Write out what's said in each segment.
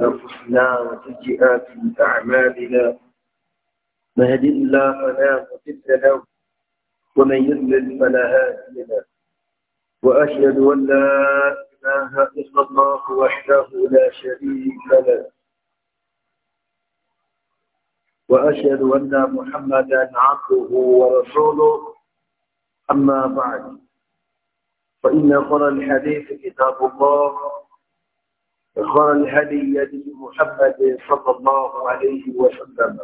أنفسنا وسيئات أعمالنا ما الله فلا مضل له ومن يضلل فلا هادي له وأشهد أن لا إله إلا الله وحده لا شريك له وأشهد أن محمدا عبده ورسوله أما بعد فإن قرى الحديث كتاب الله خير الهدي هدي محمد صلى الله عليه وسلم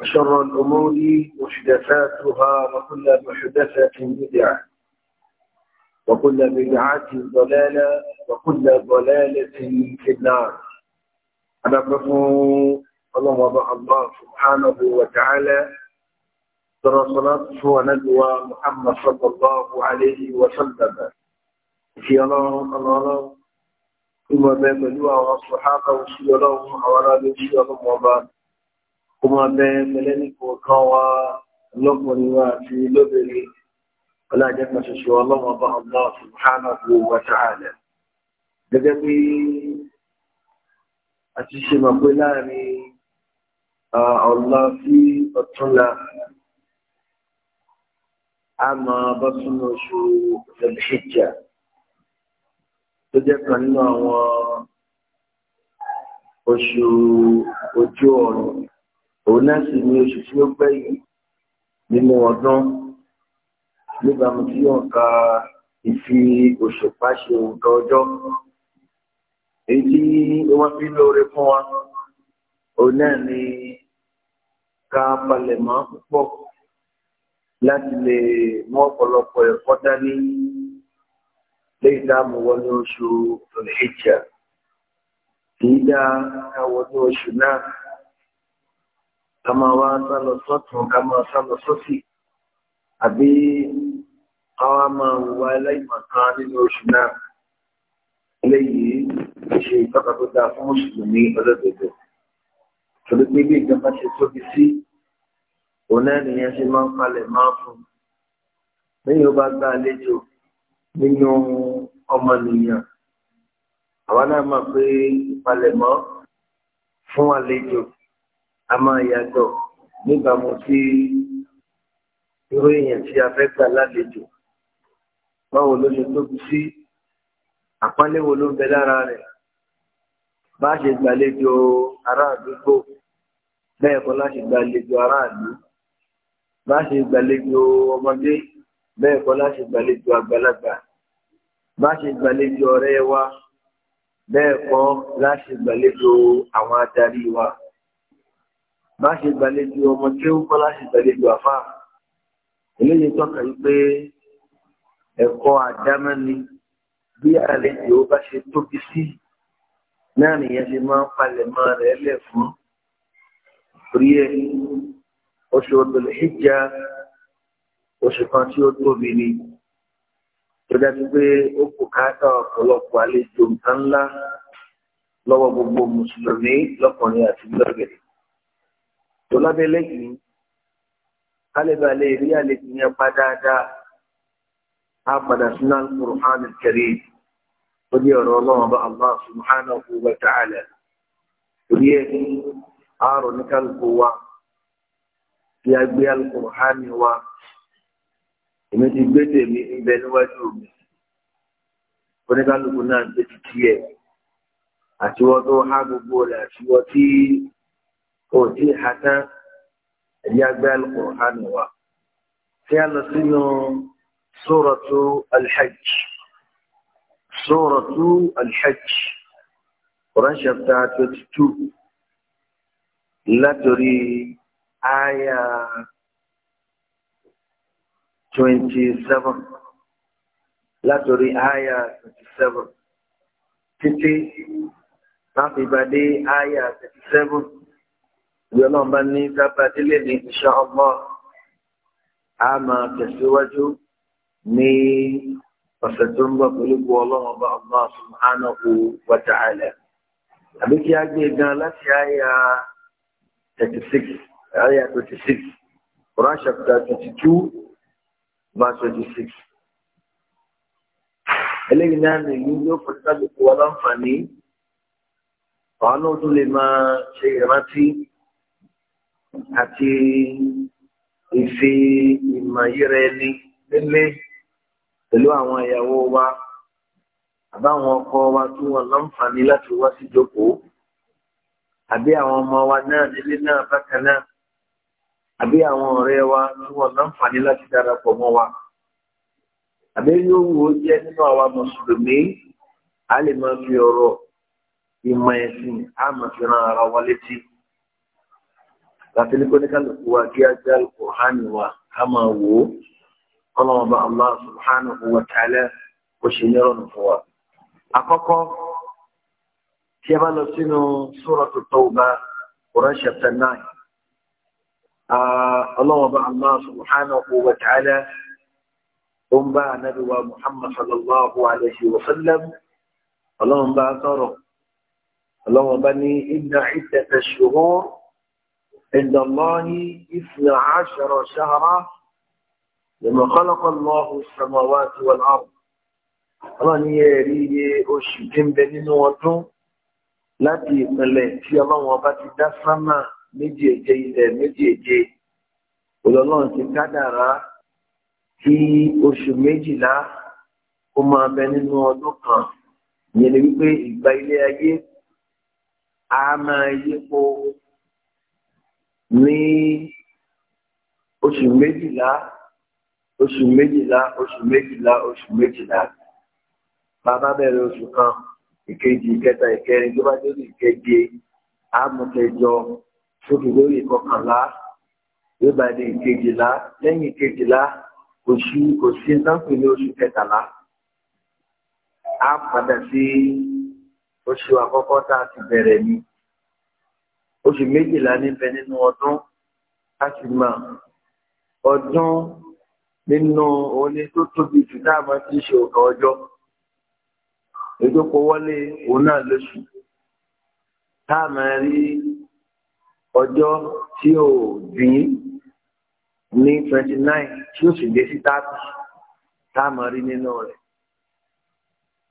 وشر الأمور محدثاتها وكل محدثة بدعة وكل بدعة ضلالة وكل ضلالة في النار أنا أقول الله وضع الله سبحانه وتعالى ترى صلاة ونجوى محمد صلى الله عليه وسلم في الله الله ìmọ̀ bẹ pẹ̀lú àwọn sọ̀hábà òṣì ọlọ́run àwọn aráàlú òṣì ọlọ́run ọba kó máa bẹ pẹ̀lẹ́ ní kọ̀ọ̀kan wa lọ́kùnrin wa àti lóbìnrin ọlájẹ́ kan ṣoṣo ọlọ́run ọba ọba subhanahu wa ta'ala gẹ́gẹ́ bí a ti ṣe mọ̀ pé láàrin ọ̀la sí ọ̀túnla a máa bọ́ sínú oṣù Dhul-Hijjah tó jẹ́ kan nínú àwọn oṣù ojú ọ̀run òun náà sì ni oṣù tí ó gbẹ̀yìn nínú ọdún níbàámu tí yóò ka ìfi òṣùpá ṣe nǹkan ọjọ́ èyí tí wọ́n fi lóore fún wa òun náà ni ká palẹ̀mọ́ púpọ̀ láti lè mú ọ̀pọ̀lọpọ̀ ẹ̀kọ́ dání lẹ́yìn tá a mú wọnú oṣù tòlẹ́jà kìí dá ká wọnú oṣù náà ká máa wá sálọ sọ́tún ká máa sálọ sọ́sì àbí káwá máa wà aláìmọ̀kan nínú oṣù náà lẹ́yìn ṣe ìtọ́ka tó dáa fún mùsùlùmí ọlọ́dọ̀dọ̀ torí pé bí ìjọba ṣe tóbi sí òun náà nìyẹn ṣe máa ń palẹ̀ máa fún un lẹ́yìn ó bá gbá àlejò nínú ọmọnìyàn àwa náà mọ̀ pé ìpalẹ̀mọ́ fún àlejò a máa yàtọ̀ níbàámu sí irú èèyàn tí a fẹ́ gbà lálejò báwo ló ṣe tóbi sí àpọ́nlé wo ló ń bẹ lára rẹ̀ bá ṣe gbàlejò ará àdúgbò bẹ́ẹ̀ kọ́ láṣẹ gbàlejò aráàlú bá ṣe gbàlejò ọmọdé bẹ́ẹ̀ kọ́ láṣẹ gbàlejò àgbàlagbà bá ṣe gbàlejò ọ̀rẹ́ wa bẹ́ẹ̀ kọ́ láṣẹ gbàlejò àwọn adarí wa bá ṣe gbàlejò ọmọ tí ó kọ́ láṣẹ gbàlejò àfà eléyìí tọ́ka yìí pé ẹ̀kọ́ àdámẹ́ni bí àlejò bá ṣe tóbi sí náà nìyẹn ṣe máa ń palẹ̀mọ́ rẹ̀ lẹ̀ fún orí ẹ̀ oṣù Dhul Hijjah oṣù kan tí ó tóbi ni tó dájú pé ó kò káàtà ọ̀pọ̀lọpọ̀ àlejò nǹkan ńlá lọ́wọ́ gbogbo mùsùlùmí lọ́kùnrin àti lọ́gẹ̀dẹ̀ tó lábẹ́ lẹ́yìn kálíbalẹ̀ rí àlejò yẹn pa dáadáa á padà sínú al-Qur'an al-Karim ó ní ọ̀rọ̀ ọlọ́run bá Allah subhanahu wa ta'ala torí ẹ̀ àárọ̀ ní kálukú wa kí a gbé wa èmi ti gbé tèmi ń bẹ níwájú mi oníkálukú náà gbé ti tiẹ̀ àtiwọ́ tó há gbogbo rẹ̀ àtiwọ́ tí kò tí ì há tán ẹ̀yà gbé Al-Qur'an wa tí a lọ sínú suratu al-hajj suratu al-hajj twenty two látòrí àyà. 27 látòrí àyà 27 títí láti ìbàdí àyà 37 ìwé ọlọ́mọba ní sábàdílé ní insha Allah a máa tẹ̀síwájú ní ọ̀sẹ̀ tó ń bọ̀ pẹ̀lú bu ọlọ́mọba Allah subhanahu wa ta'ala àbí kí a gbé gan láti àyà 36 àyà 26 Quran chapter 22 verse twenty six. eléyìí náà nìyí yóò fún sábẹ́kù wa láǹfààní àwọn náà tún lè máa ṣe ìrántí àti ìfi ìmọ̀ yíra ẹni nílé pẹ̀lú àwọn ìyàwó wa àbáwọn ọkọ wa tí wọn láǹfààní láti wá sí ìjókòó àbí àwọn ọmọ wa náà nílé náà bákan náà àbí àwọn ọ̀rẹ́ wa tí wọ́n láǹfààní láti darapọ̀ mọ́ wa àbí yóò wo jẹ́ nínú àwa mùsùlùmí a lè máa fi ọ̀rọ̀ ìmọ̀ ẹ̀sìn a máa fi ran ara wa létí látìlíkọ́ ní kálukú wa kí á jẹ́ alukóhánì wa a máa wò ó kọ́lọ́mọba Allah subhanahu wa ta'ala ó ṣe ní ọ̀rọ̀ fún wa. àkọ́kọ́ tí a bá lọ sínú Suratu Tawbah Quran chapter nine ọlọ́wọ́ba Allah subhanahu wa ta'ala ó ń bá ànábì wa Muhammad sallallahu alayhi wa sallam ọlọ́wọ́n bá sọ̀rọ̀ ọlọ́wọ́n bá ní inna iddata shuhur inda Allahi ithna ashara shahran lima khalaqa Allahu as-samawati wal-ard ọlọ́ni ẹ̀rí iye méjì èje ilẹ̀ méjì èje ọlọ́run ti kádàrá kí oṣù méjìlá ó máa bẹ nínú ọdún kan ìyẹn ni wípé ìgbà ilé ayé a máa yípo ní oṣù méjìlá oṣù méjìlá oṣù méjìlá oṣù méjìlá bàbá bẹ̀rẹ̀ oṣù kan ìkejì ìkẹta ìkẹrin tó bá dé ní ìkeje àmọ̀kẹjọ tó fi lórí ìkọkànlá yóò bá di ìkejìlá lẹ́yìn ìkejìlá oṣù oṣù sáńpì ní oṣù kẹtàlá á padà sí oṣù àkọ́kọ́ tá a ti bẹ̀rẹ̀ ni oṣù méjìlá níbẹ̀ nínú ọdún a sì mọ ọdún nínú oní tó tóbi jù tá a máa ti ṣe òkà ọjọ́ ìjókòó wọlé òun náà lóṣù tá a máa rí ọjọ́ tí ò dín ní twenty nine tí ó sì dé sí thirty tá a rí nínú rẹ̀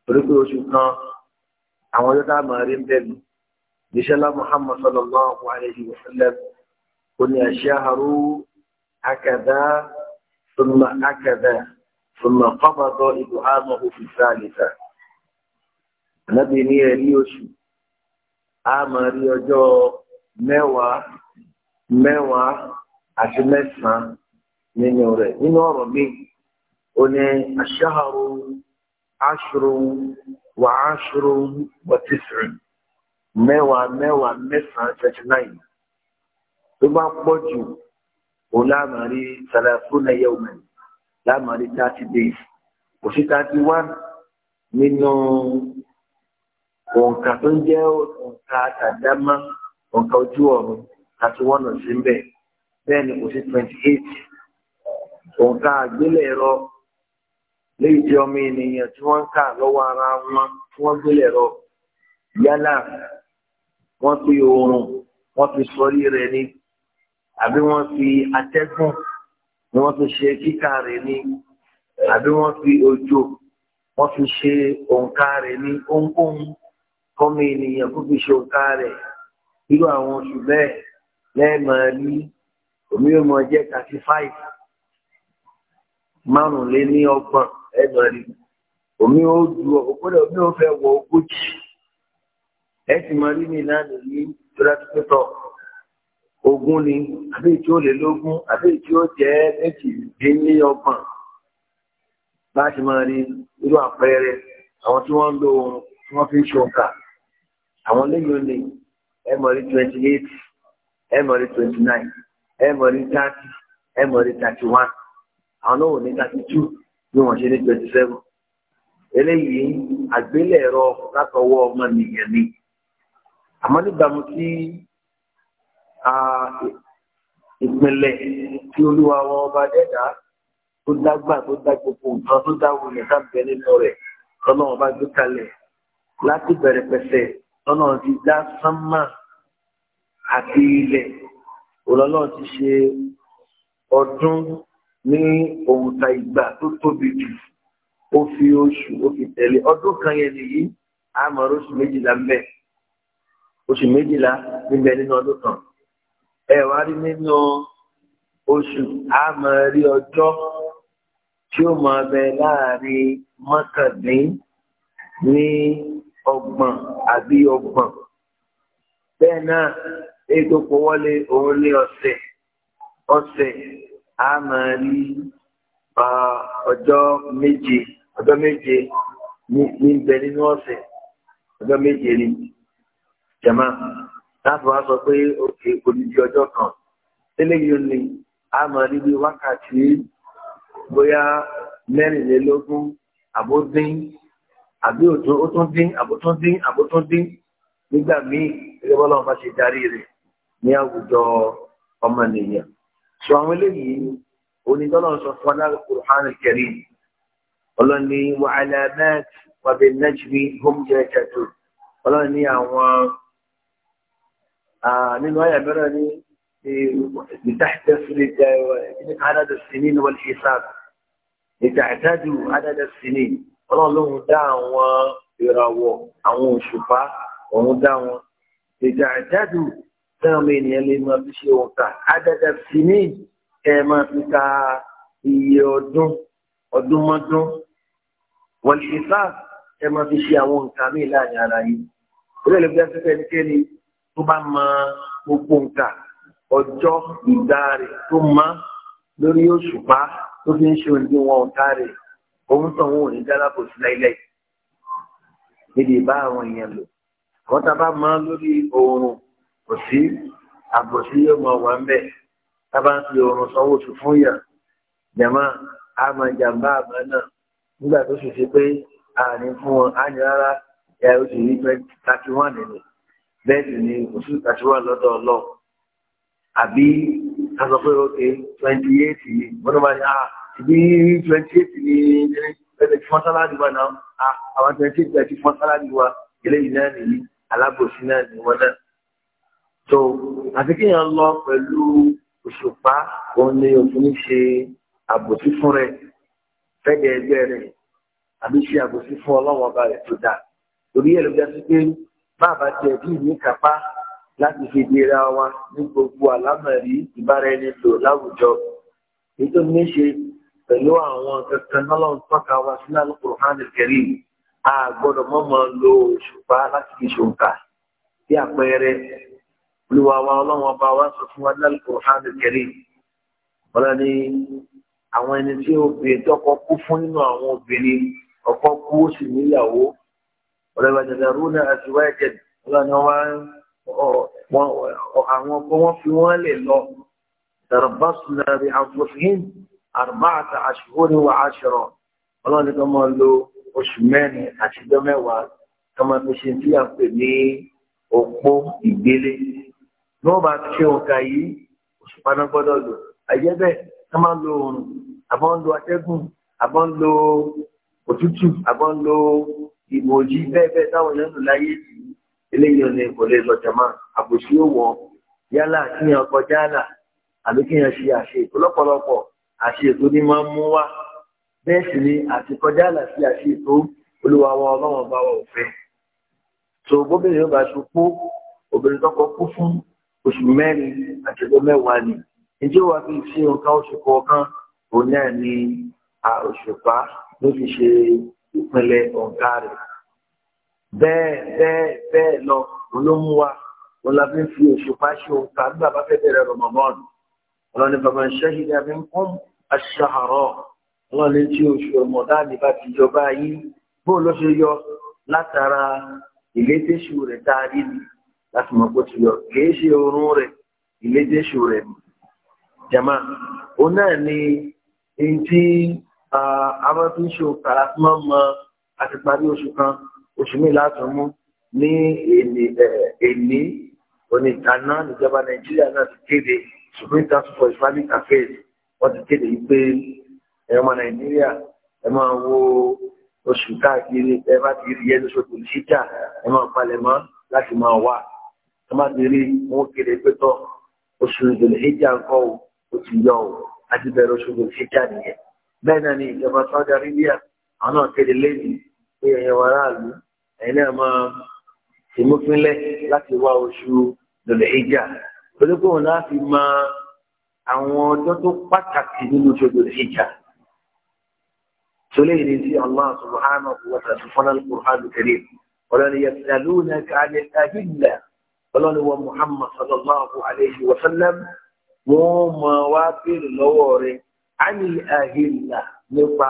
torí pé oṣù kan àwọn ọjọ́ a rí ń bẹ̀rù bisala muhammad sallallahu alayhi wa sallam ó ní aṣáharu akada thumma akada thumma qabada ibhamahu fi ní oṣù mẹ́wàá mẹ́wàá àti mẹ́sàn-án nínú rẹ̀ nínú ọ̀rọ̀ mi ó ní aṣáàrò aṣòro wà aṣòro wọ́tísìrì mẹ́wàá mẹ́wàá mẹ́sàn-án thirty nine tó bá pọ̀ jù ó láàmà rí yẹ̀wùmẹ̀ láàmà thirty days kò thirty one nínú òǹkà tó ń jẹ́ òǹkà òǹkà ojú ọ̀run thirty one ò sí mbẹ̀ bẹ́ẹ̀ ni kò sí twenty eight òǹkà àgbélẹ̀rọ léyìí tí ọmọ ènìyàn tí wọ́n ń kà lọ́wọ́ ara wọn tí wọ́n gbélẹ̀rọ yálà wọ́n fi oorun wọ́n fi sọrí rẹ̀ ni àbí wọ́n fi atẹ́gùn ni wọ́n fi ṣe kíkà rẹ̀ ni àbí wọ́n fi òjò wọ́n fi ṣe òǹkà rẹ̀ ni ohunkóhun kọ́mọ ènìyàn kó fi ṣe òǹkà rẹ̀ irú àwọn oṣù bẹ́ẹ̀ lẹ́ẹ̀mọ̀ rí omi yóò mọ jẹ́ thirty five márùnléní ọgbọ̀n ẹ̀mọ̀ rí omi ó ju ọ̀pọ̀lọpọ̀ omi ó fẹ́ wọ ogójì ẹ̀ sì mọ rí mi náà nìyí tó dájú pé tọ̀ ogún ni àbí tí ó lè lógún àbí tí ó jẹ́ méjìdínlé ọgbọ̀n láti máa rí irú àpẹẹrẹ àwọn tí wọ́n ń lo ohun tí wọ́n fi ń ṣe ọkà àwọn lẹ́yìn olè ẹ mọ̀ rí twenty eight ẹ mọ̀ rí twenty nine ẹ mọ̀ rí thirty ẹ mọ̀ rí thirty one àwọn náà wò ní thirty two bí wọ́n ṣe ní twenty seven eléyìí àgbélẹ̀rọ látọwọ́ ọmọ nìyẹn ni àmọ́ níbàámu sí ìpínlẹ̀ tí olúwa wọn ọba dẹ́dá tó dágbà tó dá gbogbo nǹkan tó dá wulẹ̀ sábẹ́ nínú rẹ̀ tọ́nà ọba gbé kalẹ̀ láti bẹ̀rẹ̀ pẹ̀sẹ̀ tọ́nà ti dá sánmà àti ilẹ̀ òlọ́lọ́ ti ṣe ọdún ní òǹtà ìgbà tó tóbi jù ó fi oṣù ó fi tẹ̀lé ọdún kan yẹn nìyí àmọ́rọ́ oṣù méjìlá ń bẹ oṣù méjìlá níbẹ̀ nínú ọdún kan ẹ wá rí nínú oṣù àmọ́rí ọjọ́ tí ó máa bẹ láàrin mọ́kàndín ní ọgbọ̀n àbí ọgbọ̀n bẹ́ẹ̀ náà èyí tó kó wọlé òun ní ọ̀sẹ̀ ọ̀sẹ̀ a máa rí ọjọ́ méje ọjọ́ méje ní bẹ nínú ọ̀sẹ̀ ọjọ́ méje ni jẹ̀má láti wá sọ pé òkè kò ní di ọjọ́ kan eléyìí ni a máa rí bí wákàtí bóyá mẹ́rìnlélógún àbódín àbí ó tún dín àbótún dín àbótún dín nígbà míì gẹ́gẹ́ bọ́lá wọn ṣe darí rẹ̀. ní àwùjọ ọmọnìyàn sọ àwọn eléyìí onítọ́lọ́ sọ fún aláàrẹ Qur'an al ọlọ́ni wa alamat wa bin najmi hum ọlọ́ni àwọn nínú àyà mẹ́rẹ̀ ní لتحتسب عدد السنين والحساب لتعتدوا عدد السنين ọlọ́run ló ń dá àwọn ìràwọ̀ àwọn òṣùpá òun dá wọn ìjà ìjádùn táwọn ènìyàn lè máa fi ṣe òǹkà àdàdà sí ní ẹ máa fi ka iye ọdún ọdún mọ́dún wọ̀lì ìfà ẹ máa fi ṣe àwọn òǹkà míì láàrin ara yìí orílẹ̀ èdè bí wọ́n ti tó bá mọ gbogbo òǹkà ọjọ́ ìgbà rẹ̀ tó mọ́ lórí òṣùpá tó fi ń ṣe òdiwọ̀n òǹkà rẹ̀ òun tó wọn ò ní dára sí láíláí níbi ìbá àwọn èèyàn lò àwọn bá mọ lórí oòrùn kò sí àbòsí yóò mọ wà ń bẹ̀ tábà ń fi oorun sanwó oṣù fún yàn jàmá a máa jàmbá àmà náà nígbà tó sì ṣe pé àárín fún wọn á ní rárá ẹ oṣù yìí pẹ́ thirty one nínú bẹ́ẹ̀ sì ni oṣù thirty one lọ́dọ̀ ọlọ́run àbí ká sọ pé ok twenty eight yìí wọ́n tó bá ní ah ìbí twenty eight ní ẹgbẹ́ tí wọ́n sáláàdì wa náà ah, àwọn twenty eight ti fọ́n sáláàdì wa eléyìí náà nìyí alábòsí náà ni wọ́n náà so àti kéèyàn lọ pẹ̀lú òṣùpá òun ni òfin ṣe àbòsí fún rẹ̀ fẹ́dẹ̀ ẹgbẹ́ rẹ̀ àbí ṣe àbòsí fún ọlọ́wọ́n ọba rẹ̀ tó dáa torí ẹ̀ ló dá sí pé bàbá tiẹ̀ bí ní kápá láti fi dira wa ní gbogbo àlámọ̀rí ìbára lò láwùjọ èyí tó ní ṣe pẹ̀lú àwọn kankan lọ́lọ́run tọ́ka wa sí Al-Qur'an Al-Karim a gbọ́dọ̀ mọ́mọ́ lo òṣùpá láti fi ṣòǹkà bí àpẹẹrẹ olúwa wa ọlọ́run ọba wa sọ fún wa lálẹ́ Qur'an al-Karim wọ́n ní àwọn ẹni tí obìnrin tọkọ kú fún nínú àwọn obìnrin ọkọ kú ó sì níyàwó ọ̀rẹ́ wa jẹjẹrẹ rúnà àti wáyé jẹ wọ́n ní wọ́n àwọn ọkọ wọn fi wọ́n lè lọ tàràbàsùnà bí àfọ̀fín àrùbáàtà àṣìwọ́n wa àṣìrọ̀ ọlọ́run ní kí lo oṣù mẹ́rin àti ọjọ́ mẹ́wàá fi ṣe tí a pè ní òpó ìgbélé ní wọ́n bá ṣe òǹkà yìí òṣùpá náà gbọ́dọ̀ lò àyẹ́bẹ̀ ká máa ń lo oòrùn àbọ̀ ń lo atẹ́gùn àbọ̀ ń lo òtútù àbọ̀ ń lo ìbòjì bẹ́ẹ̀ bẹ́ẹ̀ táwọn èèyàn lò láyé sí eléyìí ò ní kò lè lọ jàmá àbòsí ò wọ yálà kíyàn kọjá àlà àbí kíyàn ṣe àṣe ètò àṣe ètò ní máa ń mú wá bẹ́ẹ̀ sì ni àti kọjá àlà sí àṣe ètò olúwa wa ọlọ́wọ́n bá wa òfin. tó bóbìnrin yóò bá ṣe kú obìnrin tọkọ kú fún oṣù mẹ́rin àtẹ̀gbọ́ mẹ́wàá ni ǹjẹ́ wàá fi ṣe nǹkan oṣù kọ̀ọ̀kan òun náà ni òṣùpá ló fi ṣe ìpínlẹ̀ ọ̀gá rẹ̀ bẹ́ẹ̀ bẹ́ẹ̀ bẹ́ẹ̀ lọ òun ló mú wa wọn la fi ń fi òṣùpá ṣe òǹkà nígbà bá fẹ́ bẹ̀rẹ̀ Ramadan ọlọ́ni bàbá ń ṣẹ́yìn ní abẹ́ ń kún aṣàárọ̀ ọlọ́ni tí oṣù Ramadan bá ti jọba yìí bóun ló ṣe yọ látara ìlétẹ́sù rẹ̀ tá a láti mọ̀ pé ó kìí ṣe oorun rẹ̀ ìlédèṣù rẹ̀ jama òun náà ni èyí tí a máa fi ń ṣe òkà láti máa mọ àti parí oṣù kan oṣù mi láti mú ní èní oníkaná ìjọba nàìjíríà náà ti kéde supreme council for islamic affairs wọ́n ti kéde yìí pé ẹ̀rọ ọmọ nàìjíríà ẹ máa wo oṣù káàkiri ẹ bá ti rí yẹn lóṣooṣù ìṣíjà ẹ máa palẹ̀ mọ́ láti máa wà tó má ti rí wọn kéde pé tọ́ oṣù ìdòlẹ́jà ńkọ́ o ó ti yọ o àti bẹ̀rẹ̀ oṣù ìdòlẹ́jà nìyẹn bẹ́ẹ̀ náà ni ìjọba Saudi Arabia àwọn náà kéde lẹ́yìn pé ẹ̀yẹ wọn aráàlú ẹ̀yìn náà máa tìmúfínlẹ̀ láti wá oṣù ìdòlẹ́jà torí pé òun láti máa àwọn ọjọ́ tó pàtàkì nínú oṣù ìdòlẹ́jà سليل في الله سبحانه وتعالى في القرآن الكريم ولن يسألونك عن الأهلة ọlọ́niwọ̀ muhammad sallallahu alayhi wa sallam wọ́n máa wá béèrè lọ́wọ́ rẹ̀ á ní àhìlà nípa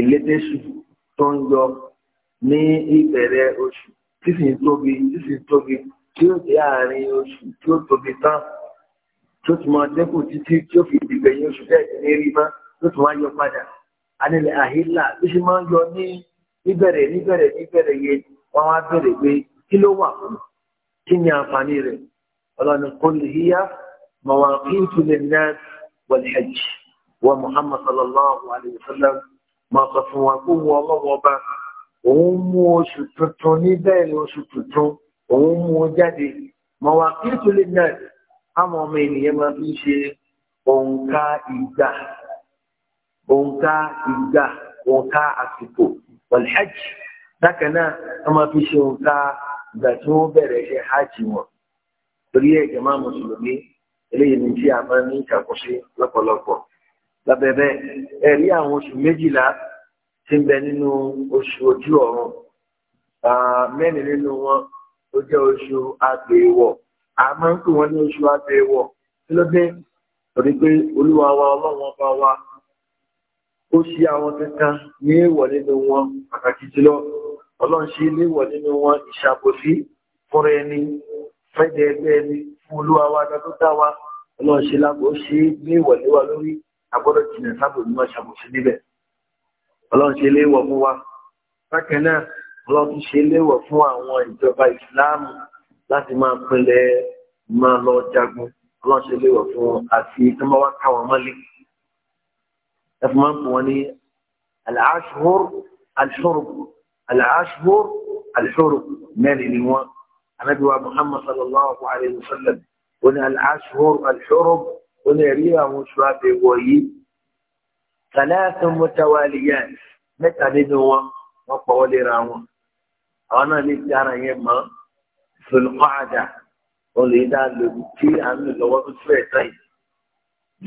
ìlédèṣù tó ń yọ ní ìbẹ̀rẹ̀ oṣù tí sì ń tóbi tí sì ń tóbi tí ó jẹ́ àárín oṣù tí ó tóbi tán tí ó ti máa dẹ́kù títí tí ó fi ìgbẹ̀yìn oṣù bẹ́ẹ̀ ní rí mọ́ tó tún wá yọ padà anilẹ̀ àhílà ló ṣe máa ń yọ ní níbẹ̀rẹ̀ níbẹ̀rẹ̀ níbẹ̀rẹ̀ yẹn wọ́n wá bẹ̀rẹ̀ pé kí ló wà fún un kí ni àǹfààní rẹ̀ ọlọ́ni qul hiya mawaqitu linnas wal hajj wa muhammad sallallahu alayhi wa sallam máa sọ fún wa kó wọn ọlọ́wọ́ ọba òun mú oṣù tuntun níbẹ̀rẹ̀ oṣù tuntun òun mú o jáde mawaqitu linnas àwọn ọmọ ènìyàn máa fi ṣe òǹkà ìgbà òǹkà ìgbà òǹkà àsìkò wal bákan náà wọ́n máa fi ṣe òǹkà ìgbà tí wọ́n bẹ̀rẹ̀ ṣe hajj wọn torí ẹ̀ jẹ́ máa mùsùlùmí eléyìí ní tí a máa ní ìṣàkóso lọ́pọ̀lọpọ̀ lábẹ́bẹ́ ẹ̀rí àwọn oṣù méjìlá ti ń bẹ nínú oṣù ojú ọ̀run mẹ́rin nínú wọn ó jẹ́ oṣù àgbèwọ̀ a máa ń pè wọ́n ní oṣù àgbèwọ̀ kí ló dé torí pé olúwa wa ọlọ́run ọba wa ó ṣe àwọn kankan ní èèwọ̀ nínú wọn pàtàkì jùlọ ọlọ́run ṣe léwọ̀ nínú wọn ìṣàbòsí fúnra ẹni fẹ́jẹ ẹgbẹ́ ẹni fún olúwa wa tó dá wa ọlọ́run ṣe lágbo ṣe léwọ̀ léwa lórí agbọ́dọ̀ jìnà sábò ní wọn ṣàbòsí níbẹ̀ ọlọ́run ṣe léwọ̀ fún wa bákan náà ọlọ́run ṣe léwọ̀ fún àwọn ìjọba ìsìláàmù láti máa pinlẹ̀ máa lọ jagun ọlọ́run ṣe léwọ̀ fún àti tó máa wá ká wọn mọ́lé ẹ al-ashhur al-hurum mẹ́rin ni wọ́n anábíwá muhammad sallallahu alayhi wa sallam ó ní al-ashhur al-hurum ó ní ẹ̀rí àwọn oṣù àbẹ̀wọ̀ yìí salasun mutawaliyat mẹ́ta nínú wọn wọ́n pọ̀wọ́ lera wọn àwọn náà lè fi ara yẹn mọ́ zulqaada òun lè dá lòdì tí à ń lò lọ́wọ́ tó tún ẹ̀ tán yìí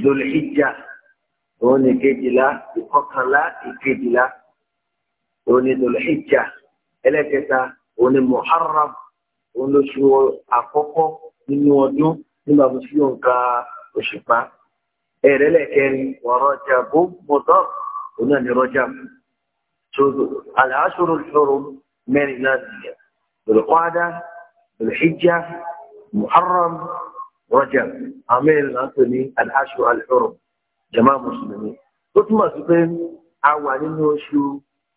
zulhijja òun ní kejìlá ìkọkànlá ìkejìlá òní dòlùhíjà ẹlẹ́kẹta òní muharram òun lóṣù àkọ́kọ́ nínú ọdún nígbà tó fi òǹkà òṣùpá ẹ̀rẹ́ lẹ́kẹrin wọ̀rọ̀jà bó mọ̀tọ́ òun náà ní rọ́jà aláṣọrò ṣòro mẹ́rin náà nìyẹn dòlùkọ́dá dòlùhíjà muharram rọ́jà àwọn mẹ́rin ní aláṣọ alẹ́rọ̀ jama mùsùlùmí ó túmọ̀ sí pé a wà nínú oṣù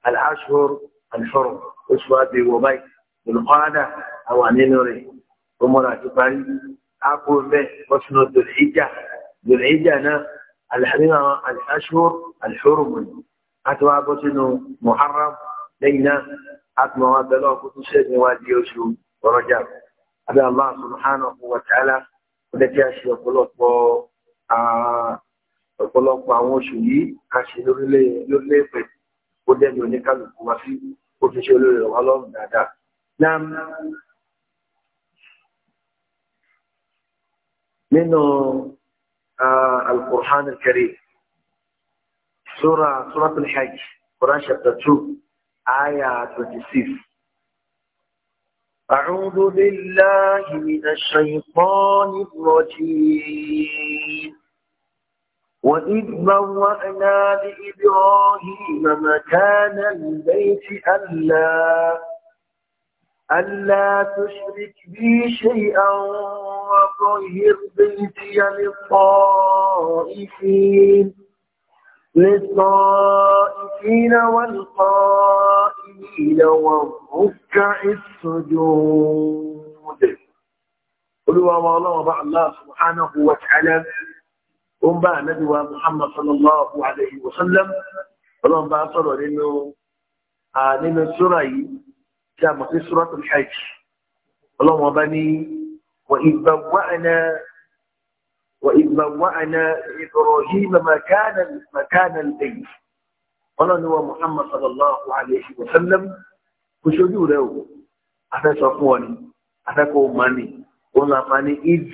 الأشهر الحرم أسوة وبي القادة أو نوري ومرا تبالي أقول به وسن ذو الحجة ذو الحجة أنا الحرم الأشهر الحرم أتوا بسن محرم لينا أتوا بلو كتسين وادي يوسف ورجب هذا الله سبحانه وتعالى ودكي أشياء قلوك ọ̀pọ̀lọpọ̀ àwọn oṣù yìí a ṣe lórílẹ̀ ó dẹ́nu oníkálukú wá sí ó fi ṣe olórí ọ̀wá lọ́rùn dáadáa. Nam nínú Al-Qur'an al-Karim, Sura Suratul Hajj, Quran chapter 2, Ayah 26. أعوذ بالله من الشيطان الرجيم وإذ بوأنا لإبراهيم مكان البيت ألا ألا تشرك بي شيئا وطهر بيتي للطائفين للطائفين والقائمين والركع السجود قلوا الله الله سبحانه وتعالى ó ń bá ànábì wa muhammad sallallahu alayhi wa sallam ọlọ́run bá sọ̀rọ̀ nínú nínú sura yìí tí a mọ̀ sí suratul hajj ọlọ́run ọba ní wa ìgbàwáàna wa ìgbàwáàna ibrahim makana makana al-bayt ọlọ́run wa muhammad sallallahu alayhi wa sallam kò ṣojú rẹ̀ o afẹ́ fún ọ ni afẹ́ kò mọ́ ni òun làǹfààní ìd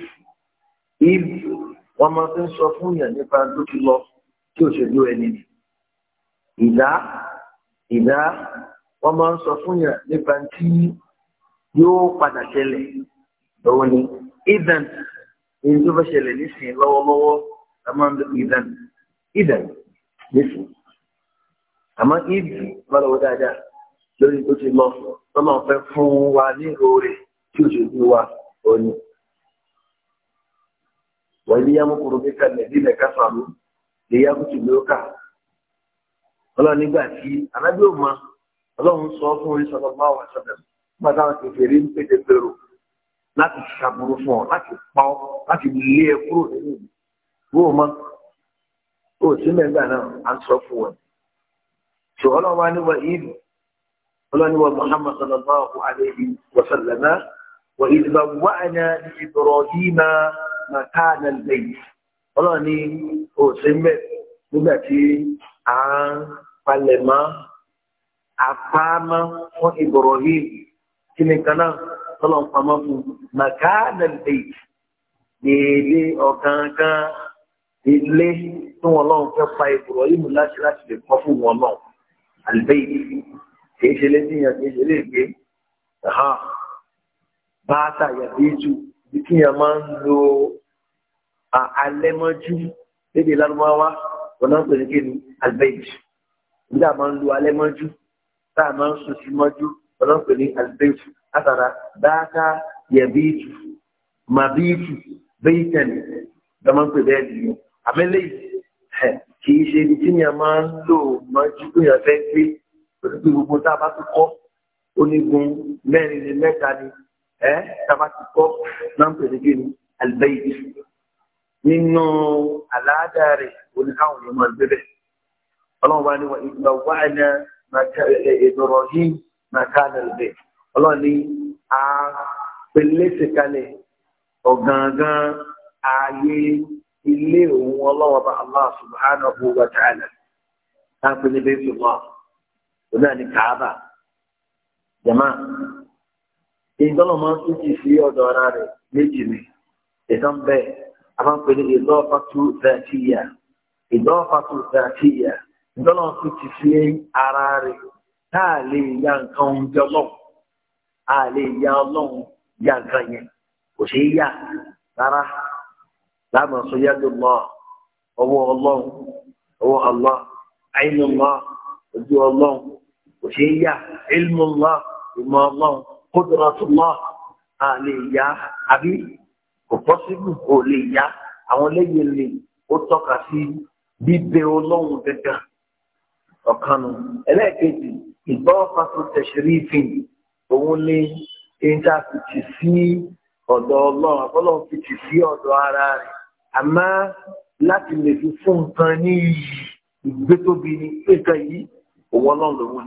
wọ́n máa fi ń sọ fún yàn nípa tó ti lọ kí òṣèlú ẹni nì. ìdá ìdá wọ́n máa ń sọ fún yàn nípa tí yóò padà ṣẹlẹ̀ lọ́wọ́ ni ìdàn èyí tó bá ṣẹlẹ̀ nísìnyí lọ́wọ́lọ́wọ́ a máa ń lo ìdàn ìdàn nísìnyí. àmọ́ ìdì bá lọ́wọ́ dáadáa lórí tó ti lọ tọ́lọ́ fẹ́ fún wa ní ìró rẹ̀ tí òṣèlú wa ò ní wani ya mú kúrò bí kalẹ̀ nílẹ̀ káfàánú lè yá kùtù lóka ọlọ́run nígbà tí alábí ò mọ ọlọ́run sọ fún orí sọlọ bá wà sọdọ nígbà táwọn kèfèrí ń pété pérò láti ṣàbùrù fún ọ láti pa ọ láti lé ẹ kúrò nínú ìlú bó o mọ o sí mẹ́gbà náà à sọ fún wọn ṣò ọlọ́run wa ní ìlú ọlọ́run ní Muhammad sọlọ bá wà kó wa ìdìbò wà ní màkánà lẹ́yìn ọlọ́run ní òsè ń bẹ̀ nígbà tí à ń palẹ̀ mọ́ àpamọ́ fún Ibrahim kí ni kan náà tọ́lọ̀ ń pamọ́ fún màkánà lẹ́yìn dèédé ọ̀gángán ilé tí wọn lọ́n fẹ́ pa Ibrahim láti láti lè kọ́ fún wọn náà àlùbẹ́yì kì í ṣe lé níyàn kì í ṣe lé gbé báátà yàtí jù bí kí yẹn máa ń lo alẹ́mọ́jú lédè lárúbáwá wọn náà ń pè ní kí ni albẹ́jì bí a máa ń lo alẹ́mọ́jú tá a máa ń sùn sí mọ́jú wọn náà ń pè ní albẹ́jì látara dáká yẹ̀bíìtù màbíìtù bẹ́ẹ̀tẹ̀nì ló máa ń pè bẹ́ẹ̀ nìyẹn àmẹ́lẹ́ kì í ṣe ibi tí yẹn máa ń lò mọ́jú pé yẹn fẹ́ gbé pẹ̀lú gbogbo tá a bá tún kọ́ onígun mẹ́rin ni mẹ́ta ni ẹ tabati kọ náà ń pèsè kí ni alibayiti nínú aláàdá rẹ òní káwọn yẹn máa gbébẹ Ọlọ́run bá ní wa ìgbà wà ní a pèlèsè kalẹ̀ ọ̀gángan ààyè ilé òun Ọlọ́run bá Allah subhanahu wa ta'ala táà pèlè bẹ́ẹ̀ fi wá òun jama. ìtọ́nà máa ń túnjì sí ọ̀dọ̀ ara rẹ̀ méjì ni ìtàn bẹ́ẹ̀ a máa ń pè ní ìdọ́fàtú dàtíyà sí ara rẹ̀ tá a lè ya nǹkan oúnjẹ ọlọ́run a lè ya ọlọ́run ya nǹkan yẹn kò ṣe é yà rárá láàmú sọ yàtọ̀ mọ́ ọwọ́ ọlọ́run ọwọ́ Allah àìnú mọ́ ojú ọlọ́run kò ṣe é yà ilmu Allah ìmọ̀ ọlọ́run. Qudratullah à lè yá àbí kò pọ́sibú kò lè yá àwọn lẹ́yìn lè ó tọ́ka sí bíbẹ ọlọ́run gẹ́gẹ́ ọ̀kanu. Ẹlẹ́ẹ̀kejì ìgbọ́fàtò tẹ̀sírìfìn òun ni ẹja fìtì sí ọ̀dọ̀ ọlọ́run àbọ́lọ́run fìtì sí ọ̀dọ̀ ara rẹ̀ àmọ́ láti lè fi fún nǹkan ní iyì ìgbé tóbi ni nǹkan yìí òun ọlọ́run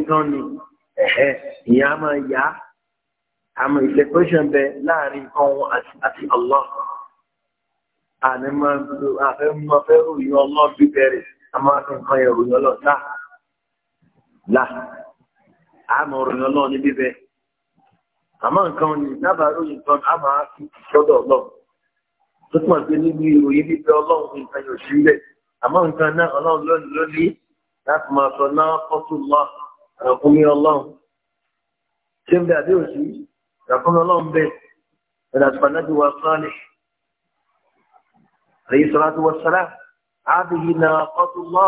lòun ẹ̀hẹ́ ìyẹn a máa yá àmọ́ ìsẹ̀pẹ́sẹ̀ bẹ láàrin ọ̀hún àti Allah àní máa fẹ́ máa fẹ́ ròyìn ọlọ́run bíbẹ̀rẹ̀ a máa fi nǹkan yẹn ròyìn ọlọ́run láà láà àmọ́ ròyìn ọlọ́run ní bíbẹ̀ àmọ́ nǹkan ní dábàá ròyìn kan a máa fi sọ́dọ̀ ọlọ́run tó túmọ̀ sí níbi ìròyìn bíbẹ̀ ọlọ́run nǹkan yóò sílẹ̀ àmọ́ nǹkan náà ọlọ́run lónìí láti máa sọ náà fọ́tò lọ́run ràkúnmí ọlọ́run ṣé ń bẹ àbí òsì ràkúnmí ọlọ́run bẹ ẹ̀dà tìpàdájú wa sọ́ọ̀lẹ̀ àyè sọ́lá tó wọ sọ́lá àbíyí na ọtún lọ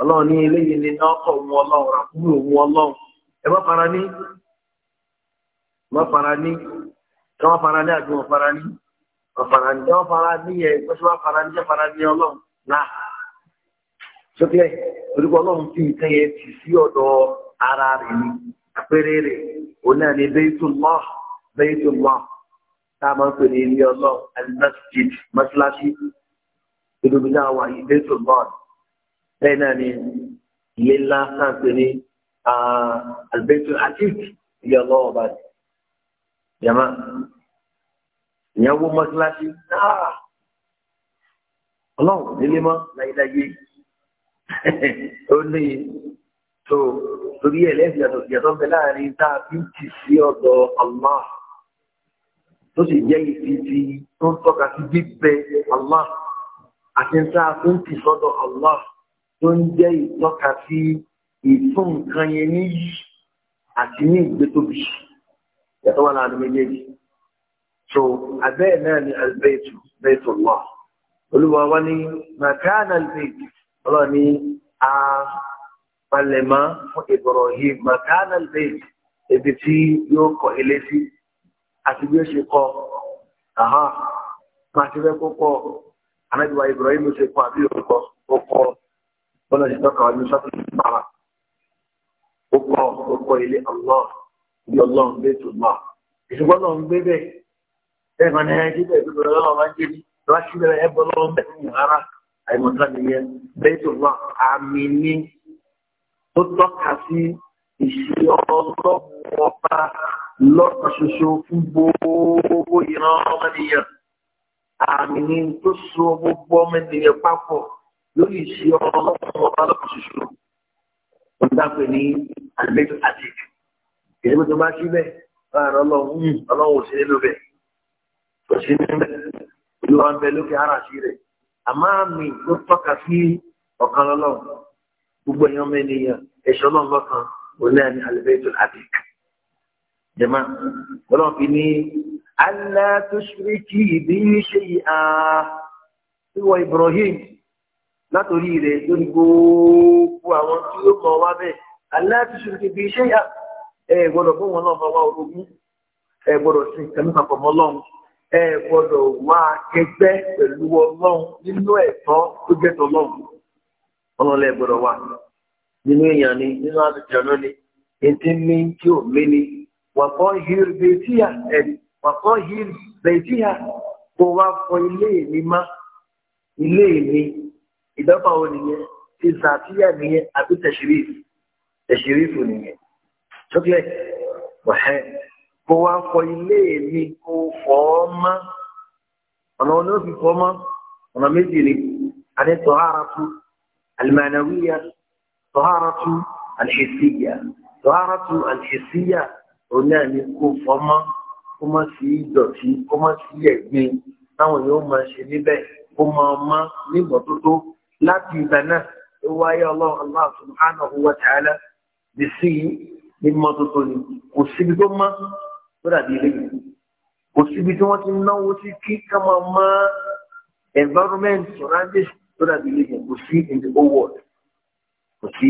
ọlọ́run ní eléyìí ní ọkọ̀ òun ọlọ́run ràkúnmí òun ọlọ́run ẹ má fara ní má fara sókè orúkọ ọlọ́run fi nǹkan yẹn ti sí ọ̀dọ̀ ara rẹ̀ ni àpẹẹrẹ rẹ̀ òun náà ni Baytullah Baytullah tá a máa ń pè ní ilé ọlọ́run al-masjid mọ́ṣáláṣí ìdòdó náà wà ní Baytullah bẹ́ẹ̀ náà ni ilé ńlá náà pè ní al-Baytul ilé ọlọ́run ọba rẹ̀ yàmá ìyàwó mọ́ṣáláṣí náà ah! ọlọ́run nílé mọ́ láyéláyé. ó ní tó torí ẹ̀ lẹ́sìn àtọ̀ ìyàtọ̀ bẹ láàrin tá a fi ń tì sí ọ̀dọ̀ Allah tó sì jẹ́ ìfìdí tó ń tọ́ka sí gbígbẹ Allah àti tá a fi ń tì sọ́dọ̀ Allah tó ń jẹ́ ìtọ́ka sí ìfún nǹkan yẹn níyì àti ní ìgbétóbi yàtọ̀ wà láàrin méjèèjì. So, abẹ́ẹ̀ náà ni albaitu, baitullah. Olúwa wá ní, màkánà albaitu ọlọ́run ní a palẹ̀mọ́ fún Ibrahim makana bait ibi tí yóò kọ́ ilé sí àti bí ó ṣe kọ́ máa ṣe fẹ́ kó kọ́ anájúwa Ibrahim ṣe kọ́ àbí òkọ́ ó kọ́ bọ́lá ṣe tọ́ka ọdún sọ́tò ìpara ó kọ́ ó kọ́ ilé Allah bí ọlọ́run bẹ́ẹ̀ tó lọ ìṣùgbọ́n náà ń gbé bẹ́ẹ̀ bẹ́ẹ̀ máa ní ẹni tí bẹ́ẹ̀ lọ́wọ́ máa ń jẹ́ ní lọ́wọ́ síbẹ̀ ẹ̀ bọ́ lọ́wọ́ bẹ́ẹ̀ rárá àìmọ̀tá nìyẹn Baitullah àmì ní tó tọ́ka sí ìṣe ọlọ́run ọba lọ́kàn ṣoṣo fún gbogbo ìran ọmọnìyàn àmì ní tó so gbogbo ọmọnìyàn papọ̀ lórí ìṣe ọlọ́run ọba lọ́kàn ṣoṣo ó dápẹ́ ní àlejò àti ìdílé tó bá sí bẹ́ẹ̀ láàrin ọlọ́run ọlọ́run ò sí nínú bẹ́ẹ̀ kò sí nínú bẹ́ẹ̀ olúwa ń bẹ lókè ara sí rẹ̀ àmọ́ àmì ló tọ́ka sí ọ̀kan lọ́lọ́run gbogbo èèyàn ọmọ ènìyàn ẹ̀ṣọ́ náà lọ́kan òun náà ní alibẹ́tùl àdìk jẹ̀mọ́ ọlọ́run fi ní alá tó ṣeré kí ìbí ṣe ìhà ìwọ Ibrahim látòrí rẹ̀ lórí gbogbo àwọn tí ó mọ̀ wá bẹ́ẹ̀ alá tó ṣeré kí ìbí ṣe ìhà ẹ̀ gbọ́dọ̀ fún wọn náà fọwọ́ orogún ẹ̀ gbọ́dọ̀ sí kẹ́mí papọ̀ mọ́ lọ́run ẹ gbọ́dọ̀ máa kẹgbẹ́ pẹ̀lú ọlọ́run nínú ẹ̀tọ́ tó jẹ́ tọlọ́run ọlọ́run ẹ gbọ́dọ̀ wà nínú èèyàn ni nínú àlùjọ́nà ni ètí mi tí ò mí ni wàkọ́ hìr bẹ́tíyà ẹ̀rí wàkọ́ hìr bẹ́tíyà kó wá fọ ilé mi má ilé mi ìdọ́fà wo nìyẹn ti zàtìyà nìyẹn àbí tẹ̀sírìfù tẹ̀sírìfù nìyẹn. Chocolate, wàhẹ́ kó wá fọ ilé mi kó fọ ọ́ mọ́ ọ̀nà wọn ni ó fi fọ mọ́ ọ̀nà méjì ni àti tọ́háratu alimanawiya tọ́háratu alihisiya tọ́háratu alihisiya òun náà ni kó fọ mọ́ kó má sí ìdọ̀tí kó má sí ẹ̀gbin táwọn yóò máa ṣe níbẹ̀ kó máa mọ́ nígbàtótó láti ibẹ̀ náà ó wáyé ọlọ́run Allah subhanahu wa ta'ala bí mímọ́ tuntun ni kò síbi tó mọ́ ó dàbí ilé yìí kò síbi tí wọ́n ti náwó sí kí ká máa má environment surroundings tó dàbí ilé yìí kò sí in the whole world kò sí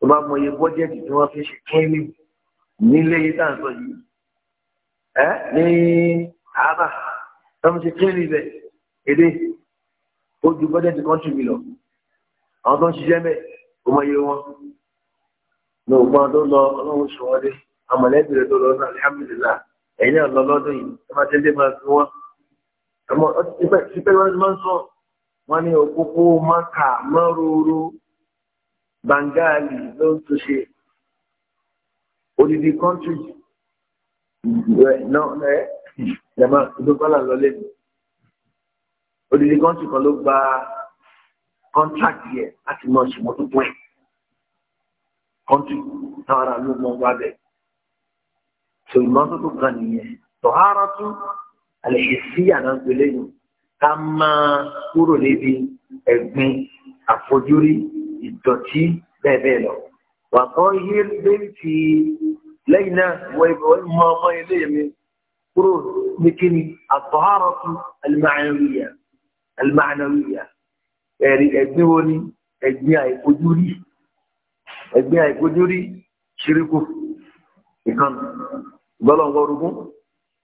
tó bá mọ iye bọ́jẹ̀tì tí wọ́n fi ṣe kíni nílé yìí tá à ń sọ yìí ẹ ní àbá tó ń ṣe kíni bẹ̀ èdè ó ju bọ́jẹ̀tì kọ́ńtì mi lọ àwọn tó ń ṣiṣẹ́ mẹ́ ọmọ iye wọn ní ògbọ́n tó lọ ọlọ́run sọ wọ́n dé àmọ̀lẹ́bí rẹ̀ tó lọ́nà alihamudulila ẹ̀yin náà lọ lọ́dún yìí ẹ máa tẹ́lẹ̀ máa fi wọ́n ọmọ ìpẹ́ wọn ni máa ń sọ wọn ní òkókó maka mọ́rúurú bangali ló ń túnṣe odidi kọ́ńtì náà ẹ̀ jama ìdókòlà lọlé mi odidi kọ́ńtì kan ló gba kọ́ńtàkì ẹ̀ láti mọ̀ ṣùgbọ́n tó pọ̀ ẹ̀ kọ́ńtì táwọn ará ló mọ̀ wá bẹ́ẹ̀ so ìmọ́tótó kan nìyẹn tọ́hárátú àlẹ́sí àdáńpẹ́lẹ́ yìí ká máa kúrò níbi ẹ̀gbin àfojúrí ìdọ̀tí bẹ́ẹ̀ bẹ́ẹ̀ lọ. wàkọ́ yé lẹ́yìn tí lẹ́yìn náà wọ ìmọ̀ ọmọ ilé mi kúrò ní kíni àtọ́hárátú àlùmáànáwìyà àlùmáànáwìyà ẹ̀rí ẹ̀gbin wo ni ẹ̀gbin àìfojúrí ẹ̀gbin àìfojúrí ṣíríkù ìkànnì gbọ́lọ̀ngọ́ orogún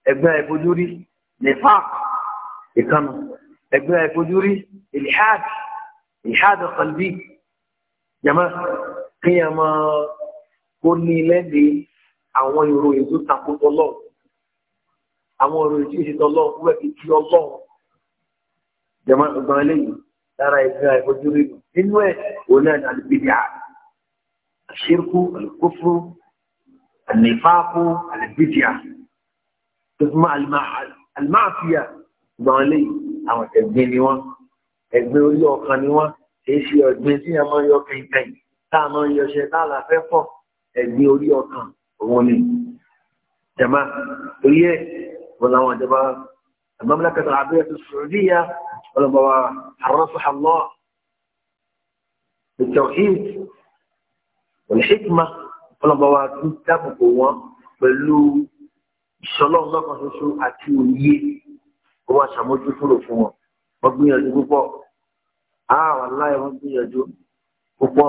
ẹgbẹ́ ìfojúrí nifaq ìkànnù ẹgbẹ́ ìfojúrí ìlhad ìlhad qalbi yàmá kíyàn máa kó ní lẹ́dí àwọn ìròyìn tó takò tọ́lọ́ àwọn ìròyìn tí ìṣe tọ́lọ́ wẹ́ fi ti ọlọ́ yàmá ọgbọ́n eléyìí lára ẹgbẹ́ ìfojúrí nínú ẹ̀ òun náà ní àlùbídíà àṣírkù àlùkófó النفاق على البدية تسمع الم المعصية مالي أو إدمانه إدمان يو كانوا إيش يو إدمان شيء ما يو كان كان ما يو شيء تلا فيه إدمان يو كان مالي جماعة ويا ولا ما جبا المملكة العربية السعودية ولا ما حرصها الله بالتوحيد والحكمه ọlọ́ba wa tún dáàbòbò wọn pẹ̀lú ìṣọlọ́run lọ́kàn ṣoṣo àti òye ó wá ṣàmójúkúrò fún wọn wọ́n gbìyànjú púpọ̀ àwọn aláì wọ́n gbìyànjú púpọ̀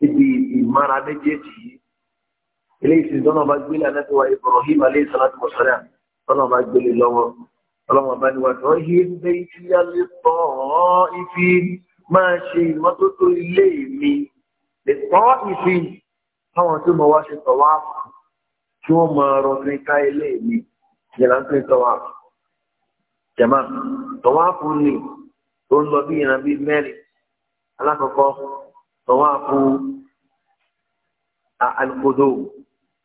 níbi ìmára méjèèjì yìí eléyìí sì tọ́nà bá gbélé anáfíwá Ibrahim aleyhi salatu wa salam tọ́nà bá gbélé lọ́wọ́ ọlọ́wọ́n bá ní wà tó yí ń bẹ alẹ́ tọ́ ọ́ máa ṣe ìmọ́tótó ilé mi lè tọ́ ìfi fáwọn tó mọ̀ wá ṣe tọ̀ wá kí wọ́n mọ ọ̀rọ̀ ní ká ilé mi ìlànà tó ń tọ̀ wá jẹ̀mọ́ tọ̀ wá fún ni tó ń lọ bí ìran bíi mẹ́rin alákọ̀ọ́kọ́ tọ̀ wá fún alikodo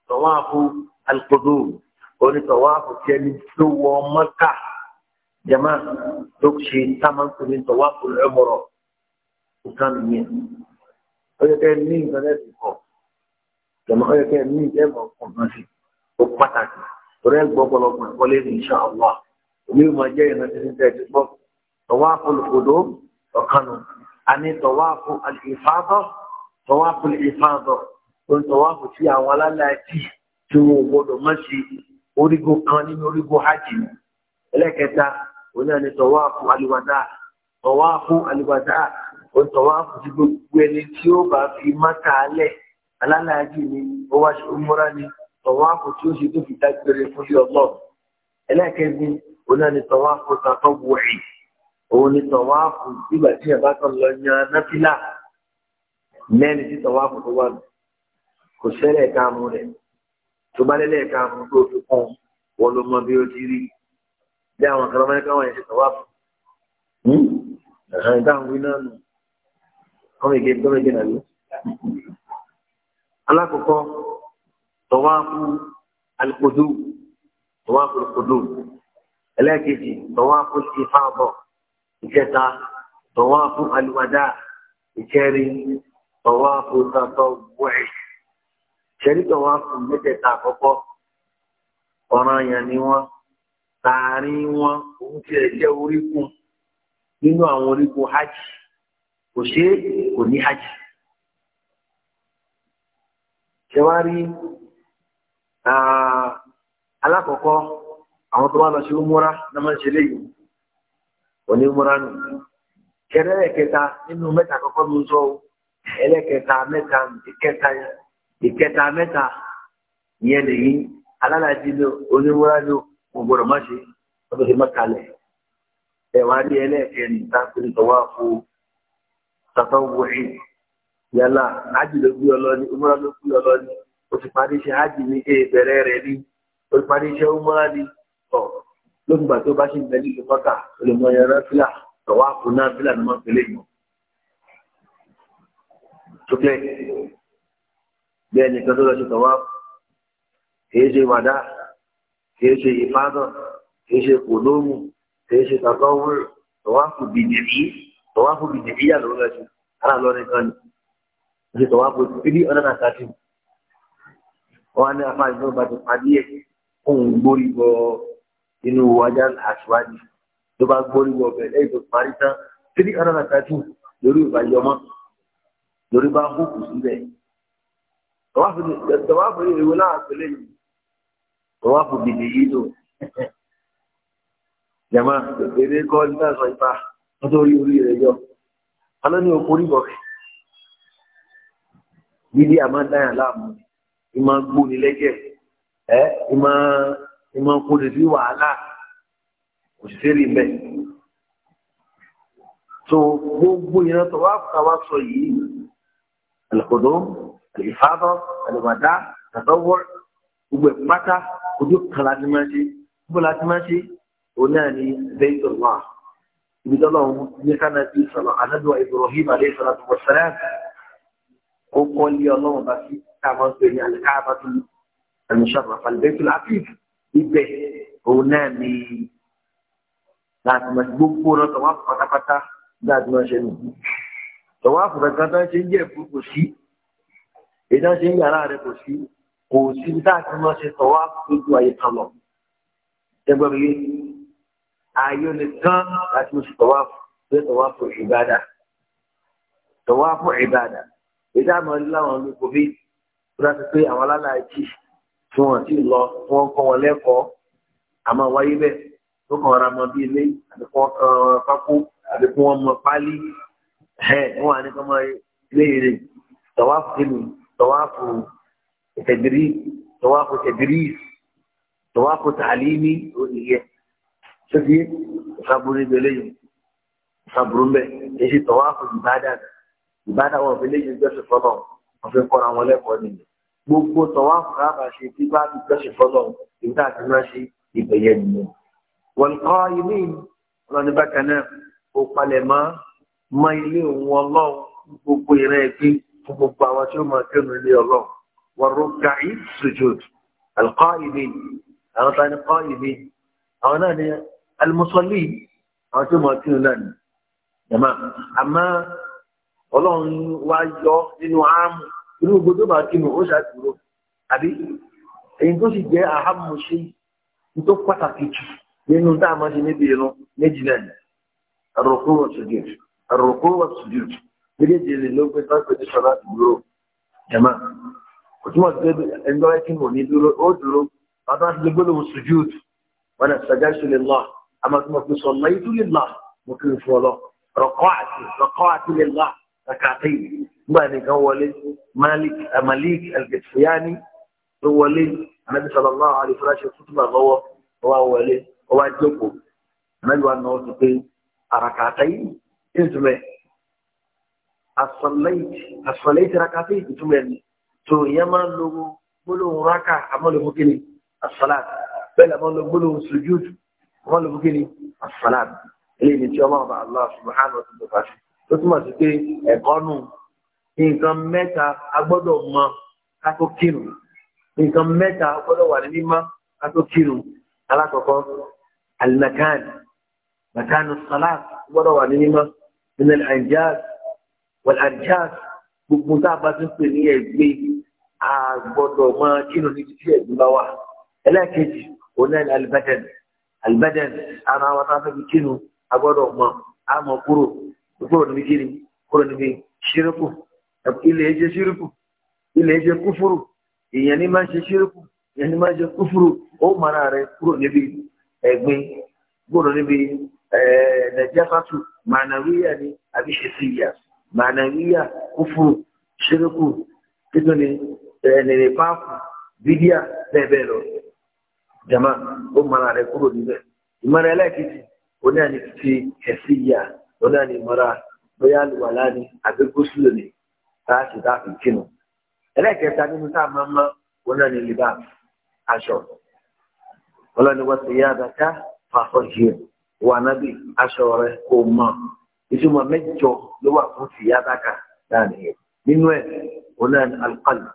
tọ̀ wá fún alikodo onítọ̀wá kò tiẹ̀ tó wọ mọ́ta jẹ̀mọ́ tó ṣe táwọn ní tọ̀wá fún ẹ̀mọ̀rọ̀ nǹkan nìyẹn ó yẹ kẹ́ ní nǹkan lẹ́sìn jẹ̀mọ́ ọ yẹ kẹ́ ní ìjẹ́mọ̀ ọ̀gbọ́n sí ó pàtàkì torí ẹ̀ gbọ́ ọ̀pọ̀lọpọ̀ ẹ̀kọ́ lé ní insha Allah omi ò máa jẹ́ ìrántí tẹ́ ti gbọ́ tọ̀wáàfù olùkòdó ọ̀kanu àní tọ̀wáàfù ìfàdọ̀ tọ̀wáàfù ìfàdọ̀ òun tọ̀wáàfù tí àwọn alálàájì tí wọn ò gbọdọ̀ má ṣe orígun kan nínú orígun hajj ni ẹlẹ́kẹta òun náà ni tọ̀wáàfù aliwada tọ̀wáàfù aliwada òun tọ̀wáàfù ti gbogbo ẹni tí ó bá fi má kàálẹ̀ alálàájì ni ó wá ṣe múra ni tọ̀wáàfù tí ó ṣe tó fi dágbére fún ilé ọlọ́ ẹlẹ́ẹ̀kẹ́bí oná ni tọ̀wáàfù tàtọ́ wọ̀nyí òun ni tọ̀wáàfù nígbà tí ẹ̀bá kan lọ yan náfìlà mẹ́rin tí tọ̀wáàfù tó wà nù kò sẹ́lẹ̀ káàmù rẹ̀ tó bá lẹ́lẹ̀ káàmù tó fi kún wọn ló mọ bí ó ti rí bí àwọn kan máa ń káwọn ẹ̀ ṣe tọ̀wáàfù hmm? ẹ̀hán ìdáhùn wí náà nù kọ́mìgé alákọ̀ọ́kọ́ tọ́wáfù alùpùdù tọ́wáfù alùpùdù ẹlẹ́ẹ̀kejì tọ́wáfù ìfàbọ̀ ìkẹta tọ́wáfù alùwàdà ìkẹrin tọ́wáfù tàtọ̀ wẹ̀ ṣẹ́rí tọ́wáfù mẹ́tẹ̀ẹ̀ta àkọ́kọ́ ọ̀ràn yẹn ni wọ́n tààrin wọn òun tiẹ̀ jẹ́ orígun nínú àwọn orígun hajj kò ṣeé kò ní hajj ṣe wá rí alákọ̀ọ́kọ́ àwọn tó wá lọ sí umura náà máa ń ṣe léyìí òní umura nù kẹrẹ́lẹ́kẹta nínú mẹ́ta kọ́kọ́ ló ń sọ ẹlẹ́kẹta mẹ́ta ìkẹta ìkẹta mẹ́ta yẹn nìyí alálàájì ní onímúra ní ògbòrò má ṣe wọ́n fi máa kalẹ̀ ẹ̀wà ní ẹlẹ́kẹrin tá a pè ní tọ́wọ́ àfo tàtọ́wọ́ yìí yálà hajj ló gbé ọ Umar ní umra ló gbé ọ lọ ní o ti parí iṣẹ́ hajj ní ìbẹ̀rẹ̀ rẹ̀ ní o ti parí iṣẹ́ umra ní ọ lókùnbà tó bá ṣe ń bẹ ní ìlú mọ́ta olùmọ yẹn rán fílà tọwọ́ náà fílà ni wọ́n fi lè yàn. tókè bí ẹnìkan tó lọ ṣe tọwọ́ kìí ṣe wàdà kìí ṣe ìfádàn kìí ṣe kòlóòmù kìí ṣe tàkọ́wúrò tọwọ́ àpò bìjì yìí tọwọ́ àpò yà lórí kan ṣe tọ̀wá bó three hundred and thirty wọn ní apá ìlú ọba ti parí ẹ̀ òun gbórí bọ inú wájà àṣùwájú ló bá gbórí bọ ọbẹ̀ lẹ́yìn tó parí tán three hundred and thirty lórí ìbá yọmọ lórí bá hókù síbẹ̀ tọ̀wá fún ìwé náà pẹ̀lẹ́ yìí tọ̀wá fún bìbì yìí lò jama èrè kọ́ nígbà sọ ipa nítorí orí rẹ̀ yọ alọ́ ní okòrí bọ̀kẹ́ bíbí àmọ́ dáyà láàmú ìmọ̀ gbóni lẹ́jẹ̀ ẹ́ ìmọ̀ ìmọ̀ kóde sí wàhálà òṣìṣẹ́ rí so gbogbo ìran tó wá fún wa sọ yìí àlùkòdó àlùfáàbọ̀ àlùmọ̀dá àtọ́wọ́ gbogbo ẹ̀ pátá ojú kan láti máa ṣe gbogbo láti máa ṣe òun náà ni bẹ́ẹ̀ tó wà. ibi tó lọ́wọ́ Ibrahim aleyhi salatu wa salam ó kọ́ lé ọlọ́run bá sí káàmọ́ pé ní àlùkáàbá tó lù àmìṣọ́rọ̀ àfàlùbẹ́tù láfíìf ibẹ̀ òun náà ni láti mọ̀ sí gbogbo náà tọ̀wá pátápátá láti mọ̀ ṣe nù. tọ̀wá fùkàkà tó ń ṣe ń jẹ́ ìfún kò sí ìdán ṣe ń yàrá rẹ kò sí kò sí láti mọ̀ ṣe tọ̀wá lójú ayé kan lọ. ẹgbẹ́ mi yé ayé nìkan láti mọ̀ ṣe tọ̀wá fún ìbádà tọ̀wá fún ìbádà ìdá àmọ́ láwọn olùkọ́ bí ó dá sí pé àwọn alálàájì tí wọ́n ti lọ tí wọ́n kọ́ wọn lẹ́kọ̀ọ́ àmọ́ wáyé bẹ́ẹ̀ tó kàn ra mọ bí ilé àdìpọ̀ pákó àdìpọ̀ wọn mọ pálí ẹ̀ wọ́n á ní kọ́ mọ ilé ìrè tọ́wáfù kìlù tọ́wáfù ìtẹ̀dírí tọ́wáfù tẹ̀dírí tọ́wáfù tàlímì ó nìyẹn ṣé kí ìfàbùrú ìgbẹ́lẹ́yìn ìfàbùrú ń bẹ̀ èyí tọ́wáfù ìbádàn ìbádáwọ̀ fi léyìn jọ́sìn fọlọ́ wọn fi kọ́ra wọn lẹ́kọ̀ọ́ nìyẹn gbogbo tọ̀wá fúrábà ṣe tí bá ti jọ́sìn fọlọ́ ìgbà tí wọ́n ṣe ìbẹ̀yẹ nìyẹn. wọ́n kọ́ ilé ọlọ́ni bákan náà ó palẹ̀ mọ́ mọ́ ilé òun ọlọ́run gbogbo ìran ẹgbẹ́ fún gbogbo àwọn tí ó máa kẹ́nu ilé ọlọ́run wọ́n rọ gàí sujud àwọn tí ó máa kẹ́nu náà ni. àmọ́ ọlọ́run wá yọ nínú ààmù inú gbogbo bá kí mọ̀ ó ṣàtúrò àbí èyí tó sì jẹ́ àhámù ṣe tó pàtàkì jù nínú tá a máa ṣe níbi irun méjì náà ni àròkó wà sùdìr àròkó wà sùdìr méjèèjì rè ló gbé sáfẹ́ ní sọ́lá dúró jama kò túmọ̀ sí pé ẹni tó wáyé kí mọ̀ àti gbogbo àti lè lọ ركعتين بعد كان ولد مالك مالك القدسياني هو ولد النبي صلى الله عليه وسلم خطبه هو هو ولد هو جوكو من وان نوتي ركعتين انتم الصليت الصليت ركعتين انتم تو يما لو بلو ركع عمل مكني الصلاة بل عمل بلو سجود عمل مكني الصلاة اللي نتيما الله سبحانه وتعالى tó túmọ̀ sí pé ẹ̀kọ́ nù nǹkan mẹ́ta a gbọ́dọ̀ mọ ká tó kírun nǹkan mẹ́ta a gbọ́dọ̀ wà ní mímọ́ ká tó kírun alákọ̀ọ́kọ́ alimakan makanu salat gbọ́dọ̀ wà ní mímọ́ minal anjas wal anjas gbogbo tá a bá ti ń pè ní ẹgbẹ́ a mọ kírun níbi tí ẹ̀gbẹ́ bá wà ẹlẹ́ẹ̀kejì òun náà ni alibadan alibadan tá a fẹ́ fi kírun a mọ a kúrò kúrò níbi kí ni kúrò níbi ṣírùkù ilẹ̀ ẹ ṣe ṣírùkù ilẹ̀ ẹ ṣe kúfùrù ìyẹn ní máa ń ṣe ìyẹn ní máa ń ṣe ó mara rẹ kúrò níbi ẹ̀gbin kúrò níbi nàìjíríàfàtù mànàwíyà ni àbí ṣe sí ìyà mànàwíyà kúfùrù ṣírùkù títún ni ẹ̀ẹ́nìrìn páàkù bídíà bẹ́ẹ̀ lọ jama ó mara rẹ kúrò ìmọ̀ràn ẹlẹ́ẹ̀kejì oní ẹ̀sìn ìyà lọ́dà ní ìmọ̀ra bóyá àlùwàlá ni àbí gúúsùlù ni láti dáàfin kínú. ẹlẹ́kẹta nínú tá a máa ń mọ wọn náà ní libá aṣọ ọlọ́ni wọ́n ti yá àdáká fàṣọ yìí wà nábì aṣọ rẹ kò mọ̀ ìtumọ̀ mẹ́jọ ló wà fún ti yá àdáká dáàbìyẹ nínú ẹ̀ wọn náà ní alqalb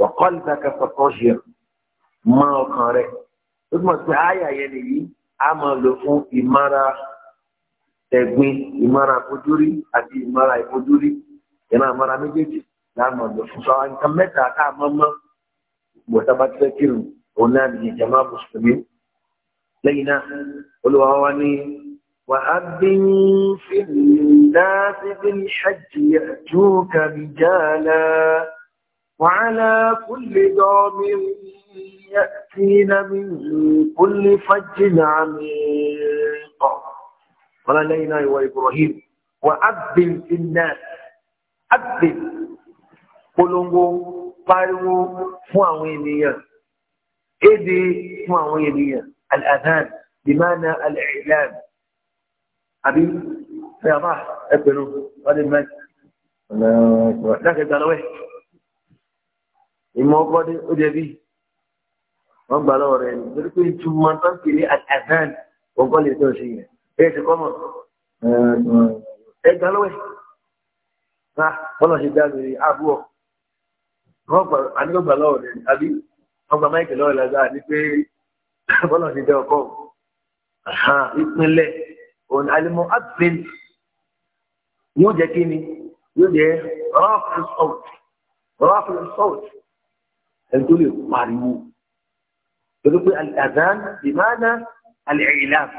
wà qalbaka fàṣọ yìí mọ ọkàn rẹ ó túmọ̀ sí àyà yẹn nìyí a máa lò fún ìmọ̀ra ẹ̀gbin ìmọ̀ra ìfojúrí àti ìmọ̀ra ìfojúrí ìran àmọ́ra méjèèjì láàmú ọ̀dọ̀ fún sọ nǹkan mẹ́ta tá a mọ́ mọ́ mọ̀tàbá tí fẹ́ kírun òun náà nìyí jama mùsùlùmí lẹ́yìn náà olùwà wa ní وأذن في الناس بالحج يأتوك رجالا وعلى كل ضامر يأتين من كل فج عميق wọn lẹ́yìn náà ìwọ Ibrahim wà á bìn sí náà á bìn polongo pariwo fún àwọn ènìyàn èdè fún àwọn ènìyàn al-adhan bimana al-i'lan àbí ẹ̀yàmá ẹgbẹ̀rún wọ́n lè mẹ́tì lákẹ̀ẹ́ta lọ́wẹ́ ìmọ̀ ó jẹ́ bí gbà lọ́wọ́ rẹ̀ nítorí pé ìtumọ̀ tó ń pè ní al lè tó ṣe yẹn ẹ ti kọ́ mọ̀ ẹ gbà lọ́wọ́ ẹ̀ náà bọ́lá ṣe dá lórí àbúrò wọ́n gbà àníkọ̀gbà lọ́wọ́ rẹ̀ àbí wọ́n gbà máìkì lọ́wọ́ lágbá ní pé bọ́lá ṣe dá ọkọ̀ ìpínlẹ̀ òun alimọ̀ advent yóò jẹ́ kí ni yóò jẹ́ rọ́ọ̀fù sọ́ọ̀tù rọ́ọ̀fù sọ́ọ̀tù ẹni tó lè pariwo torí pé àdán ìmáàdá àlẹ́ ìlànà.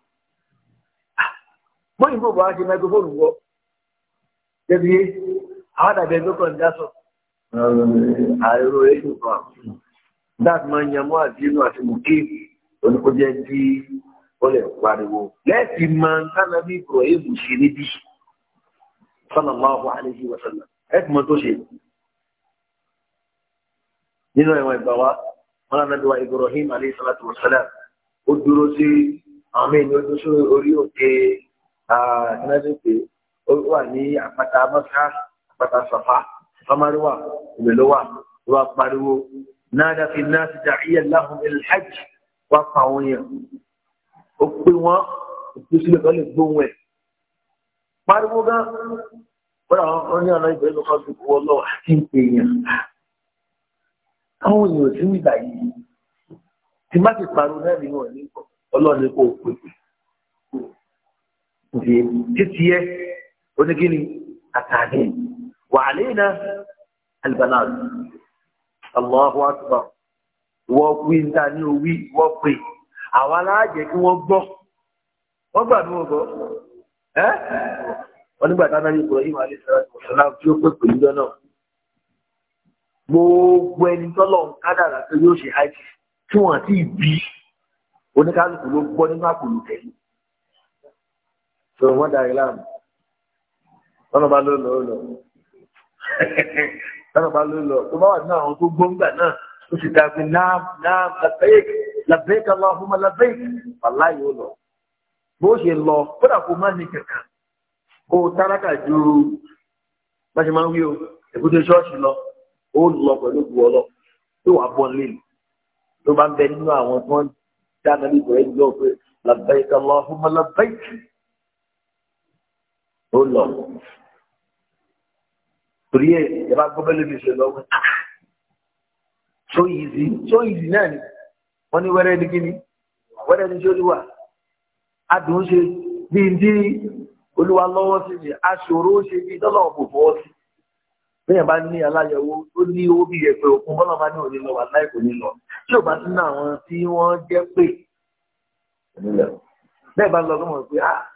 bóyá ìbò bá ṣe microphone wọ jẹbi àwọn àgbẹ̀ tó kàn dáṣọ àìrò ẹ̀sùn kan dáàbò máa ń yamọ́ àdínú àti mùkí oníkójẹ́ tí ó lè pariwo lẹ́ẹ̀tì máa ń tánà bí Ibrahim ṣe níbí sallallahu alaihi wa sallam ẹ̀kùn mọ́ tó ṣe nínú ẹ̀wọ̀n ìgbà wa wọn lànà bí wa Ibrahim alayhi salatu wa salam ó dúró sí àwọn ènìyàn ojú orí òkè kínájú ah, pé ó wà ní àpáta mọ́ká àpáta sọ̀fà fámárúwà ìmẹ̀lówà ló wá pariwo náà fi náà ti dà iyẹ̀ láhùn ilhajj wá pa àwọn èèyàn ó pé wọ́n òkú sílẹ̀ kan lè gbóhùn ẹ̀ pariwo gan kódà wọn ní ọ̀nà ìbẹ̀rẹ̀ lọ́kọ́ tó kú ọlọ́wọ́ àti èèyàn àwọn èèyàn ò sí nígbà yìí tí má ti pariwo náà ni wọn ní ọlọ́ọ̀ni kò pèpè nfiye titiye onigini atani wa alena albanas allahu akbar wọ́n pè ń ta ní owí wọ́n pè àwọn aláàjẹ kí wọ́n gbọ́ wọ́n gbà ní ọgọ́ ẹ́ wọ́n nígbà tá náà ìbùrọ̀ yìí wà ní sọ́lá tí ó pèpè níjọ náà gbogbo ẹni tọ́lọ̀ ń kádàrà pé yóò ṣe àìsí tí wọ́n ti bí oníkálukú ló gbọ́ nínú àpòlù tẹ̀lé tó wọ́n darí láàmú tọ́nà bá ló lọ ó lọ tọ́nà bá ló lọ tó bá wà nínú àwọn tó gbóngbà náà ó sì dàbí náà náà labẹ́ẹ̀k labẹ́ẹ̀k aláhùnmá labẹ́ẹ̀k wàláyé ó lọ bó ṣe lọ kódà kó má ní kankan kó tálákà ju bá ṣe máa ń wí o èkúté ṣọ́ọ̀ṣì lọ ó lọ pẹ̀lú ìwọ ọlọ tó wàá bọ́ nílé ló bá ń bẹ nínú àwọn tó ń dáná lè bọ̀ ẹ́ lọ́wọ́ pé labẹ́ẹ̀k aláhùnmá labẹ́ẹ̀k ó lọ torí ẹ ẹ bá gbọ́ bẹ́lẹ̀ mi ṣe lọ́wọ́ ah, so easy so easy náà ni wọ́n ní wẹ́rẹ́ ní kíni wẹ́rẹ́ ní sóríwà adùn ṣe bí n dín olúwa lọ́wọ́ sí ni aṣòro ṣe bí dọ́là ọ̀bùn fọwọ́ sí bẹ́ẹ̀ bá ní aláyẹ̀wò ó ní owó bí yẹ pé òkun bọ́lá máa ní òní lọ wà láì kò ní lọ tí ò bá sí ní àwọn tí wọ́n jẹ́ pé bẹ́ẹ̀ bá lọ lọ́mọ pé ah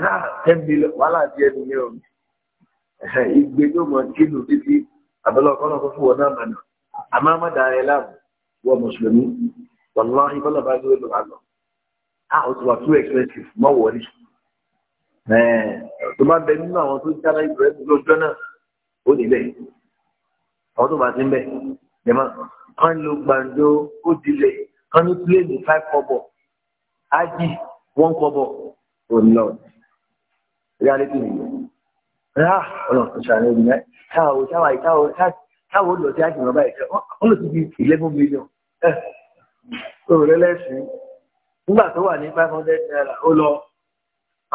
ẹ̀dá ten billion wàhálà díẹ̀ nìyẹn o ìgbé tó mọ̀ kílù títí àbẹ̀lẹ̀ ọ̀kọ́ náà kó fún wọn náà mọ̀nà àmọ́ má da ẹ̀ láàmú wọ mùsùlùmí wàláhì bọ́lá bá gbé lọ́wọ́ àlọ́ a ò ti wà too expensive mọ́ wọlé tó bá bẹ nínú àwọn tó dára ìbẹ̀rẹ̀ lọ́jọ́ náà ó níbẹ̀ àwọn tó bá ti ń bẹ̀ jẹ́mọ́ kan lo gbàǹdo ó dilẹ̀ kan ní pílẹ̀nì five kọ́bọ̀ ájì one kọ́bọ̀ ò ní lọ́wọ́ reality nìyẹn rà ọ̀nà ìṣàlẹ̀ ẹ̀mí náà táwọn táwọn àìtáwọn táwọn olùdó tí a jùlọ báyìí tẹ wọ́n lò sí bí eleven million ẹ̀ eh, ọ̀rọ̀ lẹ́lẹ́sìn nígbà tó wà ní five hundred naira ó lọ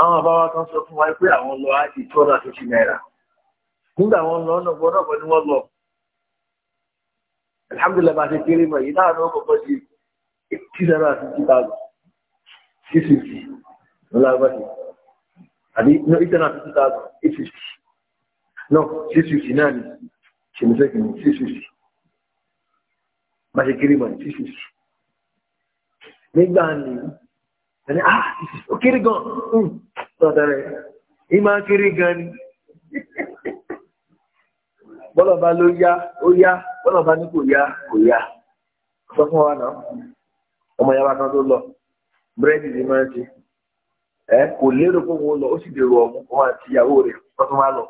àwọn àbáwá kan sọ fún wa pé àwọn lọ ájì two hundred and fifty naira nígbà wọn lọ ọ̀nà gbọ́dọ̀ bọ́ ni wọ́n lọ alhamdulilayi bá a ṣe kéré mọ̀ yìí náà ló kọ́kọ́ sí six hundred and fifty thousand six fifty lọ́la bá ti àbí no eight hundred and fifty thousand eight fifty no six fifty náà ni ṣe mi fẹ́ kí ni six fifty má ṣe kéré mọ̀ ní six fifty nígbà ní ẹni ah ó kéré gan tọ́ta hmm, rẹ̀ ì máa kéré gan ni bọ́lọ̀ bá ló yá ó yá bọ́lọ̀ bá ní kò yá kò yá sọ fún wa náà ọmọ yàrá kan tó lọ búrẹ́dì ni máa ń ṣe ẹ kò lérò pé òun lọ ó sì dèrò ọmọ òun àti ìyàwó rẹ̀ wọ́n tún wá lọ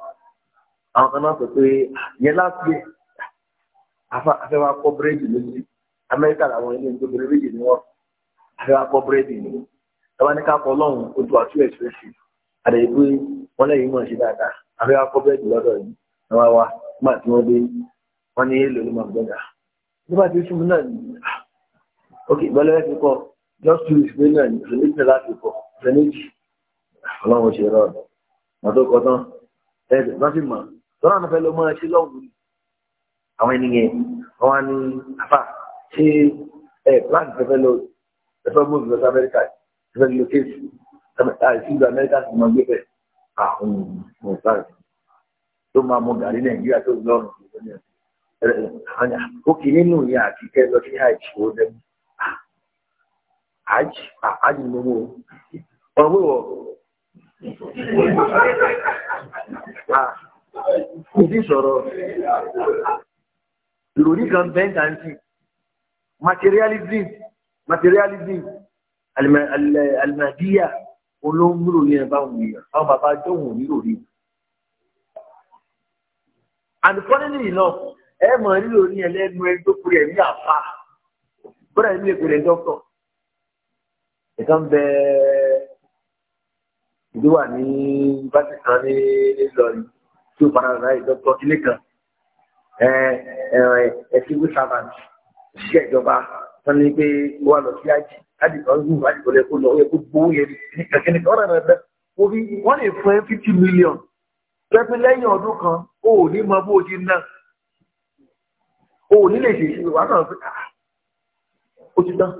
àwọn kan náà sọ pé yẹn láti afẹ́ wa kọ́ búrẹ́dì lójú amẹ́ríkà làwọn ilé ń tó búrẹ́dì ni wọ́n afẹ́ wa kọ́ búrẹ́dì ni ẹwà ní ká kọ́ lọ́hùn ojú àtúwò ẹ̀sìrẹ́sì àdàyè pé wọ́n lẹ́yìn mọ̀ ṣe dáadáa afẹ́ wa kọ́ búrẹ́dì lọ́dọ̀ yìí wọ́n wá wá nígbà tí wọ́n dé wọ́n ní èlò ló máa gbọ́dà nígbà tí sùn náà ní ok ìgbọ́lẹ́wẹ́ fi kọ́ just two weeks pé náà ní méjì ọlọ́run ṣe rọ̀ ọ̀dọ̀ wọn tó kọ tán ẹ̀ẹ́dẹ̀ wọ́n sì mọ̀ tọ́lá náà fẹ́ ló máa ṣe lọ́wọ́ àwọn ènìyàn wọn wá ní àfà ṣé ẹ plan fẹ́fẹ́ lọ ẹfẹ́ move lọ sí amẹ́ríkà ẹfẹ́ lọ kéésì àìsí ìlú amẹ́ríkà sì máa gbé bẹ́ẹ̀ àwọn mọ̀ọ́sán tó máa mọ gàrí nàìjíríà tó lọ́rùn ó nínú ìyá àti kẹ́ lọ dẹ́mu hajj hajj ni ọ̀rọ̀ wíwọ̀ ah. kò sí sọ̀rọ̀ ìròyìn kan bẹ́ẹ̀ kan sí materialism materialism alimadiya olóńgbòrò yẹn bá wù yẹn àwọn bàbá jọ̀wọ̀ nílò rí and funnily enough ẹ mọ̀ nílò ní ẹlẹ́nu ẹni tó kúrẹ̀ ní àfa bọ́dà ní ilé ìpínlẹ̀ dọ́kítọ̀ ẹ̀kan bẹ́ẹ̀ ìdí wà ní yunifásitì kan ní Ìlọrin tí ó fara rà ìdọ́tọ̀ ilé kan ẹ civil servant ṣiṣẹ́ ìjọba wọ́n ní pé ó wà lọ sí àjì láti lọ rú láti lọ kó lọ ó yẹ yẹn ní kẹ̀kẹ́ ní ọ̀rọ̀ rẹ̀ bẹ́ẹ̀ fi wọ́n lè fún ẹ fifty million pẹ́pẹ́ lẹ́yìn ọdún kan ó ò ní mọ bó o ti ná o ò ní lè ṣe ìṣirò wà náà pé ah, ó ti tán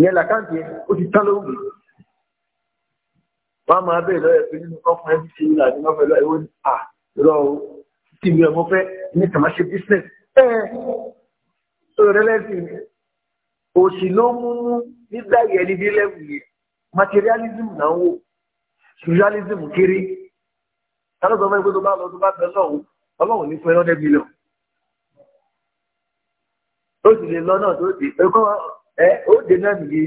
ìyẹn làkáǹtì ó ti tán lóògùn wọ́n á máa bẹ̀rẹ̀ lọ́yẹ̀ pé nínú kọ́fún ẹbí ti ìlà ní wọ́n fẹ́ lọ́yẹ̀ wọ́n ní à lọ o tí mi ọmọ fẹ́ ní kàmá business ẹ ẹ rẹlẹ́sìn òṣì ló mú nígbà yẹn ní délẹ́wù yẹn materialism náà wò socialism kiri kálọ̀ sọ fún ẹgbẹ́ tó bá lọ tó bá bẹ lọ́wọ́ ọlọ́run ní fún ẹ lọ́dẹ bílíọ̀n ó sì lè lọ náà tó dé ẹ ó dé náà nìyí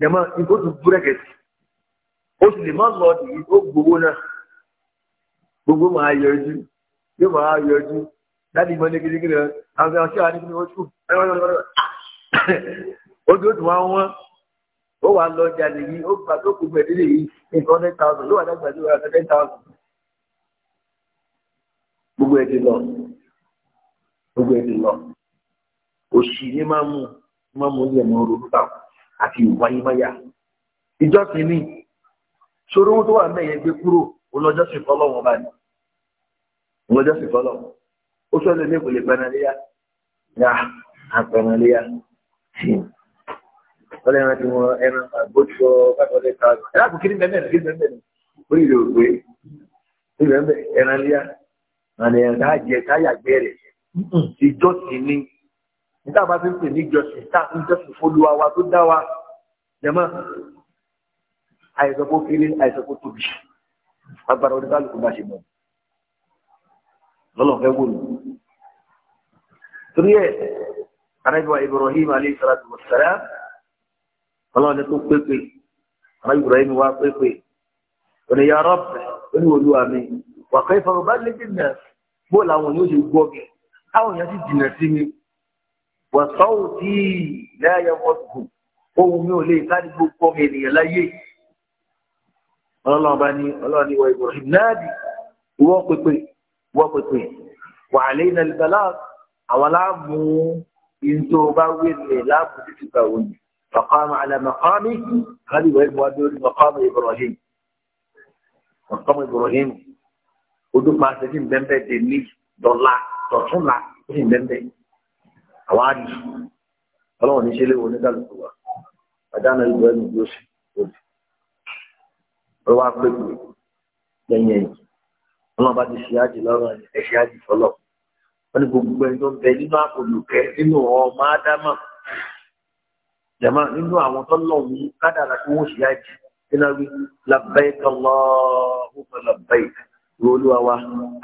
jẹ̀mọ́ ìkótó búrẹ́kẹ̀sì. ó sì lè má lọ o ó gbowó náà gbogbo máa yọjú yóò máa yọjú láti ìmọ̀ ní gidigidi àwọn ọ̀ṣẹ́ wa ní kí ni wọ́n tù ó dúró tù wá wọ́n ó wà lọ ọjà nìyí ó gbà tó kù gbẹ̀dẹ́ nǹkan ten thousand ló wà ten thousand gbogbo ẹ̀ ti lọ gbogbo ẹ̀ ti lọ òṣì ní máa mú máa mú ilé ẹ̀mọ́ ronú àti ìwáyé sórí owó tó wà mẹ́yẹ gbé kúrò ọlọ́jọ́ sì fọ́ lọ́wọ́ bá ní ọlọ́jọ́ sì fọ́ lọ́wọ́ ó sọ lè ní kò lè pẹnaléyà yà á pẹnaléyà sí ọlọ́ ẹran tí wọ́n ẹran àgbójúwọ́ káfọ́lẹ́ káàdùn ẹ̀rọ àpò kiri mẹ́mẹ́rin kiri mẹ́mẹ́rin ó yìí rò pé kiri mẹ́mẹ́rin ẹran léyà àni ẹran tá a jẹ tá a yà gbẹ rẹ̀ ìjọ ni níta bá fi ń pè ní ìjọsìn tá ìjọsìn fọlùwà wa tó dá wa jẹ́mọ́ àìsàn kó kéré àìsàn kó tóbi agbára oníkálukú bá ṣe mọ lọ́lọ́ fẹ́ wò lù torí ẹ̀ anábíwá Ibrahim alayhi salatu wa salam ọlọ́run tó pépè àwọn Ibrahim wá pépè òní ya Rabb òní olúwa mi wa kayfa uballighu an-nas bó làwọn yóò ṣe gbọ́ mi táwọn èèyàn sì jìnnà sí mi wa sawti la yanfa'u ohun mi ò lè sáré gbogbo ọmọ ènìyàn láyé ọlọ́run bá ní ọlọ́run ní ìwọ Ibrahim náàdì ìwọ pèpè ìwọ pèpè wà lẹ́yìn alìbálà àwọn aláàmú ìntò bá wé lè láàbù títí gbà wọ́n ni maqama ala maqami káàdì ìwọ ìwọ adóri maqama Ibrahim maqama Ibrahim odò máa ṣe kí n bẹ́ẹ̀ ní dọ́là tọ̀túnla ó sì bẹ́ẹ̀ bẹ́ẹ̀ ní ṣe léwu oníkàlùkù wa àdánù ìwọ yóò sì ló wá pé pé lẹ́yìn ẹ̀yìn ọlọ́run bá ti ṣe ájì lọ́rùn ẹni ẹ ṣe ájì fọlọ́ wọ́n ní gbogbo ẹni tó ń bẹ nínú àkọlùkẹ́ nínú ọmọ ádámà jama nínú àwọn tó lọ́wọ́ kádàrà tó wọ́n ṣe ájì iná wí labbaika Allahumma labbaik olúwa wa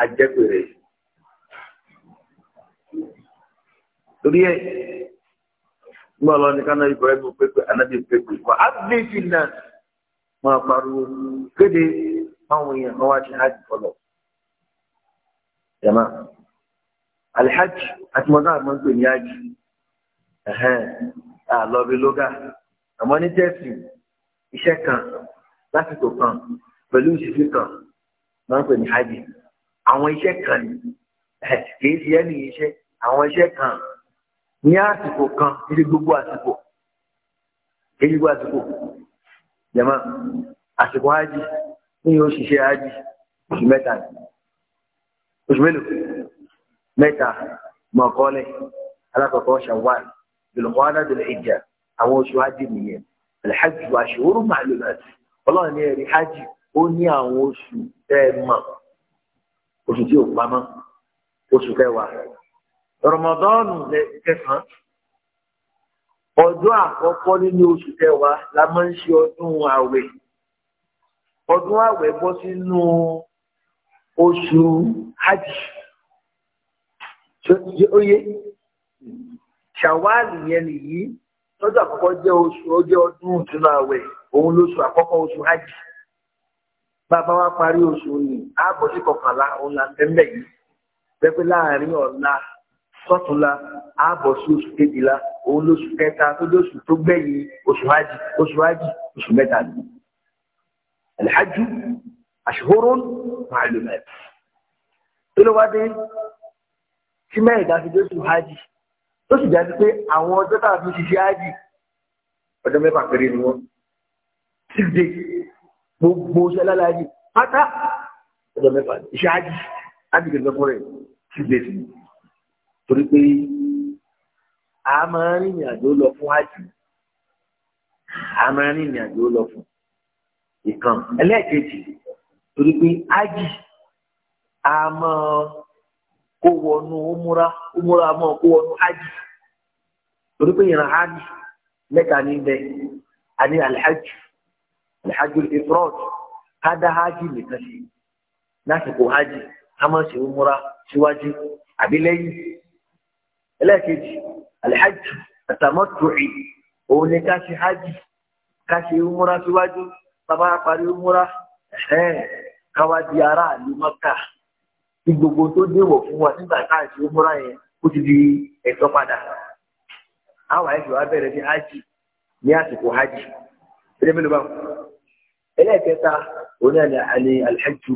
ajẹ́pẹ̀rẹ̀ torí ẹ̀ ń bọ̀ lọ ní kánáà Ibrahim pépè anábì pépè wà á gbé fi náà máa pariwo kéde àwọn èèyàn kan wá ti hajj fọlọ. Jàmá alhajj àti mọ́tò àti mọ́tò ní hajj àlọ́bí lóga àmọ́ ní tẹ́sí iṣẹ́ kan lásìkò kan pẹ̀lú ìṣiṣẹ́ kan máa ń pè ní hajj àwọn iṣẹ́ kan kì í ṣe ẹni iṣẹ́ àwọn iṣẹ́ kan ní àsìkò kan ní gbogbo àsìkò ní gbogbo àsìkò jẹ̀mọ́ àsìkò hajj ní yóò ṣiṣẹ́ hajj oṣù mẹ́ta oṣù mélòó mẹ́ta mọ̀kọ́lẹ̀ alákọ̀ọ́kọ́ ṣàwọ́n dùlùkọ́dá dùlùhìjà àwọn oṣù hajj nìyẹn alhaji wa ṣòro màlúmọ̀t ọlọ́run ní ẹ̀rí hajj ó ní àwọn oṣù tẹ́ ẹ mọ̀ oṣù tí ò pamọ́ oṣù kẹwàá rọmọdọ́ọ̀nù kẹsàn ọjọ́ àkọ́kọ́ nínú oṣù kẹwàá la máa ń ṣe ọdún àwẹ̀ ọdún àwẹ̀ bọ́ sínú oṣù hajj oye ṣàwáàlì yẹn nìyí lọ́jọ́ àkọ́kọ́ jẹ́ oṣù ọjọ́ ọdún ìtúnú àwẹ̀ òun lóṣù àkọ́kọ́ oṣù hajj bàbá wa parí oṣù ní ààbọ̀ sí kọkànlá òun là ń bẹ́ẹ̀ yìí pẹ́pẹ́ láàrin ọ̀la sọ́túnla ààbọ̀ sí oṣù kejìlá òun lóṣù kẹta tó lóṣù tó gbẹ̀yìn oṣù hajj oṣù hajj oṣù mẹ́ta ni. alhaju ashhurun ma'lumat. tó ló wá dé tí mẹ́rin dáfi lóṣù hajj tó sì dájú pé àwọn ọjọ́ tá a fi ṣiṣẹ́ hajj ọjọ́ mẹ́fà péré ni wọ́n. six gbogbo oṣù alálàájì pátá ọjọ́ mẹ́fà iṣẹ́ hajj hajj kìí lọ fún rẹ̀ torí pé a máa ń rìnrìn àjò lọ fún àjò a máa ń rìnrìn àjò lọ fún ìkan ẹlẹ́ẹ̀kejì torí pé ájì a máa kó wọnú umura umura a máa kó wọnú ájì torí pé ìran ájì mẹ́ta ní bẹ́ẹ̀ a ní alhaji alhaji ifrod ká dá ájì nìkan sí lásìkò ájì a máa ṣe umura síwájú àbí lẹ́yìn. ẹlẹ́ẹ̀kejì alhajj àtàmọ́tòrì òun ni ká ṣe hajj ká ṣe umura síwájú bàbá parí umura káwá di ara ìlú mọ́kà tí gbogbo tó déwọ̀ fún wa nígbà tá à ń ṣe umura yẹn ó ti di ẹ̀tọ́ padà àwọn àìsàn wa bẹ̀rẹ̀ ní hajj ní àsìkò hajj ẹ̀rẹ́ mélòó bá wọn. ẹlẹ́ẹ̀kẹta òun ni alhajj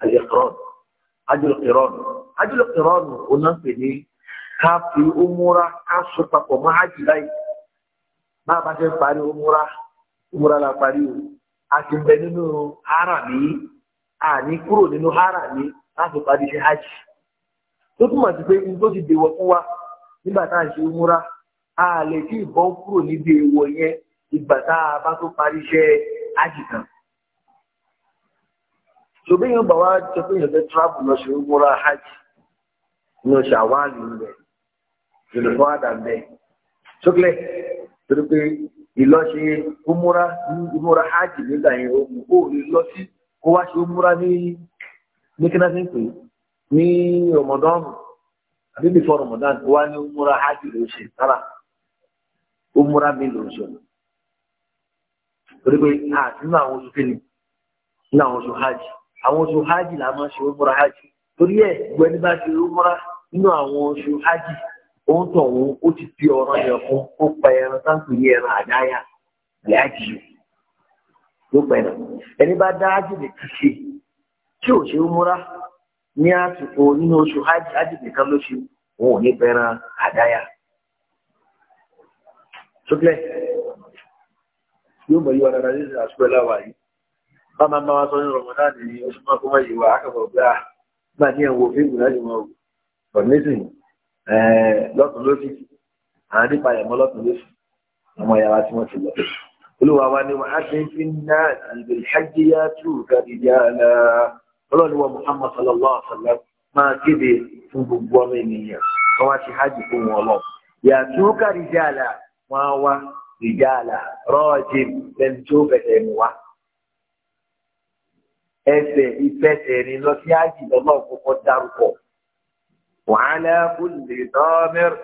al-iqran hajj al-qiran pè ní ká fi umura ká so papọ̀ mọ́ hajj báyìí bá a bá ṣe parí umura umura la parí o a ti bẹ nínú harami àní kúrò nínú harami láti parí ṣe hajj tó túmọ̀ sí pé n tó ti dèwọ̀ fún wa nígbà tá à ń ṣe umura a lè tí ìbọn kúrò níbi èèwọ̀ yẹn ìgbà tá a bá tó parí iṣẹ́ hajj kan ṣùgbọ́n èèyàn bá wá jọ pé èèyàn fẹ́ tíráàbù lọ ṣe umura hajj ní ọ̀ṣà wáàlì rẹ̀ olufa ada mbe chokere kpere kpere ilo si umura umura hajj mebanye ohu hoo ilo si kpụwa si umura n'i n'i kenazikpe n'i ọmọdụanụ abinifọ ọmọdụanụ kpụwa n'i umura hajj n'oche tara umura ndị ọzọ kpere kpe ha nnụnụ awụsụ kenu nnụnụ awụsụ hajj awụsụ hajj la ama si umura haji tori e gbe n'ime si umura nnụnụ awụsụ hajj. òun tọ̀ òun ó ti fi ọ̀rọ̀ yẹn fún ó pa ẹran sáǹkì yìí ẹran àdáyà láàjì ló pẹ̀ náà ẹni bá dá ájì nìkan ṣe tí ò ṣe ń múra ní àsìkò nínú oṣù ájì nìkan ló ṣe òun ò ní pẹ̀ran àdáyà sókè yóò mọ̀ yíwa dáadáa nínú àṣùgbọ́ ẹláwà yìí bá máa bá wa sọ ní rọmọdá ní oṣù mọ́kànlá yìí wà á kàbọ̀ gbá gbà ní ẹ̀wọ̀ fíìmù láti mọ̀ ọ̀nẹ́sìn Eh, lọ́tún lósì àwọn nípa ẹ̀mọ́ lọ́tún lósì ọmọ ìyàwó tí wọ́n ti lọ. olúwa wa ni wọ́n á ti ń fi ná ìbèrè ṣáàjìyá tù kàdìjà náà ọlọ́run wa muhammad sallallahu alaihi wa sallam máa kéde fún gbogbo ọmọ ènìyàn wọ́n wá ti hajj fún wọn lọ. yàtú kàdìjà là wọ́n á wá ìjà là rọ́ọ̀jì lẹ́nu tó bẹ̀rẹ̀ mu wá. ẹsẹ̀ ìfẹsẹ̀ ni lọ sí hajj lọ́lọ́run kọ́kọ́ وعلى كل طامر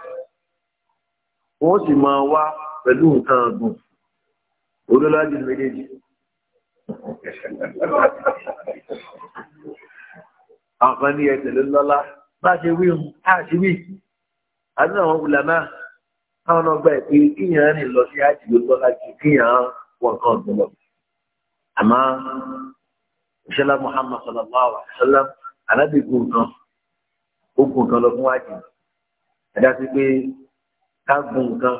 وسما وا بلو تاغو ودلا دي ميديجي اغنيه لله ما جي ويو حاجبي انا علماء انا بقي كيان لو سي حاجي اما ان شاء الله محمد صلى الله عليه وسلم انا بيقول ogun kan lọ fún wájú ẹ̀dá sí pé ká gun nǹkan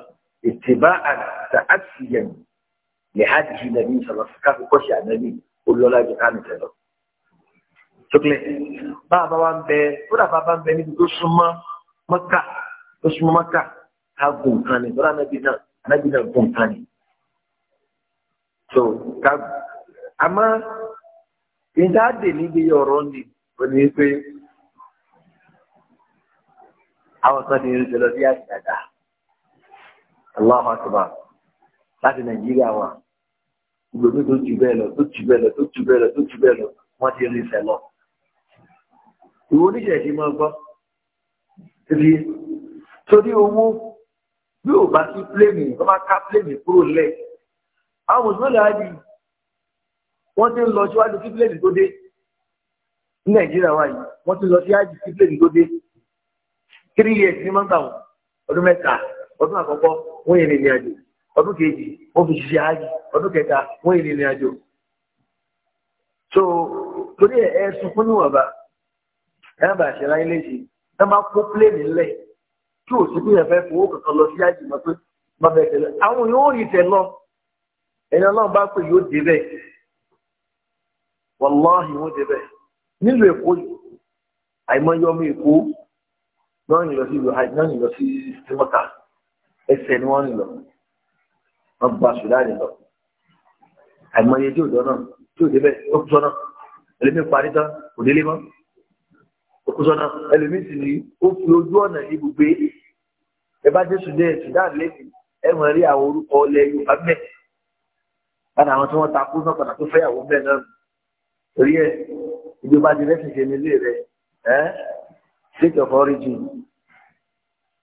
ìtìbá àti àtìyẹn lè há jù nàbí sọ̀rọ̀ ká fi kọ́ṣe ànábì olólá ju ká nìkan lọ. tókìlẹ̀ bá a bá wa ń bẹ kódà bá bá ń bẹ níbi tó súnmọ́ mọ́kà tó súnmọ́ mọ́kà ká gun nǹkan ni lọ́la ànábì náà ànábì náà gun nǹkan ni. so ká àmọ́ ìdáàdè níbi ọ̀rọ̀ ni wọ́n ní pé àwọn kan ti rìn lọ sí àṣìdàdà Allahu akbar láti Nàìjíríà wa gbogbo tó jù bẹ́ẹ̀ lọ tó jù bẹ́ẹ̀ lọ tó jù bẹ́ẹ̀ lọ tó jù bẹ́ẹ̀ lọ wọ́n ti rìn sẹ́ lọ. ìwọ oníṣẹ̀ṣe máa gbọ́ rí torí owó bí ò bá sí pléèmì wọ́n máa ká pléèmì kúrò lẹ̀ àwọn mùsùlùmí láàdì wọ́n ti ń lọ síwájú kí pléèmì tó dé ní Nàìjíríà wa wọ́n ti lọ sí àjì kí pléèmì tó dé three years ni wọ́n gbà wọ́n ọdún mẹ́ta ọdún àkọ́kọ́ wọ́n yẹn rìnrìn àjò ọdún kejì wọ́n fi ṣiṣẹ́ ààyè ọdún kẹta wọ́n yẹn rìnrìn àjò. so torí ẹ ẹ sunkún níwọ̀nba ẹ bá ṣe láyé léṣe ẹ máa kó pléènì lẹ̀ kí òsì kí yẹn fẹ́ fowó kankan lọ sí àjò mọ́ pé má bẹ́ẹ̀ tẹ̀lé àwọn yóò rí tẹ̀ lọ ẹni ọlọ́run bá pè yóò dé bẹ́ẹ̀ wàláhì wọ́n dé bẹ́ẹ̀ nílùú èkó àìmọye ọmọ èkó náà ní lọ sí ìlú hajj náà ní lọ sí símọ́tà ẹsẹ̀ ni wọ́n ń lọ wọ́n gba sùdáàdì lọ àìmọye tí ò lọ náà tí ò débẹ̀ ó kú sọ́nà ẹlẹ́mí parí tán kò délé mọ́ ó kú sọ́nà ẹlẹ́mí sì ni ó fi ojú ọ̀nà ibùgbé ẹ bá dé sùdẹ́ sùdáàdì lẹ́yìn ẹ mọ̀ rí àwọn orúkọ ilẹ̀ Yorùbá bẹ́ẹ̀ lára àwọn tí wọ́n takú náà padà tó fẹ́yàwó bẹ́ẹ̀ náà state of origin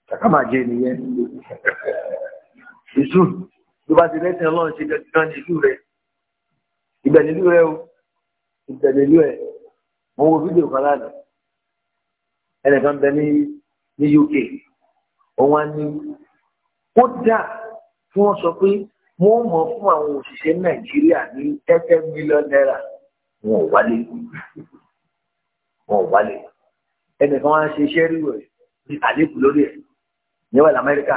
kàkàmàjẹ nìyẹn ìṣù tó bá ti lẹ́sìn ọlọ́run ṣe gẹ́gẹ́ ní ìlú rẹ̀ ibẹ̀ nílùú rẹ̀ o ibẹ̀ nílùú ẹ̀ mo wo fídíò kan lánàá ẹnìkan bẹ ní ní UK òun á ní ó dà tí wọ́n sọ pé wọ́n mọ̀ fún àwọn òṣìṣẹ́ Nàìjíríà ní tẹ́tẹ́ mílíọ̀nù náírà wọn ò wálé wọn ò wálé ẹnìkan wá ń ṣe iṣẹ́ rí rẹ̀ ní àlékù lórí ẹ̀ níwà lamẹ́ríkà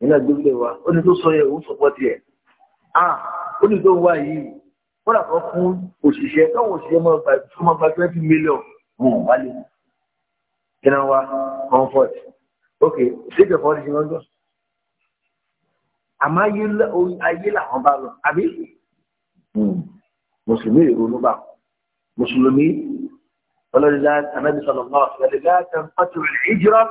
nínú ẹgbẹ́ wa ó ní tó sọ yẹ òun sọpọ́ tiẹ̀ ah ó ní tó ń wá yìí wọ́n dàpọ̀ fún òṣìṣẹ́ káwọn òṣìṣẹ́ máa gba twenty million wọn ò wálé kí náà wá comfort ok ṣéjọ kan ní ṣe wọ́n jọ àmọ́ ayé làwọn bá lọ àbí hmm, mùsùlùmí ìrònú bá mùsùlùmí ولذلك النبي صلى الله عليه وسلم لا تنقطع الهجره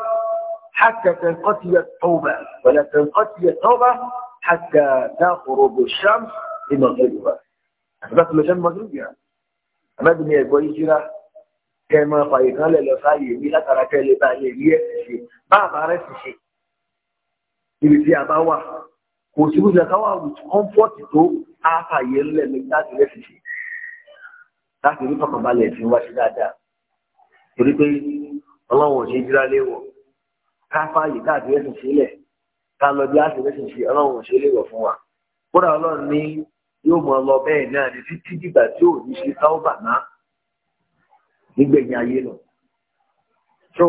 حتى تنقطع التوبه ولا تنقطع التوبه حتى لا غروب الشمس لمغربها بس مشان مغرب يعني اما الدنيا يقول الهجره كما قال لو سعي بلا تركه لبعليه شيء ما بعرف شيء ibi ti a bá wà kò sí gúúsù ẹ̀ká wà with comfort tó á fàyè ńlẹ̀ lè láti lẹ́sì sí láti ní tọkànbálẹ̀ ìfínwáṣí dáadáa torí pé ọlọ́run ò ṣe jíra léwọ̀ ká fààyè ẹ̀sìn sílẹ̀ ká lọ bí àṣírí ẹ̀sìn sí ọlọ́run ò ṣe fún wa kódà ọlọ́run ní yóò mọ lọ bẹ́ẹ̀ náà ní títí dìgbà tí ò ní ṣe táwọ́bà náà nígbẹ̀yìn ayé nù. tó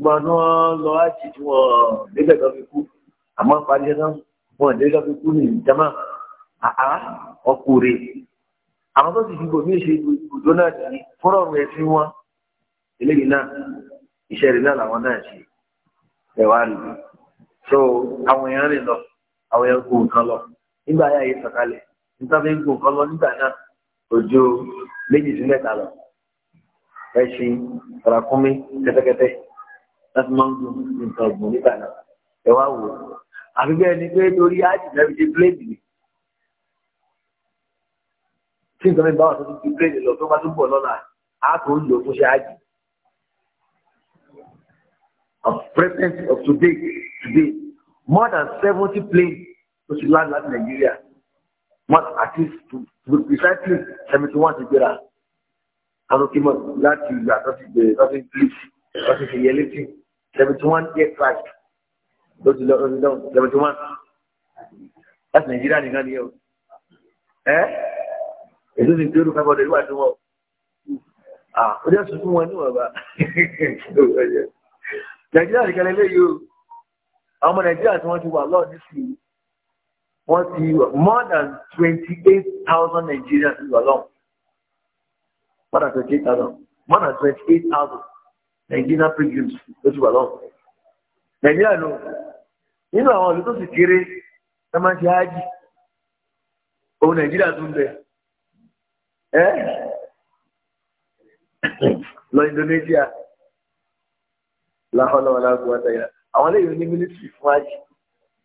gbọ́n lọ ájì tí wọ́n débẹ̀ lọ́ fi kú àmọ́ parí náà wọ́n débẹ̀ lọ́ fi kú ní ìjàmá àá ọkùnrin àwọn tó sì fi gbòmí ṣe ibùdó náà sí fúnrọ̀rùn ẹ̀sìn wọn eléyìí náà iṣẹ́ rẹ̀ náà làwọn náà ṣe ẹ̀wà rẹ̀ so àwọn èèyàn rìn lọ àwọn èèyàn kó nǹkan lọ nígbà ayé ayé sọ̀kalẹ̀ nígbà fi ń kó nǹkan lọ nígbà náà òjò méjì sí mẹ́ta lọ ẹṣin ràkúnmí kẹ́tẹ́kẹ́tẹ́ láti máa ń gun nǹkan ọ̀gbìn nígbà náà ẹ̀wà wò àfi bẹ́ẹ̀ ni pé torí ájì náà fi ṣe bíléèdì ni tí nǹkan mi bá wà tó ti fi bíléèdì lọ tó bá tó bọ̀ lọ́la á kò ń lò fún ṣe ájì of present of today today more than seventy planes ló ti land láti Nigeria, more at least to to precisely seventy eh? one Nigeria. gbéra alókèmọ láti That tó ti gbèrè tó ti please tó ti fi yẹ seventy one aircraft ló ti lọ lọ seventy one láti Nàìjíríà nìkan ni o ẹ èso ti dúró fẹ́ bọ́dọ̀ ìwádìí wọn ó jẹ́ one, fún wọn níwọ̀nba nàìjíríà nìkan lélẹ́ yìí o ọmọ nàìjíríà tí wọ́n ti wà lọ́ọ̀ nísìnyí wọ́n ti more than twenty eight thousand nigerians ti wà lọ́ọ̀ more than twenty eight thousand more than twenty eight thousand nigerian pilgrims ló ti wà lọ́ọ̀ nàìjíríà ló nínú àwọn ìlú tó sì kéré ẹ máa ń ṣe òun nàìjíríà tún bẹ ẹ lọ indonesia láhọ́lá wọn lágbo wọn tẹ̀yà àwọn eléyìí ní mílítì fún àjì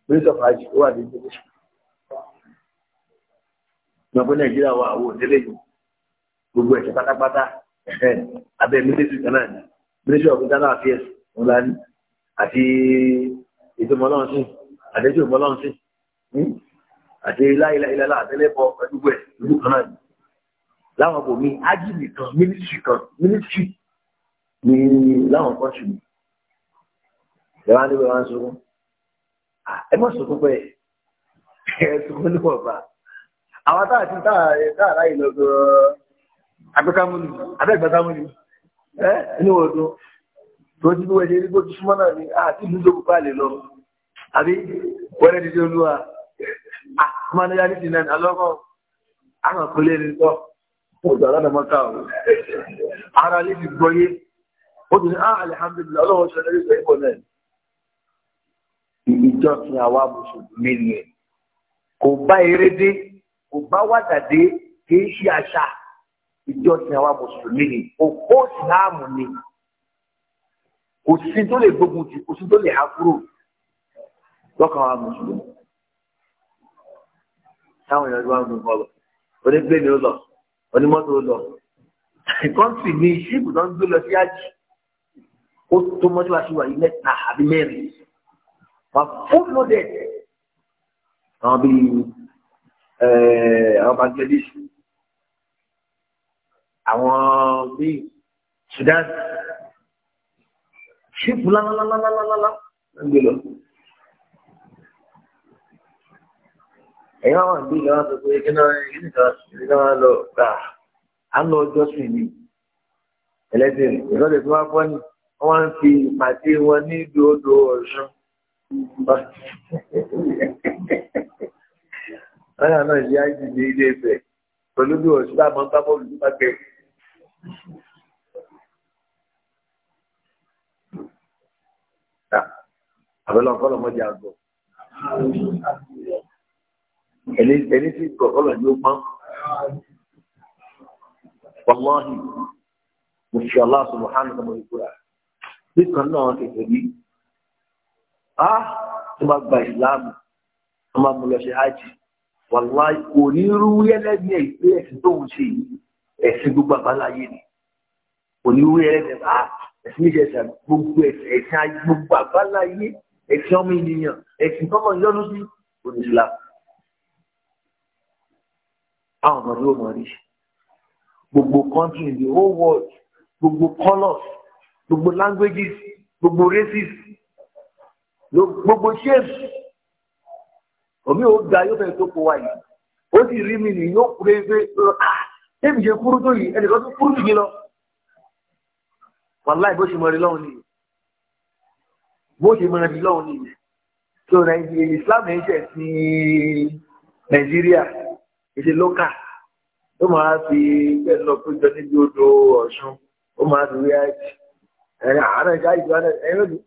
mílítì fún àjì ó wà ní mílítì. ìgbàgbọ́ nàìjíríà wà àwọn òdélé yìí gbogbo ẹ̀ṣẹ̀ pátápátá abẹ́ mílítì kan náà ni mílítì of internal affairs wọn la ní àti ètò mọ́lọ́ọ̀sìn àdéjò mọ́lọ́ọ̀sìn àti iláìláìláìlá àtẹlẹ́bọ ẹdúgbò ẹ̀ ìlú kan náà ni láwọn kò ní ájì nìkan mílítì kan mílítì ní láwọn kọ́ńtì mi. ẹ wá níbi wọn ẹ má sunkún pé ẹ sunkún ní wọ̀nba àwọn táà ti táà láyé lọ sọ ẹ tó ti náà ni a ìlú ìjókòó bá lè lọ àbí wọ́n rẹ̀ dídí olúwa àmàlẹ́yà ní ìdílé alọ́kọ̀ àwọn àkọlé rẹ̀ sọ ọjọ́ aládàmọ́ká ọ̀rọ̀ ara lè fi gbọ́yé ó ní ah, ọlọ́wọ́ ìjọsìn àwa mùsùlùmí ni ẹ̀ kò bá eré dé kò bá wàdà dé kì í ṣe àṣà ìjọsìn àwa mùsùlùmí ni òpó ìsìláàmù ni kò sí tó lè gbógun tì kò sí tó lè há kúrò lọ́kàn àwa mùsùlùmí táwọn èèyàn ló wá ń gun kọ lọ onígbèmí ó lọ onímọ́tò ó lọ kọ́ńtì ní ṣíìpù tó ń gbé lọ sí àjì ó tó mọ́tò àṣìwà yìí mẹ́ta àbí mẹ́rin fast-food model àwọn bíi eh, àwọn Bangladesh àwọn bíi Sudan ṣípù lálálálálálá ń gbé lọ. ẹ̀yìn àwọn ìlú ìlú àwọn àgbègbè kí náà yìí nìkan ìlú náà lọ gbà á lọ ọjọ́ sùn ní ẹlẹ́sìn ìrọ̀lẹ́ tó wá pọ́ ni wọ́n ń fi pàdé wọn ní ìlú odò Ọ̀ṣun. Láyà náà ṣe àìsí ní ilé ẹ̀fẹ̀ pẹ̀lú bí ọ̀ṣun bá máa ń bá bọ́ọ̀lù nípa kẹ́. Àbẹ̀lọ́ ọ̀kọ́lọ̀ mọ́jà àgọ̀. Ẹni tí ọ̀kọ́lọ̀ yóò pọ́n. Wàláhì, mo ṣe aláṣọ Mùhánù ọmọ ìkúra. Bí kan náà ti tẹ̀lé á ah, tó bá gba ìsìláàmù tó máa mú lọ ṣe hajj wàláì kò ní rú yẹlẹ́gbẹ̀ẹ́ ìpé ẹ̀sìn tó ń ṣe yìí ẹ̀sìn gbogbo àbáláyé ni kò ní rú yẹlẹ́gbẹ̀ẹ́ á ah, ẹ̀sìn ìṣẹ̀ ẹ̀sìn gbogbo ẹ̀sìn gbogbo àbáláyé ẹ̀sìn ọmọ ènìyàn ẹ̀sìn tọ́mọ ìyọnu sí oníṣìlá àwọn ọmọ yóò mọ rí gbogbo country in the whole world gbogbo colours gbogbo languages gbogbo races gbogbo ṣéèpù omi ò ga yóò fẹ́ tó kó wa yìí ó sì rí mi nìyí ó kúrẹ́ pé ah, ṣéèpù ṣe kúrú tó yìí ẹnìkan tó kúrú nìyí lọ wàláì bó ṣe mọ rí lọ́hùn nìyí bó ṣe mọ rí lọ́hùn nìyí tó nàìjíríà Islam ẹ̀ ń ṣẹ̀ sí Nàìjíríà èdè lókà ó máa fi bẹ́ẹ̀ lọ péjọ níbi odò Ọ̀ṣun ó máa fi wíyá ẹ̀rẹ̀ àárẹ̀ jáde ẹ̀rọ nìyí.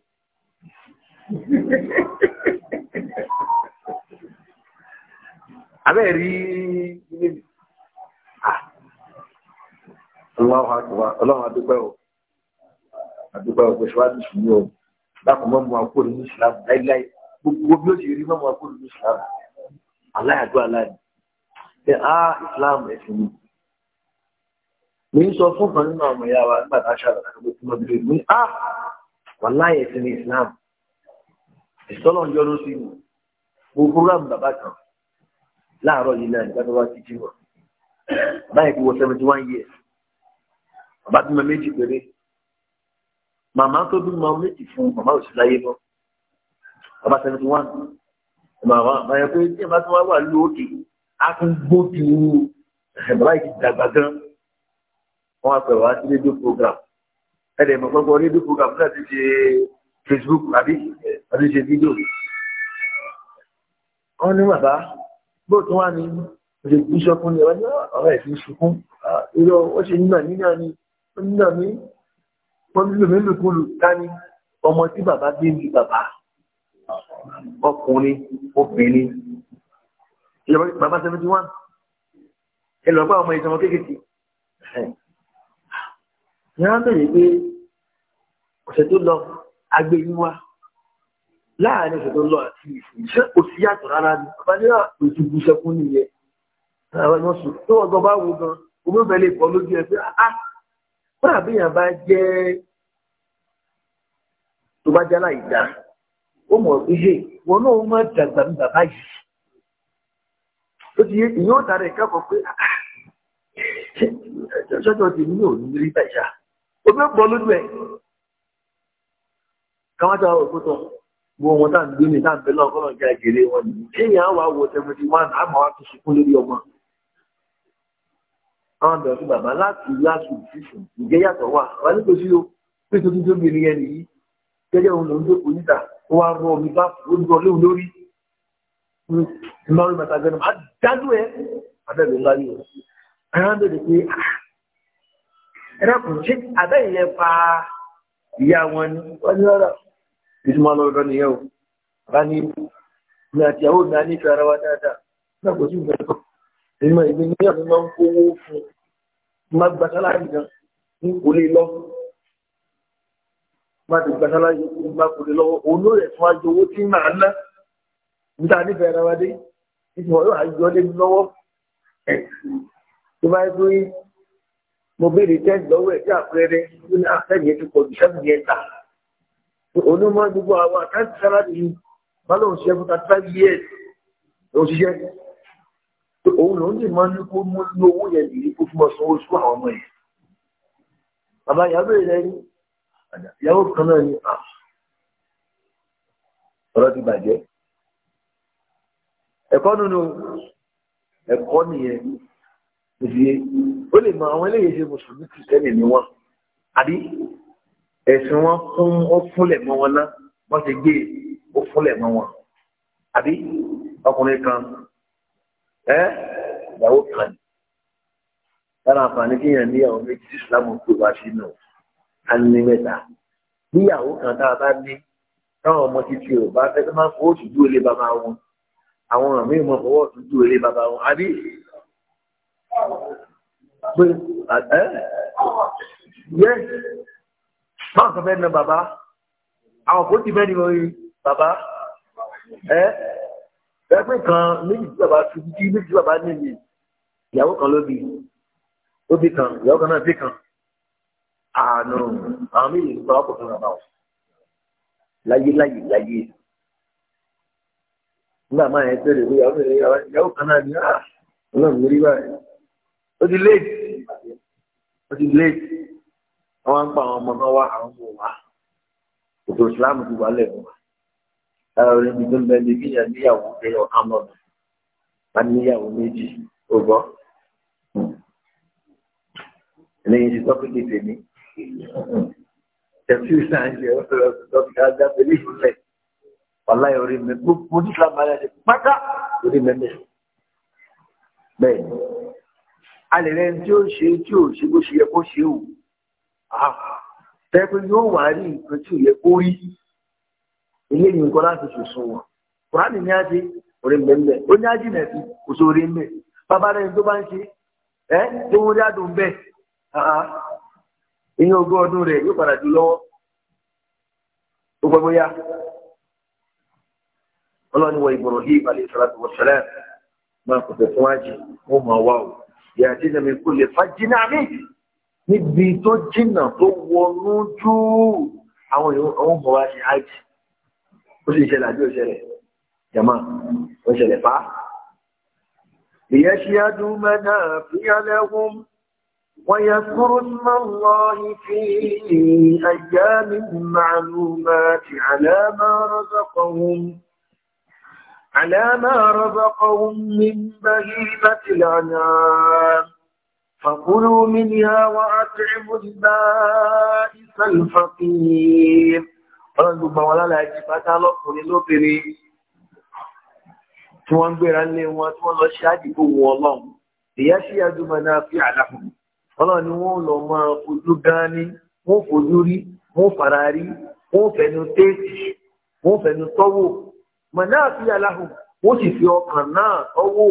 abẹ́ rí ilé mi ọlọ́wọ́ ah ọlọ́wọ́ àdúgbẹ́ o àdúgbẹ́ o ìṣúná o dákùn mọ́ akóòrò ní ìsìlámù láíláí gbogbo bí ó ti rí mọ́ akóòrò ní ìsìlámù aláyàdó aláàdì ṣe á ah, ìsìlámù ẹ̀sìn mi mi ń sọ fún kan nínú àwọn ẹ̀yà wa nígbà tá a ṣàlàyé pé kí wọ́n bí á wà ní ah, ìsìlámù ìsọ́nà yọrù sí mi mo program bàbá kan láàárọ̀ yìí náà nígbà tó wá sí jí wọn báyìí kò wọ seventy one years bàbá bímọ méjì péré màmá tó bímọ méjì fún màmá òsì láyé mọ́ bàbá seventy one màmá báyọ̀ pé tí bàbá tó wá wà lóòkè á tún gbó ti wú bàbá yìí dàgbà gan wọn á pẹ̀ wá sí rédíò program ẹ̀ dẹ̀ mọ̀ pẹ́pọ̀ rédíò program náà ti ṣe Facebook àbí àbí ṣe fídíò wọn ní bàbá bó tún wá ní ṣe kú sọkún ní ọjọ́ ah, ọ̀rọ̀ ẹ̀ fi sunkún ah, irọ́ ó ṣe nínà nínà ni ó nínà ní wọn nílò mélòókúlù dání ọmọ tí bàbá gbé ní bàbá ọkùnrin obìnrin ìjọba bàbá seventy one ẹ lọ bá ọmọ ìjọba kékeré ní wọn bẹ̀rẹ̀ pé ọ̀sẹ̀ tó lọ agbẹ̀yìn wa láàrin ìṣẹ̀tọ́ lọ àti ìṣẹ́ kò sí yàtọ̀ rárá ni àbájá ah, òtù gúúsẹ́kún nìyẹn àwọn ẹ̀yàn sùn tó ọgbọ́n bá wo gan omíbẹ̀ lè kọ́ lójú ẹ pé á ah, fún ah. àbíyàn bá jẹ́ tó bá jẹ́ aláìdá ó mọ̀ pé hey wọn náà má dàgbà ní bàbá yìí ó ti yé ìyẹn ó tààrà ìkẹ́kọ̀ọ́ pé ṣẹ́jọ́ tèmi ní òní rí bàjá omi ó gbọ́ káwájá òkútọ̀ gbogbo wọn táà ń gbé mi táà ń bẹ lọ́wọ́ kọ́lọ̀ jẹ́ àgèrè wọn ni èèyàn wà wọ seventy one àmọ́ wa ti sunkún lórí ọmọ. àwọn bẹ̀rẹ̀ fún bàbá láti láti ìfísùn ìjẹ́ yàtọ̀ wà wà ní kò sí o pé tó tún tó mi nìyẹn nìyí jẹ́jẹ́ òun lòún tó kù níta ó wá rọ omi bá ó dúró léwu lórí ìmọ̀ràn bàtà gbẹnu àdádú ẹ abẹ́rẹ́ ńlá yìí ẹ̀rọ ń bèrè pé ah, ẹ̀rọ kò ṣe abẹ́yẹ pa ìyá wọn ni wọ́n ní ọ̀rọ̀ ìtumọ̀ lọ́rọ̀ nìyẹn o bá ní ní àtìyàwó mi á nífẹ̀ẹ́ ara wa dáadáa náà kò sí ìgbà tó nínú ìgbé ní ọ̀nà máa ń kówó fún má gba sáláàrí gan ní kò lè lọ má ti gba sáláàrí má kò lè lọ́wọ́ òun rẹ̀ fún ajo owó tí màá ná níta nífẹ̀ẹ́ ara wa dé ìtumọ̀ yóò àjọ lé mi lọ́wọ́ tó bá yẹ pé mo béèrè tẹ́ǹtì lọ́wọ́ ẹ̀ tí àpẹẹrẹ ní ah, ta onímọ̀ gbogbo àwọn àkáǹtì sáláàdì yìí bá lóun ṣiṣẹ́ fún thirty five years lóun ṣiṣẹ́ òun lòun sì máa ń kó mú ní owó yẹn lè kó fún ọsàn owó sún àwọn ọmọ yẹn bàbá ìyàwó rẹ ní ìyàwó kan náà ní à ọ̀rọ̀ ti bàjẹ́ ẹ̀kọ́ nínú ẹ̀kọ́ nìyẹn òsì ó lè mọ àwọn eléyìí ṣe mùsùlùmí kìrìsìtẹ́nì ni wọ́n àbí ẹ̀sìn wọn fún ó fúnlẹ̀ mọ́ wọn náà wọ́n ti gbé ó fúnlẹ̀ mọ́ wọn àbí ọkùnrin kan ẹ ìyàwó kan lára àǹfààní kí yẹn níyàwó méjì sí ìsìlámù tó wá sí náà á ní mẹ́ta níyàwó kan tá a bá ní táwọn ọmọ títí ò bá fẹ́ tó máa fọwọ́ tún dúró lé bàbá wọn àwọn àmì ìmọ̀ fọwọ́ tún dúró lé bàbá wọn àbí pé ẹ yẹ báwọn kan fẹ́ na bàbá àwọn kò tí fẹ́ ni oye bàbá ẹ ẹgbẹ́ kan méjì tí bàbá fi jí méjì tí bàbá níbi ìyàwó kan ló bí ó bí kan ìyàwó kan náà bí kan àánú àwọn méjì tí bàbá kò fún bàbá wọn láyé láyé láyé nígbà máa yẹn tẹ́lẹ̀ pé ìyàwó rẹ̀ ìyàwó kan náà ní ah, ọlọ́run lórí báyìí ó ti léèdì ó ti léèdì wọn ń pa àwọn ọmọ náà wá àwọn ọmọ wa ètò ìsìláàmù ti wà lẹ́nu wa lára orí ibi tó ń bẹ ní kíyàn níyàwó ẹyọ amọ̀nà a níyàwó méjì ó gbọ́ lẹ́yìn tí tọ́pìkì tèmi tẹ̀sí sáńjẹ ó lọ sí tọ́pìkì ajá pẹ̀lú ìfúnlẹ̀ wàlá orí mi gbogbo ní ìsìláàmù alẹ́ ti pátá orí mẹ́mẹ́ bẹ́ẹ̀ ni a lè rẹ́ ní tí ó ṣe tí ó ṣe bó ṣe yẹ kó ṣe òun. tẹ́pẹ́ yóò wá rí nǹkan tí ò yẹ kó rí eléyìí nǹkan láti ṣòṣùn wọn kùránì ní ajé orí mbẹ́mbẹ́ ó ní ajé nàbí kò sí orí mbẹ́ bàbá rẹ̀ tó bá ń ṣe ẹ́ tó ń rí àdùn bẹ́ẹ̀ ìyẹn ogún ọdún rẹ̀ yóò padà jù lọ́wọ́ ó gbọ́ bóyá ọlọ́ni wọ máa kò fún ajé wọ́n máa wá níbi tó jìnnà tó wọnú jù àwọn ohun mọ̀ wá ṣe hajj ó sì ṣẹlẹ̀ àbí ó ṣẹlẹ̀ jama ó ṣẹlẹ̀ fa. ليشهدوا منافع لهم ويذكروا اسم الله في أيام معلومات على ما رزقهم على ما رزقهم من بهيمة الأنعام فكلوا منها وأطعموا البائس الفقير ọlọ́run gbogbo àwọn alálàájì pátá lọ́kùnrin lóbìnrin tí wọ́n ń gbéra lé wọn tí wọ́n lọ ṣe àdìgbò wọn ọlọ́run ìyá sí àdúgbò náà fi àlàkùn ọlọ́run ni wọ́n lọ máa fojú gan wọ́n fojú rí wọ́n fara rí wọ́n fẹnu téèkì wọ́n fẹnu tọ́wò mọ̀ náà fi àlàkùn wọ́n sì fi ọkàn náà tọ́wò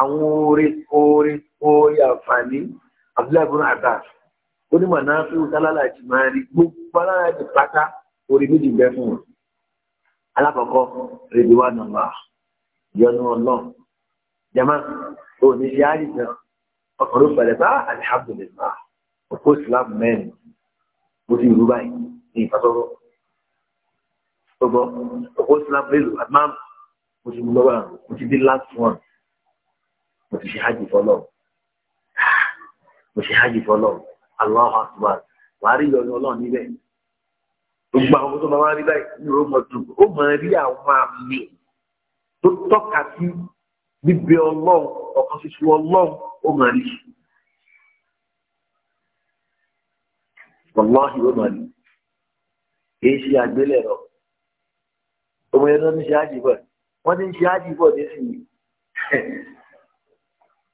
àwọn oore oore oore àǹfààní abdullahi bin abbas onímọ̀ náà fi sálálà jì máa rí gbogbo alára jì pátá orí méjì bẹ́ fún wọn. alákọ̀ọ́kọ́ rèdí wa nàmbà yọnu ọlọ́run jama òní ṣe àyè náà ọkùnrin pẹ̀lẹ́ bá ah, alihamudulilayi òkú islam mẹ́rin mo ti rú báyìí ní ìfàsọ́rọ́ gbogbo òkú islam mélòó àmà mo ti mú lọ́wọ́ mo ti di last one mo ti ṣe hajj fọlọ́ mo ṣe hajj fọlọ́ Allahu Akbar wàá rí ìyọnu ọlọ́run níbẹ̀ gbogbo àwọn ọmọ tó máa rí báyìí ní ọmọ dùn ó máa rí àwọn àmì tó tọ́ka sí bíbẹ ọlọ́run ọ̀kan ṣoṣo ọlọ́run ó máa rí wàláhì ó máa rí kìí ṣe àgbélẹ̀rọ ọmọ yẹn ló ń ṣe àjìbọ̀ wọ́n ti ń ṣe àjìbọ̀ nísìnyí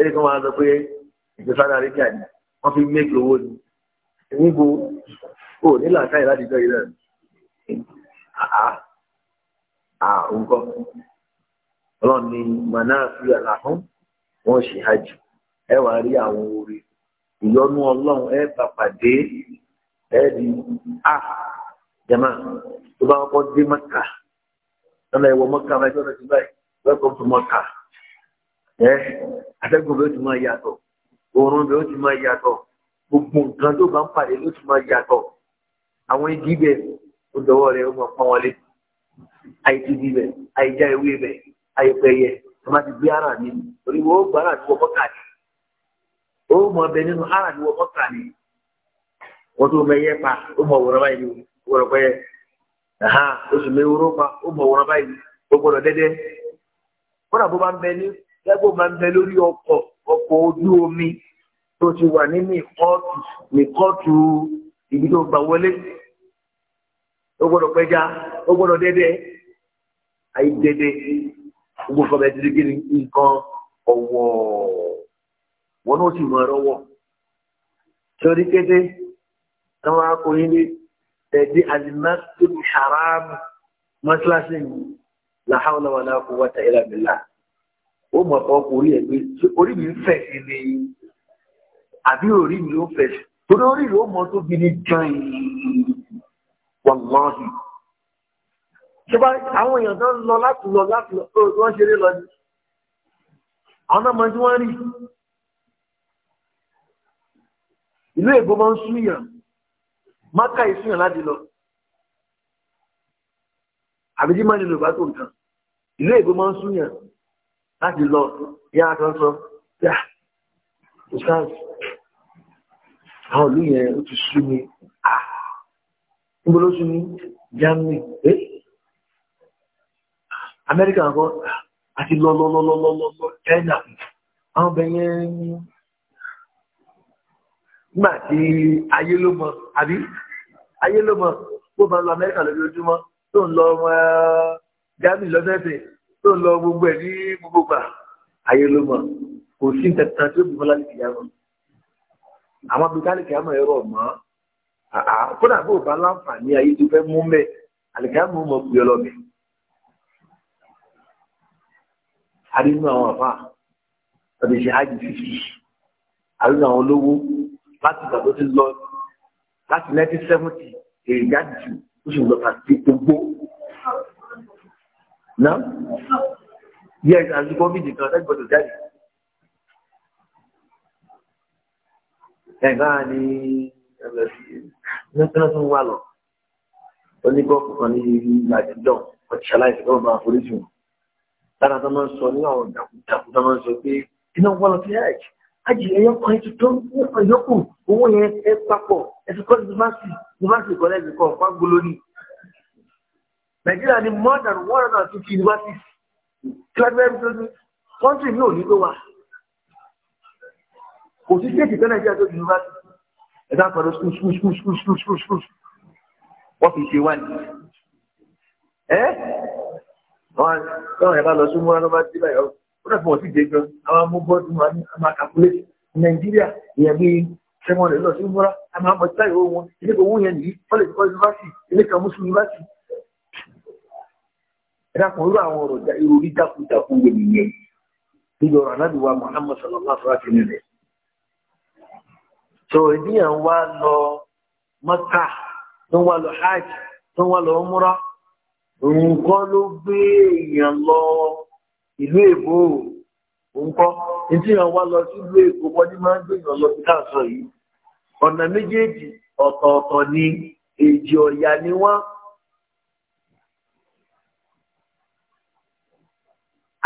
ẹni kan máa sọ pé ìjọ Saudi Arabia ni wọ́n fi méèkì owó ni níbo ò nílò àkáyè láti jọ ìrẹ́ nǹkan ọlọ́run ni manáàfin àlàfún wọ́n ṣe hajj ẹ wàá rí àwọn orí ìyọnu ọlọ́run ẹ bá pàdé ẹ di a jẹ̀má tó bá kọ́ dé mọ́kà lọ́nà ẹ̀wọ̀ mọ́kà máa jọ́nà sí báyìí welcome to mọ́kà. ẹ́ atẹ́gùn bí ó ti máa yàtọ̀ oorun bí ó ti máa yàtọ̀ gbogbo nǹkan tó bá ń pàdé ló ti máa yàtọ̀ àwọn igi bẹ̀ ó dọwọ́ rẹ̀ ó máa pọ́n wọlé àìsí bẹ̀ àìjá ewé bẹ̀ àìpẹ̀yẹ ti gbé ara mi torí wọ́n ó gbà ara mi wọ mọ́tà ni ó mọ ọbẹ̀ nínú ara wọ́n tó gẹ́gbọ́ máa ń bẹ lórí ọkọ̀ ọkọ̀ ojú omi tó ti wà nínú ìkọ́ọ̀tù nìkọ́ọ̀tù ibi tó gbà wọlé ó gbọ́dọ̀ pẹja ó gbọ́dọ̀ dẹ́dẹ́ àyè dẹ́dẹ́ gbogbo nǹkan bẹ́ẹ̀ dídí kiri nǹkan ọ̀wọ̀ wọn náà sì mọ ẹ̀rọ wọ̀ torí kété táwọn akọ̀yìn lé ẹ̀dí alimẹ́tò haram mọ́ṣáláṣí làhàwọ̀lá wàlá quwwata illa billah ó mọ̀ ọ́ orí ẹ̀ pé orí mi ń fẹ̀ sí ni àbí orí mi ó fẹ̀ sí torí orí rẹ̀ ó mọ tó bi ní jọ̀ìn wàláhì. ṣùgbọ́ àwọn èèyàn tó ń lọ láti lọ láti lọ tó wọ́n ṣeré lọ ni àwọn náà mọ tí wọ́n rí ìlú èbó máa ń súnyàn máka ìsúnyàn láti lọ àbí tí máa ń lo ìbátan nǹkan ìlú èbó máa ń súnyàn láti lọ yá kan sọ yá ustaz àwọn ìlú yẹn ó ti sú mi níbo ló sú mi Germany ẹ Amẹ́ríkà kan àti lọ lọ lọ lọ lọ lọ lọ China àwọn ọbẹ̀ yẹn nígbà tí ayé ló mọ àbí ayé ló mọ bó bá lọ Amẹ́ríkà lójoojúmọ́ tó ń lọ ọmọ Germany lọ́sẹ̀ẹ̀sẹ̀ tó lọ gbogbo ẹ̀ ní gbogbo gbà ayé ló mọ̀ kò sí nǹkan tí ó bí mọ́lá nìkìyà mọ̀ àwọn abúlé nìkìyà mọ̀ ẹ̀rọ mọ́ kódà bó bá láǹfààní ayé tó fẹ́ mú mẹ́ àlìkìyà mọ̀ mọ̀ pé ọlọ́mẹ. àdínú àwọn àfà ọ̀dẹ̀ ṣe hajj fífi àdínú àwọn olówó láti ìgbà tó ti lọ láti nineteen seventy èrè jáde ju ó sì gbogbo náà yẹ àsìkò méjì kan láti gbọdọ̀ jáde. ẹ̀gbọ́n ni ẹ̀gbọ́n tó ń wà lọ onígọ́ọ̀fù kan ní ìgbàdìjọ́ ọtí aláìsí lọ́wọ́ bá àforíjì wọn lára tó máa ń sọ ní àwọn ìdàkúdàkú tó máa ń sọ pé iná wọ́n lọ sí ẹ̀ẹ́kì ájì ẹ̀yọ́ kan ètò tó ń yọkù owó yẹn ẹ papọ̀ ẹ ti kọ́ yunifásitì yunifásitì kọ́lẹ́ẹ̀dì kan fún agbolórí nàìjíríà ní more than one hundred and fifty universities kíláàdúrà ẹ̀rọ kọ́ńtì mi ò ní ló wà kò sí stéètì kan nàìjíríà tó university ẹ̀dá pẹ̀lú skul skul skul skul skul skul skul wọ́n fi ṣe wá ní. ẹ wọn ẹ bá lọ sí múra lọ́ba tí báyọ̀ ó dẹ̀ fún ọtí jẹjọ àwọn amúbọ́dún máa calculate nàìjíríà ìyẹn bíi sẹ́wọ̀n rẹ̀ lọ sí múra àwọn amọ̀tí táyọ̀ wọn ilé kan wúyẹn nìyí kọ́lẹ̀jì kọ́lẹ̀jì yunifásitì ilé kan mùsùlùmí yunifásitì ẹ̀dàkùn irú àwọn ọ̀rọ̀ ìròrí jákujàku wò nìyẹn níbi ọ̀rọ̀ anábìwá Muhammad sallallahu alaihi wa sallam nílẹ̀. sọ ìdíyàn wá lọ Mẹ́kà tó hajj tó lọ múra nǹkan ló gbé èèyàn lọ ìlú èbó nǹkan wá lọ máa ń lọ sí ni èjì ọ̀yà ni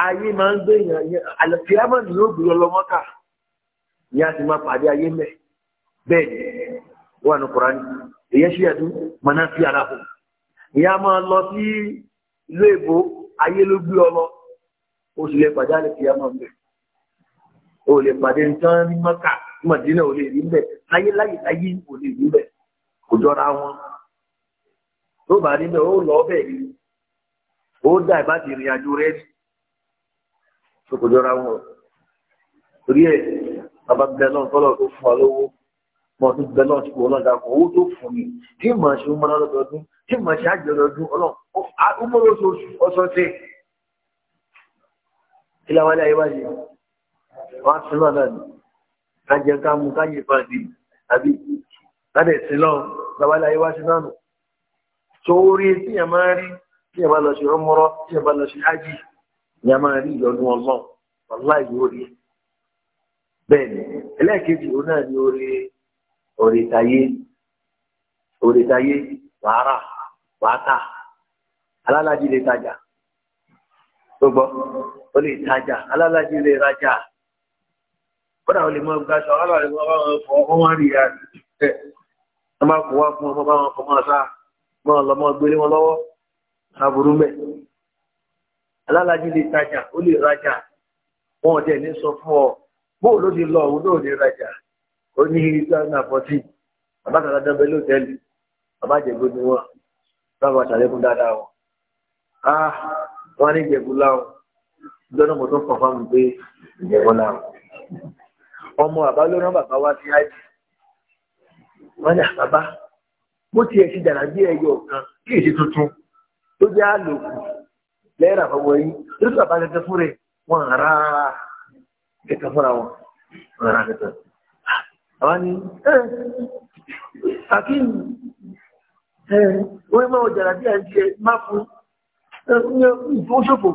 ayé máa ń gbé èèyàn yẹn àlùfíàmọ̀ ni yóò a ti máa pàdé ayé mẹ́ bẹ́ẹ̀ wà ní kùránì èyẹ ṣe ẹ̀dú mọ̀nà ara fún ìyá máa lọ sí ayé ọlọ o sì lè pàdé àlùfíàmọ̀ mẹ́ o lè pàdé nǹkan ní mọ́kà ò lè rí láyé láyé láyé ò lè rí kò jọra wọn tó bá ṣòkòjọ́ ra wọn torí ẹ̀ bàbá bẹ náà tọ́lọ̀ tó fún wa lówó mọ̀ tó bẹ náà ṣùgbọ́n náà dàpọ̀ owó tó fún mi tí mà ṣe ń mọ́nà lọ́dọọdún tí mà ṣe àjẹ́ lọ́dún ọlọ́run ó ọ̀sọ̀ tẹ̀ ilé àwọn ilé ayé wáyé wọ́n á sin náà náà ni kájẹ ká mú káyè ìpàdé àbí ládẹ̀ sí lọ́n bàbá ilé wá sí náà nù tó rí tíyẹ̀ máa rí tíyẹ̀ máa lọ sí ọmọrọ tíyẹ̀ máa lọ sí ájì ni a máa rí ìyọnu ọlọ́run ọlá ìyóòrè bẹ́ẹ̀ ni ẹlẹ́ẹ̀kejì òun náà ni oore òrètayé òrètayé wàhálà wàhátà alálàájì lè tajà tó gbọ́ ó lè tajà alálàájì lè rajà kódà ó lè mọ gbàṣọ alálàájì lè máa fọ ọmọ wọn rí ya ẹ ẹ fún ọmọ bá wọn fọmọ sá máa lọ gbélé wọn lọ́wọ́ aburú mẹ́ẹ̀ alálàájì lè tajà ó lè rajà wọn ò dẹ̀ ní sọ fún ọ bóò ló ti lọ òun náà lè rajà ó ní two thousand and fourteen bàbá kan lọ́dọ̀ bẹ́ẹ̀ lọ́tẹ́ẹ̀lì bàbá jẹ̀bú ni wọ́n bàbá àtàlẹ́kùn dáadáa wọn. ah wọn á ní jẹ̀bú láwọn lọ́nà mọ̀tò kọ̀ọ̀fà mi pé jẹ̀bú láwọn. ọmọ bàbá ló rán bàbá wá sí àjì wọn ní ah, àbábá bó tiẹ̀ ti dàrá bí ẹyọ kan kí èsì tuntun tó jẹ́ àlòkù lẹ́yìn àfọwọ́ yìí irúgbà bá gẹ́gẹ́ fún rẹ̀ wọ́n rà á kẹ́kẹ́ fúnra wọn wọ́n rà á kẹ́kẹ́. àwọn ni ẹ akim ẹ wọ́n máa jàrà bí àǹtí ẹ má fún ẹ ìfowósòfò.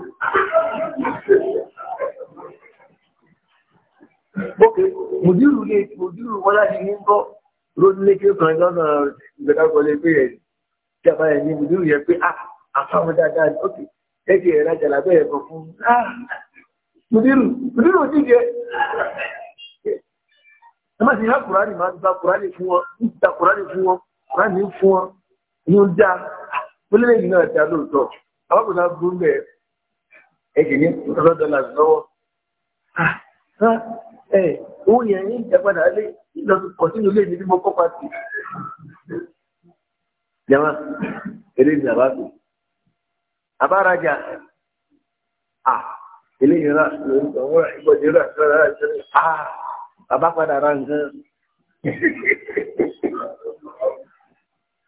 bókè mùdírù lè mùdírù wọn láti ní ń bọ́ lónílékè kan lọ́nà ìgbẹ́dàgbọ́lé pé ẹ̀ tí a bá yẹ ní mùdírù yẹ pé a ah, àfáwọn dáadáa ni ó ẹ̀jẹ̀ ẹ̀rọ jàlábẹ́ ẹ̀kọ́ fún ah! mùdírù mùdírù jíjẹ ẹ má ti yá kùránì máa gba kùránì fún wọn níta kùránì fún wọn kùránì fún wọn yóò dá pélélé yìí náà dá lóòótọ́ àwọn kò náà burú bẹ́ẹ̀ ẹ̀jẹ̀ ní ọ̀dọ́ dọ́là lọ́wọ́ ah! ah! ẹ̀ òun yẹn ní ìjàpadà lé ìlọsùn kọ̀tínú lé ní bí mo kọ́ pàtì. Yàrá, eléyìí ni àbá abárajà à ilé ìrà lóńtọ̀wọ́ ìgbọ̀dé rà sára ìṣẹ̀lẹ̀ à bàbá padà ra nǹkan.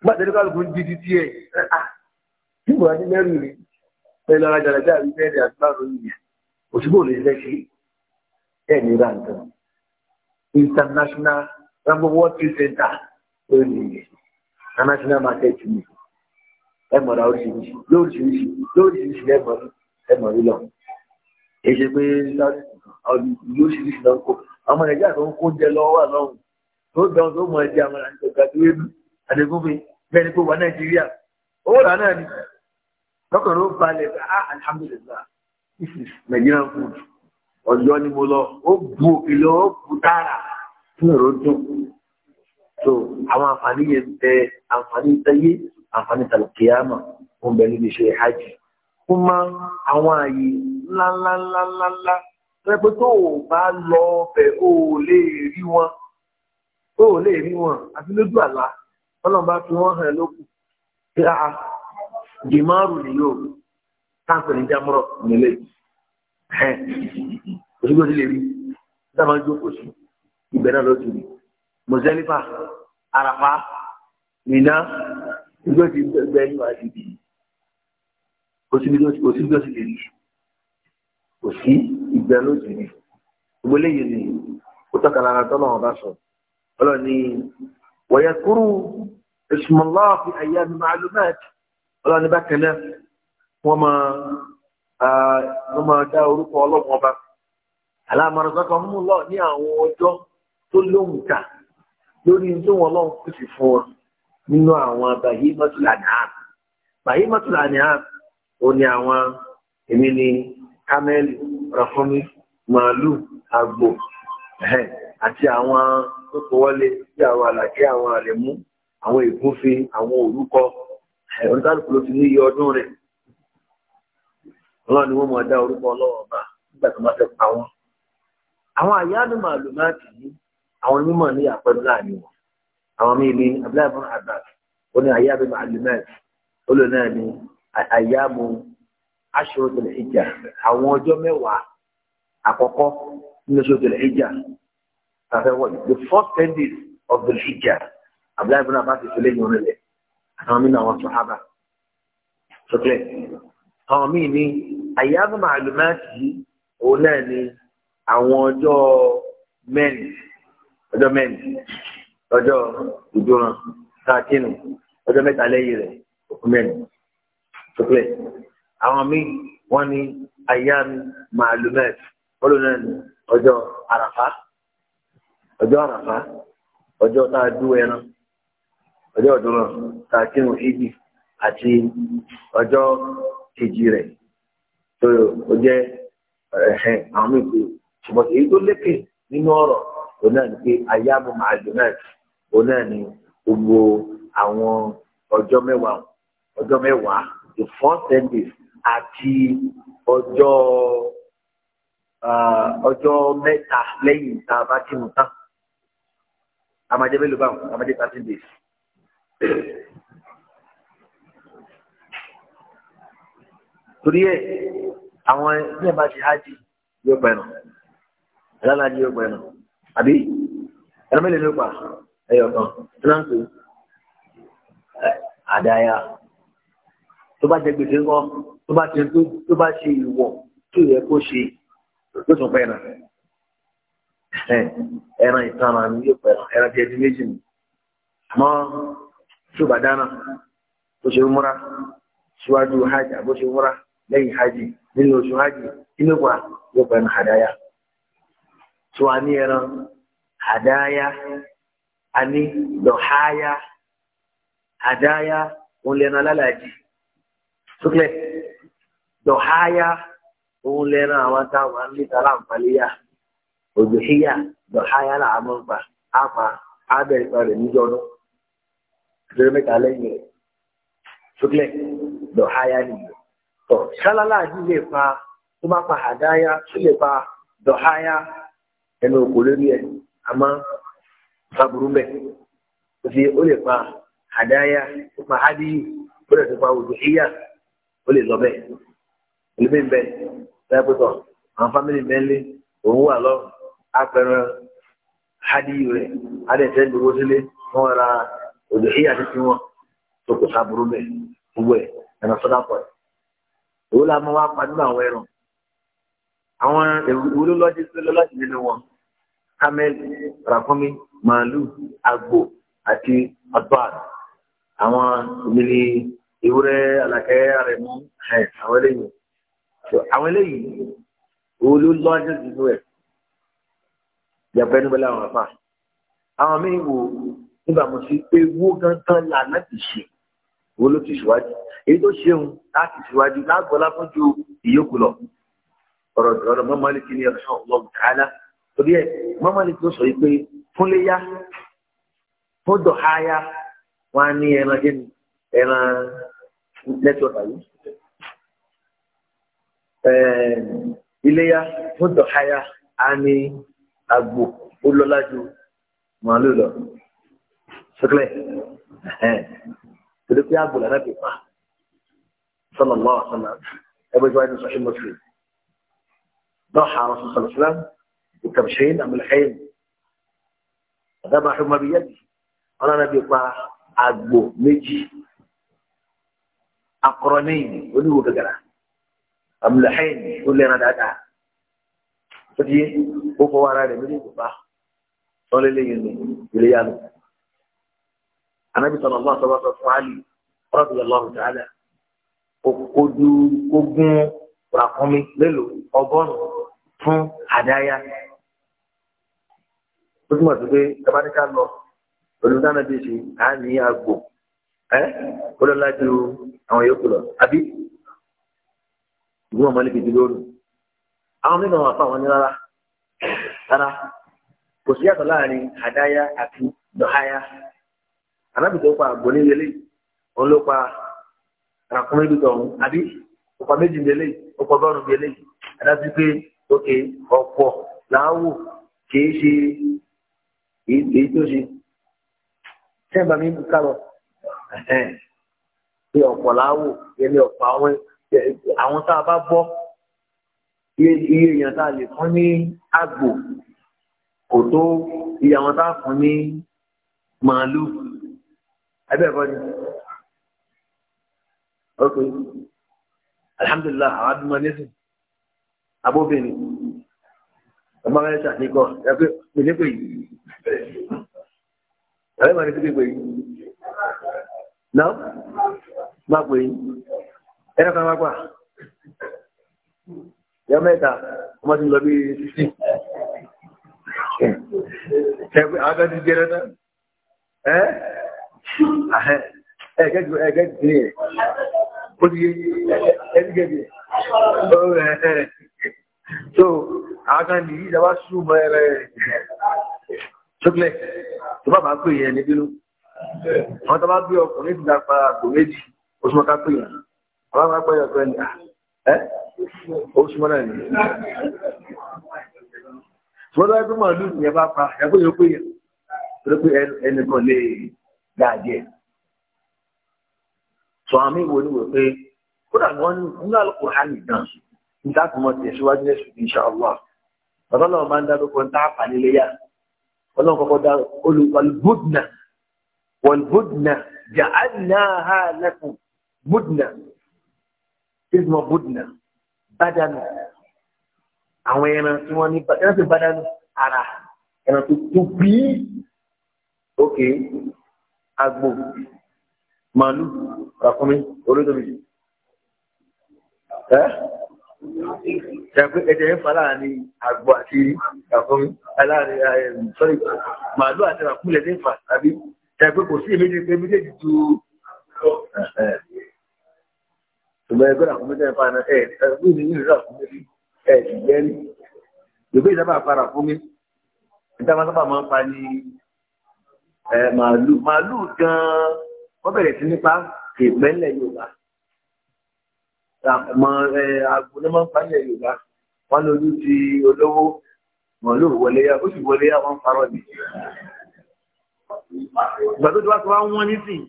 gbàdé kálukú ń di títí ẹ̀ tí mo rà ní mẹ́rin rí pẹ̀lú ara jàdàjà rí mẹ́rin àti márùn ún yẹn òṣùgbò lè fẹ́ sí ẹ̀ ní ra nǹkan international rambo world trade center ó ní international market ní ẹmọ̀ra oríṣiríṣi lóríṣiríṣi lóríṣiríṣi lẹ́mọ̀rí ẹmọ̀rí lọ. èyí ṣe pé lóríṣiríṣi lọ kó ọmọ nàìjíríà tó ń kó jẹ lọ́wọ́ wà lọ́hùn tó dán tó mọ ẹjẹ àwọn àti ọ̀gá tó wébi àdégúnfin bẹ́ẹ̀ ni kó wà nàìjíríà owó rà náà ni lọ́kàn ló balẹ̀ bá ah, alhamdulilah this is Nigerian food ọ̀yọ́ ni mo lọ ó bu òkèlè ó bu tààrà fún èrò so àwọn àǹfààní yẹn bẹ àǹfààní tẹ́yẹ àǹfààní tàlùkìyàmà fún bẹ́ẹ̀ níbi iṣẹ́ hajj fún ma àwọn ààyè ńláńláńláńlá pẹpẹ tó o bá lọ bẹ o ò lè rí wọn o ò lè rí wọn àfi lójú àlá Ọlọ́run bá fi wọn hàn lókù kí a jìmọrù nìyó táǹpẹ ní jámọrọ nílé òṣìṣẹ́ òṣìṣẹ́ lè rí dábàá jókòó sí ibẹ̀ náà lọ́ọ́ ti rí mọ̀sẹ́lífà àràfà nìna ìjọ ti gbẹ ní wàá dìbì kò sí bí ó sì lè rí kò sí ìgbẹ́ ló sì rí gbogbo eléyìí ni ó tọ́ka lára tọ́lọ̀ wọn bá sọ ọlọ́run ní wọ̀nyẹ kúrú ìsúnmọ́lá fi àyè àmì màálùmáàtì ọlọ́run ní bákan náà wọ́n máa wọ́n máa dá orúkọ ọlọ́run aláàmọ̀ràn sọ́kàn mú lọ ní àwọn ọjọ́ tó lóhùn ká lórí tó wọn lọ́n sì fún ọ nínú àwọn bàyí mọ́tòlánì hàn bàyí mọ́tòlánì ó ní àwọn èmi ní kámẹ́lì ràfọ́mí màálù àgbò àti àwọn tó wọlé sí àwọn àlàkẹ́ àwọn àlẹ̀mú àwọn ìgúnfe àwọn ló ti ni wọn orúkọ ọlọ́wọ́ ọba nígbà tó pa àwọn onímọ̀ ní àpẹẹrẹ láàrin wọn àwọn míì ní abdullahi bin abbas ó ní ayáàbí ma'alumat ó lò náà ní ayáàmù ashrotul hijja àwọn ọjọ́ mẹ́wàá àkọ́kọ́ nínú ashrotul hijja the first ten days of the hijja abdullahi bin abbas ìfẹ́lẹ́ yìí rẹ̀ àwọn míì náà wọ́n sọ̀hábà sọ̀tẹ̀ àwọn míì ní ayáàbí ma'alumat yìí òun náà ní àwọn ọjọ́ mẹ́rin ọjọ́ mẹ́rin ọjọ́ ìdúràn tààtínù ọjọ́ mẹ́ta lẹ́yìn rẹ̀ òkú mẹ́rin tókùlẹ̀. àwọn míì wọ́n ní ayáàmì màálùmẹ́t olùnà ní ọjọ́ àràfá ọjọ́ àràfá ọjọ́ tá a dú ẹran ọjọ́ ìdúràn tààtínù ìdì àti ọjọ́ kejì rẹ̀ tó o jẹ́ àwọn míì kú ṣùgbọ́n èyí tó lékè nínú ọ̀rọ̀ òun náà ni pé ayáàmù màdùmáà òun náà ni gbogbo àwọn ọjọ́ mẹ́wàá ọjọ́ mẹ́wàá the four sundays àti ọjọ́ ọjọ́ mẹ́ta lẹ́yìn tá a bá ti mú tán amadé mélòó báwọn amadé thirteen days. torí ẹ àwọn ẹgbẹ́ bá ti hájì yóò pẹ̀rùn alálàájì yóò pẹ̀rùn. àbí ẹran mélòó ló pa ẹyọ àdáyà tó bá jẹ gbèsè ńkọ́ tó bá ṣe tó bá ṣe tó yẹ kó ṣe tó tún pẹ́ ẹran ìtara ni yóò pẹ̀lú ẹran ẹni méjì bá dáná bó ṣe múra síwájú hajj ṣe múra lẹ́yìn hajj nínú oṣù hajj yóò pẹ̀lú àdáyà tó a ní ẹran àdáyá a ní dọ̀háyá àdáyá òun lẹ́nu alálàájì sókè dọ̀háyá òun lẹ́nu àwọn táwọn níta láǹfààníyà òjòhíyà dọ̀háyá làwọn gbà á pa á bẹ̀rẹ̀ pa rẹ̀ níjọ́ ọdún lórí mẹ́ta lẹ́yìn rẹ̀ sókè dọ̀háyá nìyẹn tọ̀ ṣálálàájì lè pa tó bá pa àdáyá tó lè pa dọ̀háyá. ẹnu òkò lórí ẹ̀ àmọ́ fàbùrù mẹ́ o le ó lè pa àdáyà ó pa ádìyù ó lè tó pa òjò ìyá ó lè lọ bẹ́ẹ̀ olùmí bẹ́ẹ̀ bẹ́ẹ̀ àwọn fámìlì mẹ́lẹ́ òun wà lọ apẹ̀rẹ̀ ádìyù rẹ̀ adẹ̀tẹ̀ lówó sílé wọ́n ra òjò ìyá ti wọn tó kò sábùrù mẹ́ gbogbo ẹ̀ ẹ̀nà sọ́dà pọ̀ ẹ̀ òun làwọn wá pa nínú àwọn ẹran àwọn ìwúlò camel ràkúnmí Malu àgbò àti adúad àwọn ìmìlì ewúrẹ́ alakẹ́ àrẹ̀mú àwọn eléyìí àwọn eléyìí owó ló lọ́jọ́ nínú ẹ̀ yàgbẹ́ níbẹ̀ láwọn afa àwọn míì wò nígbà mo sì pé wó gangan lànà ti ṣe owó ló ti ṣíwájú èyí tó ṣeun láti ṣíwájú lágbọ́lá fún ju ìyókù lọ ọ̀rọ̀ ọ̀rọ̀ mọ́mọ́lì kìíní ọ̀ṣọ́ ọlọ́run kálá torí ẹ mọ́mọ́ ni kí ó sọ yìí pé fúnléyà fódò háyà wọn á ní ẹran jẹ ní ẹran lẹ́tọ̀ọ̀tà yìí iléyà fódò háyà á ní àgbò ó lọ́lá ju màálù lọ sọ́kẹ́lẹ̀ torí pé àgbò lànà pè pa sọ́nà lọ́wọ́ sọ́nà ẹgbẹ́ tí wàá ní sọ́ṣẹ́ mọ́sílẹ̀ lọ́ọ̀ha àwọn sọ́sọ́ بكبشين أم الحين ذبحهما بيده أنا نبي àgbò méjì akọrọnìyìn oníwò gàgàrà amúlẹ̀hẹ́yìn tó lẹ́ran dáadáa tó di ó fọwọ́ ara rẹ̀ méjì tó bá tọ́lé lẹ́yìn ní ilé yá lọ. anábì sọ̀rọ̀ ọ̀gbọ́n sọ̀rọ̀ sọ fún Ali ọ̀rọ̀dù yàrá ọ̀hún tààlà ojú ogún ràkúnmí mélòó ọgọ́rùn-ún fún àdáyá ó túmọ̀ sí pé tabaníkà lọ olùdáná bíi ṣe á ní àgbò ẹ́ ó lọ́la ju àwọn yòókù lọ àbí ìgbìmọ̀ mọ́lẹ́ kejì lóru àwọn mímọ̀ wà fún àwọn ní rárá rárá kò sí yàtọ̀ láàrin àdáyá àti dọ̀háyá anábìtò pa àgbò nílé òun ló pa àràkùnrin ibi tọ̀hún àbí ọ̀pá méjì nílé ọ̀pọ̀ bọ́ọ̀rù nílé adájú pé òkè ọ̀pọ̀ làáwò kì í ṣe èyí tó ṣe sẹ́ẹ̀bà mi ń bú kárọ̀ pé ọ̀pọ̀ láwò yẹmi ọ̀pọ̀ àwọn àwọn tá a bá bọ́ iye èèyàn tá a lè fún ní àgbò kò tó iye àwọn tá a fún ní màálù abẹ́ẹ̀kọ́ ni ok alhamdulilah àwọn adúmọ̀ nísìn abóbìnrin. ọmọ rẹ ṣàfikọ ẹ pé pèlè pè yìí ẹ máa ní pèlè pè yìí náà má pè ẹ náà ká má pa ìyá mẹ́ta ọmọ ti lọ bí sísì ẹ pé àwọn ti jẹrẹ náà ẹ ahẹ ẹ gẹ́gẹ́ ẹ gẹ́gẹ́ ti ní ẹ ó ti yé ẹ ti gẹ́gẹ́ ẹ ó rẹ ẹ àwọn kan nìyí ìjọba súnmọ́ ẹ̀rẹ́ ṣókìlẹ̀ tó bá bá pè yẹn ní bínú àwọn tó bá gbé ọkùnrin ti dàgbà àgbò méjì oṣù mọ́ká pè yẹn àwọn bá pẹ́ ọkọ ẹni ẹ́ oṣù mọ́ náà nìyí. Sọ́dọ̀ ẹgbẹ́ màálù yẹn bá pa ẹ̀kọ́ yóò pè yẹn torí pé ẹnìkan lè dáadé sọ àmì ìwò ni pé kódà wọn nínú àlùkò hàn nìkan nígbà tó mọ tẹ̀síwájú lẹ́sùn insha Allah bàbá náà máa ń dárúkọ ń tá àǹfààní léyà ọlọ́run kọ́kọ́ dá olùwàlúbùdùnà wàlúbùdùnà jà á nà á lẹ́kùn bùdùnà ìsìmọ̀ bùdùnà bàdánù àwọn ẹran tí wọ́n ní ẹran tí bàdánù ara ẹran tó tóbi òkè agbo màálù ràkúnmí olódòmí ẹ́ ṣàpé ẹ̀jẹ̀ ń fa láàrin àgbò àti àfọ́mí aláàrin eh, sọ́rí màálù àti àkúlẹ̀ ní fa tàbí ṣàpé kò sí èméjì pé méjèèjì ju eh, eh. ṣùgbọ́n ẹgbẹ́ àkúmẹ́tẹ̀ ń fa náà ẹ̀ ẹ̀gbẹ́ ìlú ìlú àkúmẹ́tẹ̀ ẹ̀ sì gbẹ́rì ìgbé ìjábà fara fún mi ìjábà sábà máa ń pa ní màálù màálù gan-an wọ́n bẹ̀rẹ̀ sí nípa kèpẹ́lẹ̀ Yorùbá àmọ́ àgbo ní máa ń palẹ̀ yorùbá wọn lójú ti olówó màálù wọlé yá ó sì wọlé yá wọn parọ́ ni. ìgbà tó ti wá sọ wá wọ́n nísìn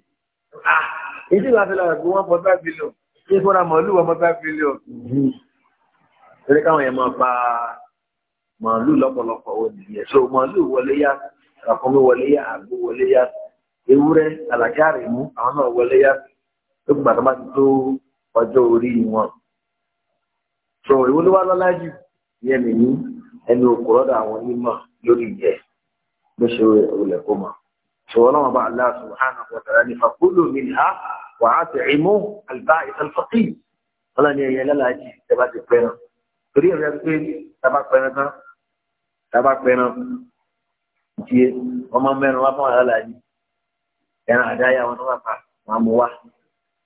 ìdí ìwà fẹ́ lára pé wọ́n fọ́ bá bílíọ̀ kí fọ́nra màálù wọn fọ́ bá bílíọ̀. torí káwọn yẹn máa pa màálù lọ́pọ̀lọpọ̀ wọn nìyẹn so màálù wọlé yá àkọ́mí wọlé yá àgbo wọlé yá ewúrẹ́ àlàkárì mú àwọn náà wọlé yá tó gbàdúrà tó ọjọ́ orí wọn so ìwé ló wá lọ́lá jù yẹn mi ní ẹnu òkúrọ́dà àwọn onímọ̀ lórí ìyẹ́ bó ṣe olè kó mọ̀ so ọlọ́run bá Allah subhanahu wa ta'ala ní fakulu minha wa at'imu al-ba'is al-faqir ọlọ́run ní ẹ̀yẹ lọ́lájì ẹ bá ti pẹ́ràn torí ẹ̀rọ pé tábà pẹ́ràn tán tábà pẹ́ràn tiẹ̀ ọmọ mẹ́rin wá fún àlọ́lájì ẹran àdáyà wọn tó bá pa wọn mú wá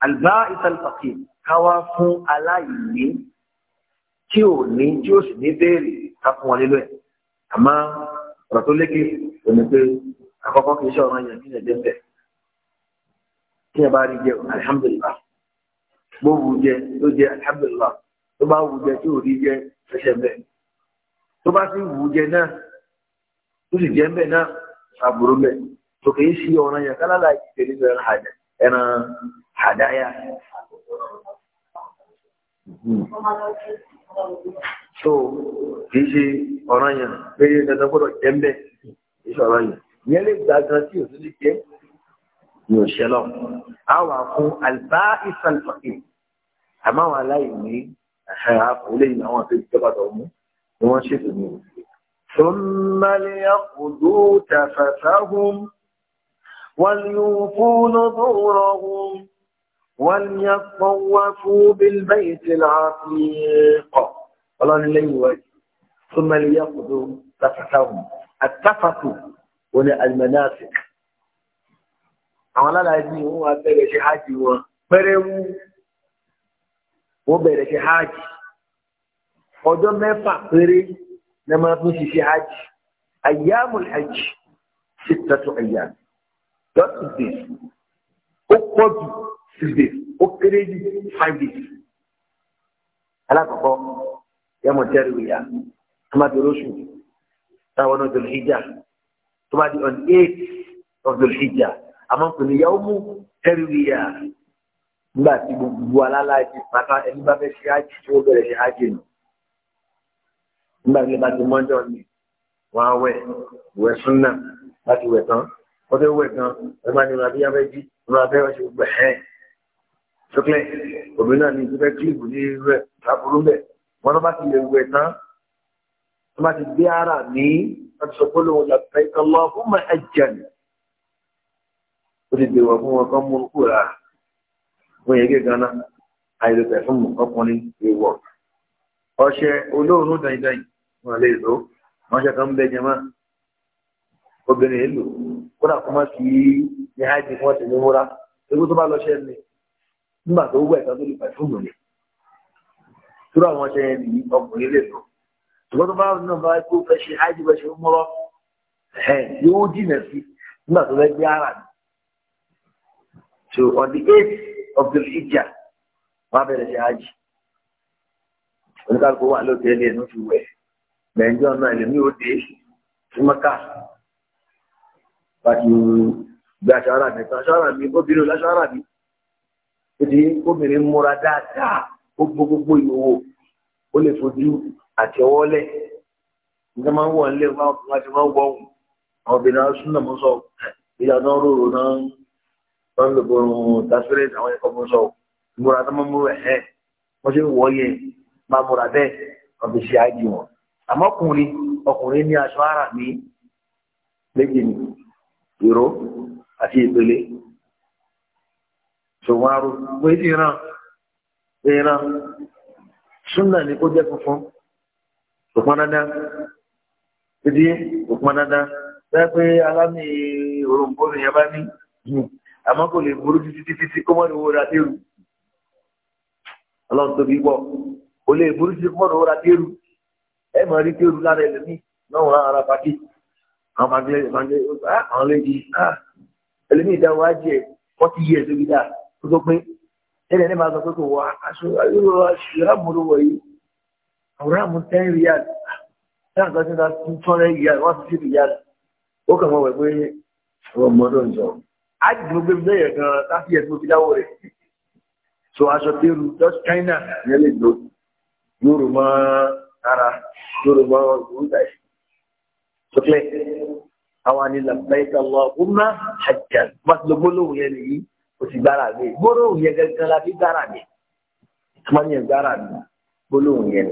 alba'is alfaqir káwá fún aláìní tí ò ní tí ó sì ní béèrè ká fún wọn nílò ẹ̀ àmọ́ ọ̀rọ̀ tó lékè òní pé àkọ́kọ́ kì í ṣe ọ̀ràn yẹn kí ẹ̀ jẹ́ bẹ̀ kí ẹ bá rí jẹ alihamdulilah bó wù jẹ tó jẹ alihamdulilah tó bá wù jẹ tí ò rí jẹ ẹsẹ̀ bẹ̀ tó bá sì wù jẹ náà tó sì jẹ́ bẹ̀ náà àbúrò bẹ̀ tó kì í ṣe ọ̀ràn yẹn kálá láì tẹ̀lé ẹran hadaya. Hmm. so kì í ṣe ọ̀ràn yẹn pé dandan gbọ́dọ̀ jẹ́ ń bẹ̀ kì í ṣe ọ̀ràn yẹn yẹn lè gba gan tí òtún lè jẹ́ ní òṣìṣẹ́ lọ. a wà fún àlùbá ìsàlùfàkì àmọ́ àwọn aláìní àpò lẹ́yìn àwọn àti ìjọba tó mú ni wọ́n ṣètò ní o. ثم ليقضوا تفثهم وليوفوا نذورهم وليطوفوا بالبيت العتيق ọlọ́run lẹ́yìn wọ́n tó mẹ́rin yẹ kótó tafàtàwù àtàfàtù wọn ni almanasik àwọn alálàájì wọn wá bẹ̀rẹ̀ ṣe hajj wọn pẹ́rẹ́wú wọn bẹ̀rẹ̀ ṣe hajj ọjọ́ mẹ́fà péré ní máa tún ṣiṣẹ́ hajj ayyamul hajj sittatu ayyam dọ́tí dé ó pọ̀ jù six days ó kéré jù five days. alákọ̀ọ́kọ́ yẹmọ tẹ́rì wíyà tó máa dúró oṣù táwọn náà dòlù di on eight of dòlù hijab àmọ́ kò ní yàwó mú tẹ́rì wíyà nígbà tí gbogbo alálàájì pátá ẹni bá fẹ́ ṣe ájì tí ó bẹ̀rẹ̀ ṣe ájì nù nígbà tí bá ti mọ́jọ́ ni wọ́n á wẹ̀ wẹ̀ súnà láti wẹ̀ tán wọ́n fẹ́ wẹ̀ gan ẹ̀ máa ní ìrìn àbíyá fẹ́ jí ìrìn àbẹ́rẹ́ ṣe gbẹ̀ẹ́ tókẹ́ obìnrin náà ní ìgbẹ́ kílìpù ní irú ẹ̀ láburú bẹ̀ wọ́n bá ti lè wẹ̀ tán wọ́n bá ti gbé ara ní wọ́n ti sọ pé lóun là pẹ́ kán lọ fún mọ ẹ̀jẹ̀ ni ó ti dèwọ̀ fún wọn kán mú un kúrò rà wọ́n yẹ kí gánà àìlèpẹ̀ fún ọkùnrin ìwọ̀ ọṣẹ olóòórùn dandan wọn lè lò wọn ṣe kan bẹ jẹmọ́ obìnrin èlò kódà kó má sí ní háìdì fún ọ̀sẹ̀ ní ewu tó bá lọ ṣẹ́ ni nígbà tó wẹ̀ tán tó lè pẹ̀fúmù rẹ̀ tóra àwọn ọṣẹ yẹn nìyí ọkùnrin lè lọ ṣùgbọ́n tó bá náà bá kó fẹ́ ṣe hájú fẹ́ ṣe mọ́rọ́ ẹ̀ yóò jìnà sí nígbà tó fẹ́ gbé ara mi so on the eighth of the hijja wọ́n á bẹ̀rẹ̀ ṣe hájú oníkàlùkù wà lóde ẹni ẹnu ti wẹ̀ nàìjíríà náà ẹlẹ́mi ò dé súnmọ́ká pàtó gbé aṣọ ara mi aṣọ ara mi ó bínú láṣọ ara mi tòdí obìnrin múra dáadáa gbogbo gbogbo ìhòòhò ó lè fojú àti ọwọ́ lẹ̀ nígbà máa ń wọ̀ nílé wọn wọn ti máa ń wọ̀ ọ̀hún àwọn obìnrin náà súnà mọ́ sọ ìyá náà rorò náà wọn lè borun tasiré àwọn ẹ̀kọ́ mọ́ sọ múra tó máa múra ẹ̀ wọ́n ṣe ń wọ̀ yẹn máa múra bẹ́ẹ̀ wọ́n fi ṣe àjì wọn àmọ́ ọkùnrin ọkùnrin ní aṣọ ara mi méjì ni ìró àti ìpele ṣùgbọ́n aró pé ìran ìran súnà ni kó jẹ́ funfun kò pọn dandan títí kò pọn dandan bẹ́ẹ̀ pé alámì òròǹbó nìyẹn bá ní àmọ́ kò lè burú títí títí kó mọ́ ní owó ra dérú ọlọ́run tóbi pọ̀ kò lè burú títí kó mọ́ ní owó ra dérú ẹ mọ̀ rí dérú lára ẹlẹ́mì náà wọ́n ara pàkí àwọn magilé magilé àwọn lè di ẹlẹ́mì ìdáwọ́ ajẹ́ forty years ló fi dáa kó tó pé ẹ̀rẹ̀ ní máa sọ pé kò wọ aṣọ ayélujára ṣìrámù ló wọ̀ yìí àwòránmù ten real, náà kan sí ta two hundred riyal one fifty riyal ó kàn mọ́ wẹ̀ pé ọmọ ọmọdé ń sọ á ti dùn gbé láti ẹ̀ tó fi dáwọ́ rẹ̀ so aṣọ tẹ́lu just China yẹn lè lò yóò mọ ara yóò mọ orúkọ ẹ̀ sọ́kẹ́ àwọn àni làbẹ́ẹ̀kà lọ́wọ́ kó má hajjá má ti ó ti gbára gbé gbólóhùn yẹn gẹ́gẹ́ la fi gbára gbé tuma yẹn gbára gbé gbólóhùn yẹn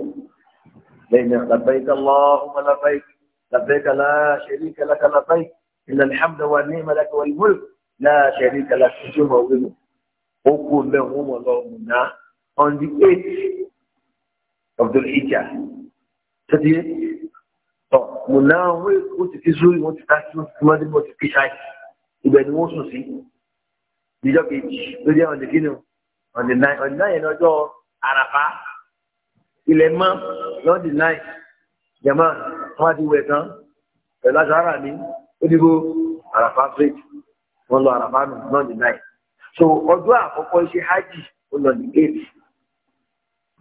lẹ́yìn náà labbaik allahumma labbaik labbaik la sharika laka labbaik inna alhamda wa ni'ma laka wal mulk la sharika laka ṣoṣo ma wíwọ ó kú bẹ́ẹ̀ wọ́n mọ̀ lọ́wọ́ mọ̀ náà on the eight of the hijab tẹ́tí tọ́ mọ̀ náà wọ́n ti fi zúrí wọ́n ti tá sí wọ́n ti fi mọ́tò ti fi ṣáì ibẹ̀ ni wọ́n sùn sí ìjọ kejì ló jẹ́ ọ̀dẹ̀ kínú ọ̀dẹ̀ náì ọ̀dẹ̀ náì yẹn lọ́jọ́ àràfá ilẹ̀ mọ́ lọ́dẹ̀ náì jẹ̀mọ́ wọn ti wẹ̀ tán pẹ̀lú aṣọ ara mi ó dìbò àràfá fred wọn lọ àràfá nù lọ́dẹ̀ náì so ọjọ́ àkọ́kọ́ iṣẹ́ hajj ó lọ ní kéèdì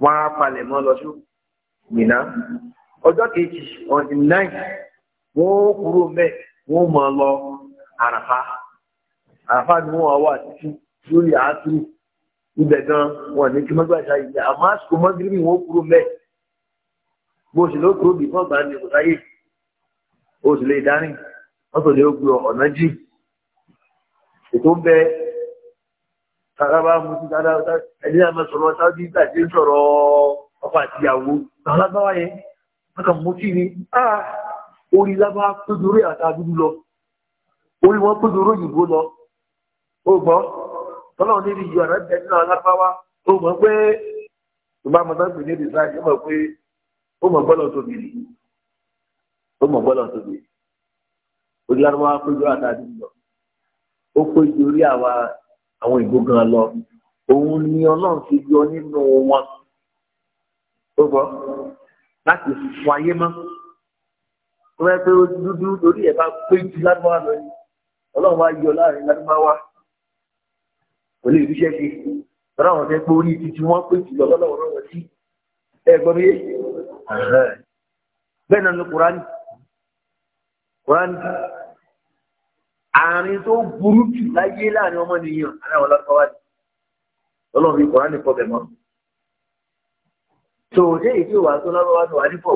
wọn á palẹ̀ mọ́ lọ sí Mínà ọjọ́ kejì ọ̀dẹ̀ náì wọ́n kúrò mẹ́ wọ́n mọ̀ lọ àràfá àfáàní wọn wà títí lórí àátúrú ibẹ̀ gan wọn ní kí mọ́gbàṣá yìí àmọ́ àsìkò mọ́gírímì wọn kúrò mẹ́ẹ̀ bó ṣe ló kúrò bí fọ́gbà ní ìkọ̀sáyè ó sì lè dárìn wọ́n tó lè ó gbúrọ̀ ọ̀nà jì ètò ń bẹ tàbá mú sí dáadáa ẹni náà máa sọ̀rọ̀ sáájú ìgbà tí ń sọ̀rọ̀ ọkọ̀ àti ìyàwó àwọn lábáwá yẹn wọ́n kàn mú sí ni orí lábá pé dorí àtàdúgbò lọ orí wọn pé dorí òyìnbó lọ ó gbọ́ tọ́lọ́run níbi ìyọ̀ rẹ̀ bẹ̀ nínú alábáwá ó mọ̀ pé tó bá mọ̀ sọ́gbìn ní ìdíjà yóò mọ̀ pé ó mọ̀ bọ́lọ̀ tóbi rí ó mọ̀ bọ́lọ̀ tóbi rí olùdarí wa péjú àtàdé lọ ó péjú orí àwa àwọn ìbò gan lọ òun ni ọlọ́run ti yọ nínú wọn ó gbọ́ láti fún ayé mọ́ tó bá yẹ pé dúdú lórí ẹ̀ bá péjú lárúbáwá lọ yìí ọlọ́run wa yọ láàrin lárúbáwá kò lè ríṣẹ́ ṣe tọ́lá àwọn fẹ́ pé orí títí wọ́n pè jùlọ lọ́lọ́wọ́ náà wọ́n sí ẹ gbọ́ mi yé bẹ́ẹ̀ náà ni kùránì kùránì àárín tó burú jù láyé láàrin ọmọnìyàn aláwọ̀ lọ́kọ́wá ni lọ́lọ́wọ́ fi kùránì kọ́ bẹ̀ mọ́ tó o dé ìdí ìwà tó lọ́wọ́ wá ní pọ̀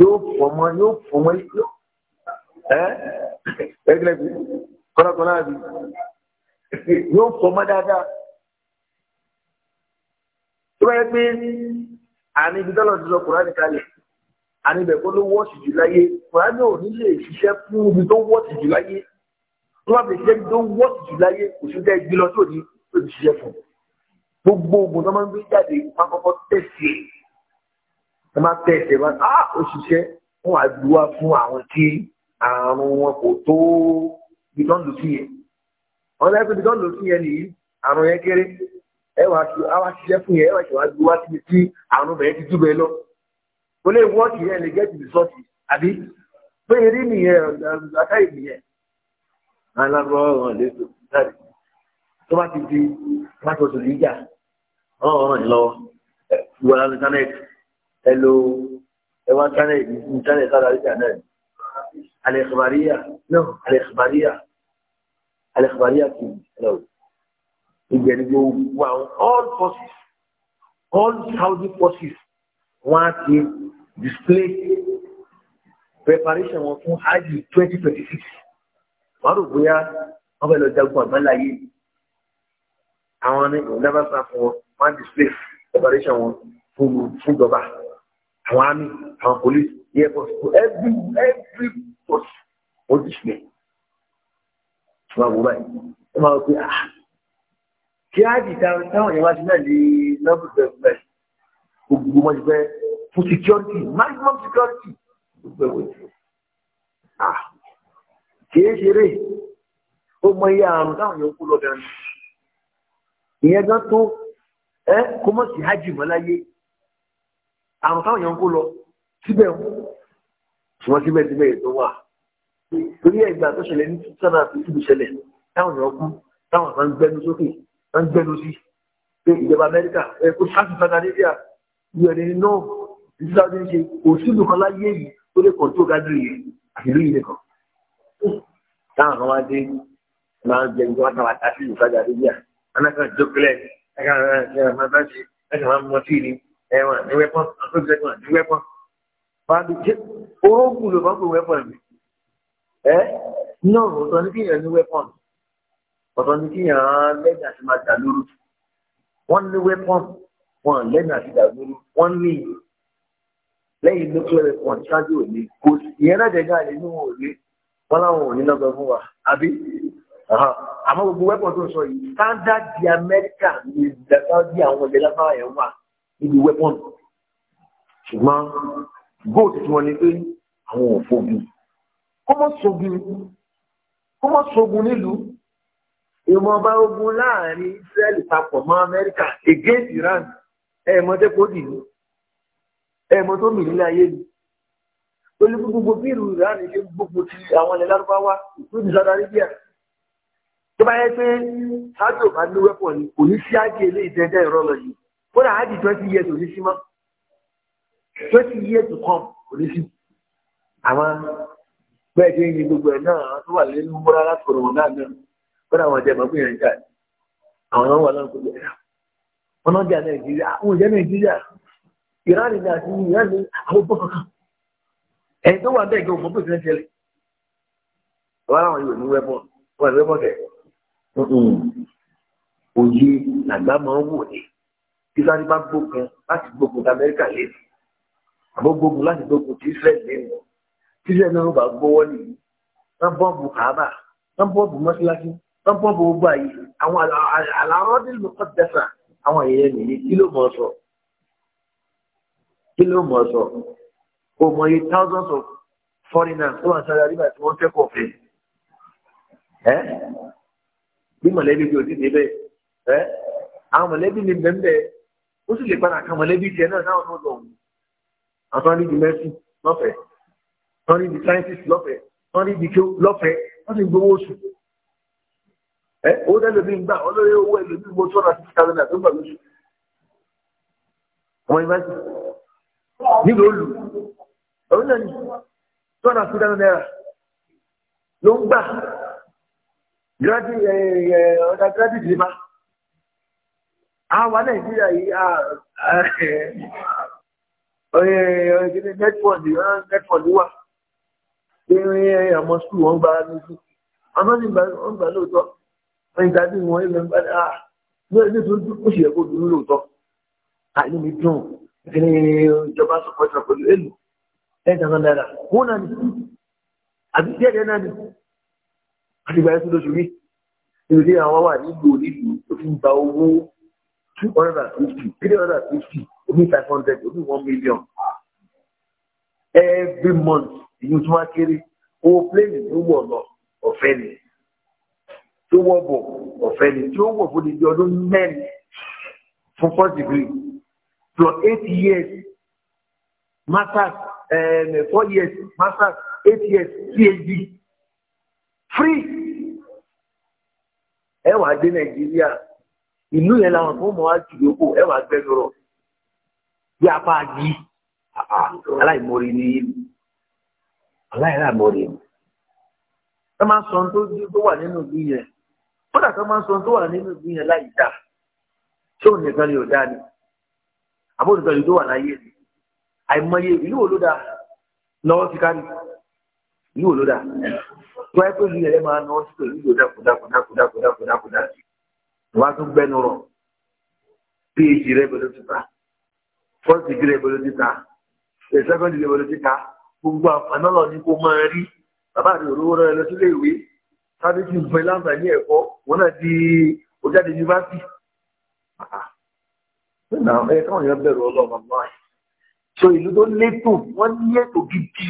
yóò fọ̀ mọ́ yóò fọ̀ mọ́ ẹ́ ẹgbẹ́ kọ́lá kọ́lá àbí yóò sọ mọ́ dáadáa tó bá yẹ pé àní ibi tọ́lọ̀ ti sọ kùránì kalẹ̀ àní ibẹ̀ kó ló wọ́ọ̀sì jù láyé kùránì ò ní lè ṣiṣẹ́ fún ibi tó wọ́ọ̀sì jù láyé tó bá fi ṣiṣẹ́ tó wọ́ọ̀sì jù láyé kò sí dá ibi lọ tó ní tó ti ṣiṣẹ́ fún gbogbo oògùn tó máa ń gbé jáde máa kọ́kọ́ tẹ̀sí ẹ máa tẹ̀sí ẹ máa á òṣìṣẹ́ ah, fún àdúrà fún àwọn tí àrùn wọn kò tó bí tó ń lò sí yẹn ọ̀nà ẹgbẹ́ ibi tó ń lò sí yẹn nìyí àrùn yẹn kéré ẹ wàá tu á wá ṣiṣẹ́ fún yẹn ẹ wàá ṣe wá gbé wá síbi tí àrùn bẹ̀rẹ̀ ti dúbẹ̀ lọ kò lè wọ́ọ̀kì yẹn lè gẹ́tì rìsọ́ọ̀tì àbí pé eré nìyẹn àtàyè nìyẹn alábọ̀ ọ̀ràn lè tó sáré tó bá ti di pásọ̀ tó lè jà ọ̀ràn yìí lọ́wọ́ wọ́n lọ íńtánẹ́ẹ̀tì ẹ lo ẹ wá íńtánẹ́ẹ̀tì íńtánẹ́ẹ̀tì sára ìjà náà alẹ́ ìkàbàríyà náà alẹ́kùnrin àti ìṣẹ̀lẹ̀ ìgbẹ̀rù gbogbo all forces all Saudi forces wọ́n á ti display preparation wọn fún hajj twenty twenty six wọ́n rò bóyá wọ́n fẹ́ lọ jagun àgbáláyé àwọn ní ìdábàṣà fún wọn wọ́n display preparation wọn fún fún ìjọba àwọn army àwọn police air every every force wọ́n display máa wò báyìí ó máa pé à ah, kí á dì táwọn èèyàn wá sí náà lè lọ́bù bẹ̀rẹ̀ gbogbo wọn ti fẹ́ fún security maximum security gbogbo ẹ̀wọ̀n ìfẹ́ à ah, kìí ṣeré ó mọ iye àrùn táwọn èèyàn kú lọ́dọ̀ ni ìyẹn gan tó ẹ kó mọ̀ sí hajj mọ́ àrùn táwọn èèyàn kú lọ síbẹ̀ wọ́n síbẹ̀síbẹ̀ tó wà torí ẹgbà tó ṣẹlẹ̀ ní sísọ́nà àti ìtúbù ṣẹlẹ̀ táwọn èèyàn kú táwọn kan ń gbẹnu sókè kan ń gbẹnu sí pé ìjọba amẹ́ríkà ẹ̀kọ́ sáàtì fanadébíà ìrẹ̀lẹ̀ náà ìdílé ọdún ṣe kò sílùú kan láyé yìí tó lè kọ̀ tó gádùn yìí àti ìlú yìí nìkan táwọn kan wá dé máa ń jẹ ìjọba táwọn àtàkì ìlú sáàtì adébíà anáka jókèlè ẹ̀ka máa bá ṣe ẹ̀ka máa mọ sí ni ẹ̀wọ̀n ní wẹ́pọ̀n àtúnṣe ẹ́ no ọ̀tọ̀ ní kíyàn ní weapon ọ̀tọ̀ ní kíyàn lẹ́yìn àti máa dà lóru wọ́n ní weapon wọn lẹ́yìn àti dà lóru wọ́n ní lẹ́yìn nuclear weapon ṣáájú òní kò ìyẹn náà dẹ̀gá àlè ní wọn ò lé wọn láwọn ò ní lọ́gbọ̀ fún wa àbí àmọ́ gbogbo weapon tó ń sọ yìí standard di Amẹ́ríkà ní ìdàgbà bí àwọn ilẹ̀ lábára yẹn wà níbi weapon ṣùgbọ́n góòtù tí wọ́n ní pé àwọn ò fò bíi kọ́mọ́ sógun kọ́mọ́ sógun nílùú ìmọ̀ọ́ba ogun láàrin Israel papọ̀ mọ́ Amẹ́ríkà against Iran ẹ̀ẹ̀mọ́tẹ́ kó dì ní ẹ̀ẹ̀mọ́ tó mì nílé ayé ni olùkú gbogbo bí ìlú Iran ṣe gbogbo ti àwọn ilẹ̀ lárúbáwá ìpínlẹ̀ Saudi Arabia tó bá yẹ pé sáájú ọba ní wẹ́pọ̀ ni kò ní sí ájé ilé ìdẹ́jẹ́ ìrọ́ lọ yìí kódà ájì twenty years ò ní sí mọ́ twenty years to come ò ní sí àwọn bẹ́ẹ̀ tí ń gbogbo ẹ̀ náà tó wà lẹ́nu múra látòrò wọn náà náà àwọn ọjà ìmọ̀gbìn yẹn jà àwọn náà wà náà gbogbo wọn náà nàìjíríà àwọn ìjà nàìjíríà ìran ni àti ìran àwọn bọ́ kankan ẹni tó wà bẹ́ẹ̀ gẹ́ òmò bóṣe ń ṣẹlẹ̀ wọn àwọn yóò ní wẹ́pọ̀ wọn wẹ́pọ̀ kẹ̀ òye làgbà tíṣẹ́ náà bá gbọ́wọ́ nìyí wọ́n bọ́ọ̀bù kàábà wọ́n bọ́ọ̀bù mọ́ṣáláṣí wọ́n bọ́ọ̀bù gbogbo àyè àwọn àlàrọ́dìlì lókọ́ dẹ́sà àwọn àyẹ̀yẹ nìyí kí ló mọ̀ sọ kí ló mọ̀ sọ kò mọ̀ iye thousands of foreigners tó wà sáré àríwá tí wọ́n kẹ́kọ̀ọ́ fẹ́ ẹ́ bí mọ̀lẹ́bí bí òdì débẹ̀ ẹ́ àwọn mọ̀lẹ́bí ni bẹ́ẹ̀ ó sì lè padà kan mọ̀lẹ́bí tiẹ̀ náà náà lọ́wọ́ àwọn tó ń rí di mẹ́sì wọ́n rí ibi scientist lọ́fẹ̀ẹ́ wọ́n rí ibi kí lọ́fẹ̀ẹ́ wọ́n sì gbowó oṣù ẹ owó tẹ́lẹ̀mí gbà olóyè owó ẹlòmí mo two hundred and sixty thousand naira tó gbà lóṣù ọmọ yunifásitì nílò olù ọdún náà ní two hundred and sixty thousand naira ló ń gbà ọ̀dà gírádìtì ni ma àwa nàìjíríà yìí ọ̀yẹ̀ ọ̀yẹ̀ nẹ́tíwọ̀dì wà irin ọmọ sùúrù wọn gba lójú àmọ́ ní ìgbà wọn gbà lóòótọ́ wọn ìgbà bí wọn ilẹ̀ ń bá dà lórí nítorí ó sì yẹ kó dùn lóòótọ́ àìní mi dùn ìfini ìjọba sọpọ̀ ìjọba pẹ̀lú èlò ten thousand naira wọn náà ni àbí díẹ̀ díẹ̀ náà ni àti ìgbà yẹn tó lóṣù rí ìrètí àwọn wà nílùú nílùú tó fi ń gba owó two hundred and fifty three hundred and fifty omi five hundred omi one million every month ìyí tó wá kéré owó pléènì tó wọ̀ lọ ọ̀fẹ́ ni tó wọ̀ bọ̀ ọ̀fẹ́ ni tí ó wọ̀ fún ibi ọdún mẹ́rin fún first degree plus eight years masters um, four years masters eight years phd free ẹ wàá dé nàìjíríà ìlú yẹn làwọn tó mọ̀ wá jùlọ kó ẹ wàá gbẹ́dọ̀rọ̀ bí apá yìí aláìmoore ni yìí. aláìláàmọ̀rẹ́ ni ẹ máa ń sọ ohun tó wà nínú ìgbín yẹn kódà kan máa ń sọ tó wà nínú ìgbín yẹn láì dáa ṣé òun nìkan lè dáa ni àbó nìkan lè tó wà láyé ni àìmọye ìlú wo ló dáa lọ́wọ́ ti kárí ìlú wo ló dáa tó ẹ pé ìlú yẹn máa náwó sí ìlú á tún gbẹ́nu rọ̀ phd rẹ̀ ti ta first rẹ̀ bẹ̀rẹ̀ ti ta second degree rẹ̀ ti gbogbo àǹfààní ọ̀rọ̀ ni kò máa rí bàbá rẹ̀ olówó rẹ̀ lọ sílé ìwé sáré tí ń fẹ́ láǹfààní ẹ̀kọ́ wọn náà di ojáde yunifásitì. nínú ẹ káwọn èèyàn bẹ̀rù ọlọ́run ọmọ ẹ̀ so ìlú tó létò wọ́n ní ètò gidi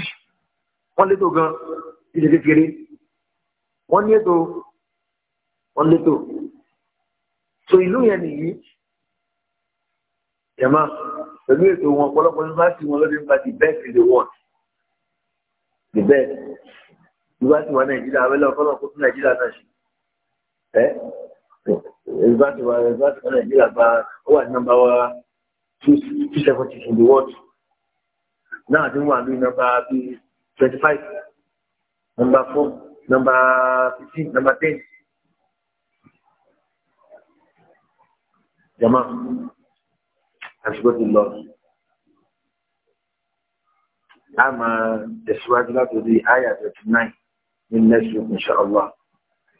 wọ́n létò gan ìṣe kékeré wọ́n ní ètò wọ́n létò so ìlú yẹn nìyí jẹ̀mọ́ pẹ̀lú ètò wọn ọ̀pọ̀lọpọ̀ yunifásitì wọn lọ́dún bá ti best in the the best ìgbà tí wà nàìjíríà abẹ́lẹ́ ọ̀fọ́lọ́ kó tún nàìjíríà náà ṣe ẹ́ ìgbà tí wà ìgbà tí wà nàìjíríà gba ó wà ní nọ́mbà wa two seventy in the world náà ti ń wà ní nọ́mbà bíi twenty five nọ́mbà four nọ́mbà fifteen nọ́mbà ten. jama àsìkò ti lọ a máa tẹ̀síwájú látòdì àyà twenty nine ní next week inshallah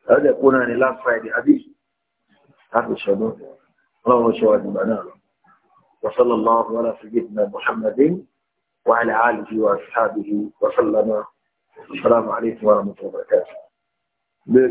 lọ́dẹ̀ kó náà ní last friday àbí láti ṣọdún ọlọ́run ṣe wà nígbà náà lọ وصلى الله على سيدنا محمد وعلى آله وأصحابه وسلم السلام عليكم ورحمة الله وبركاته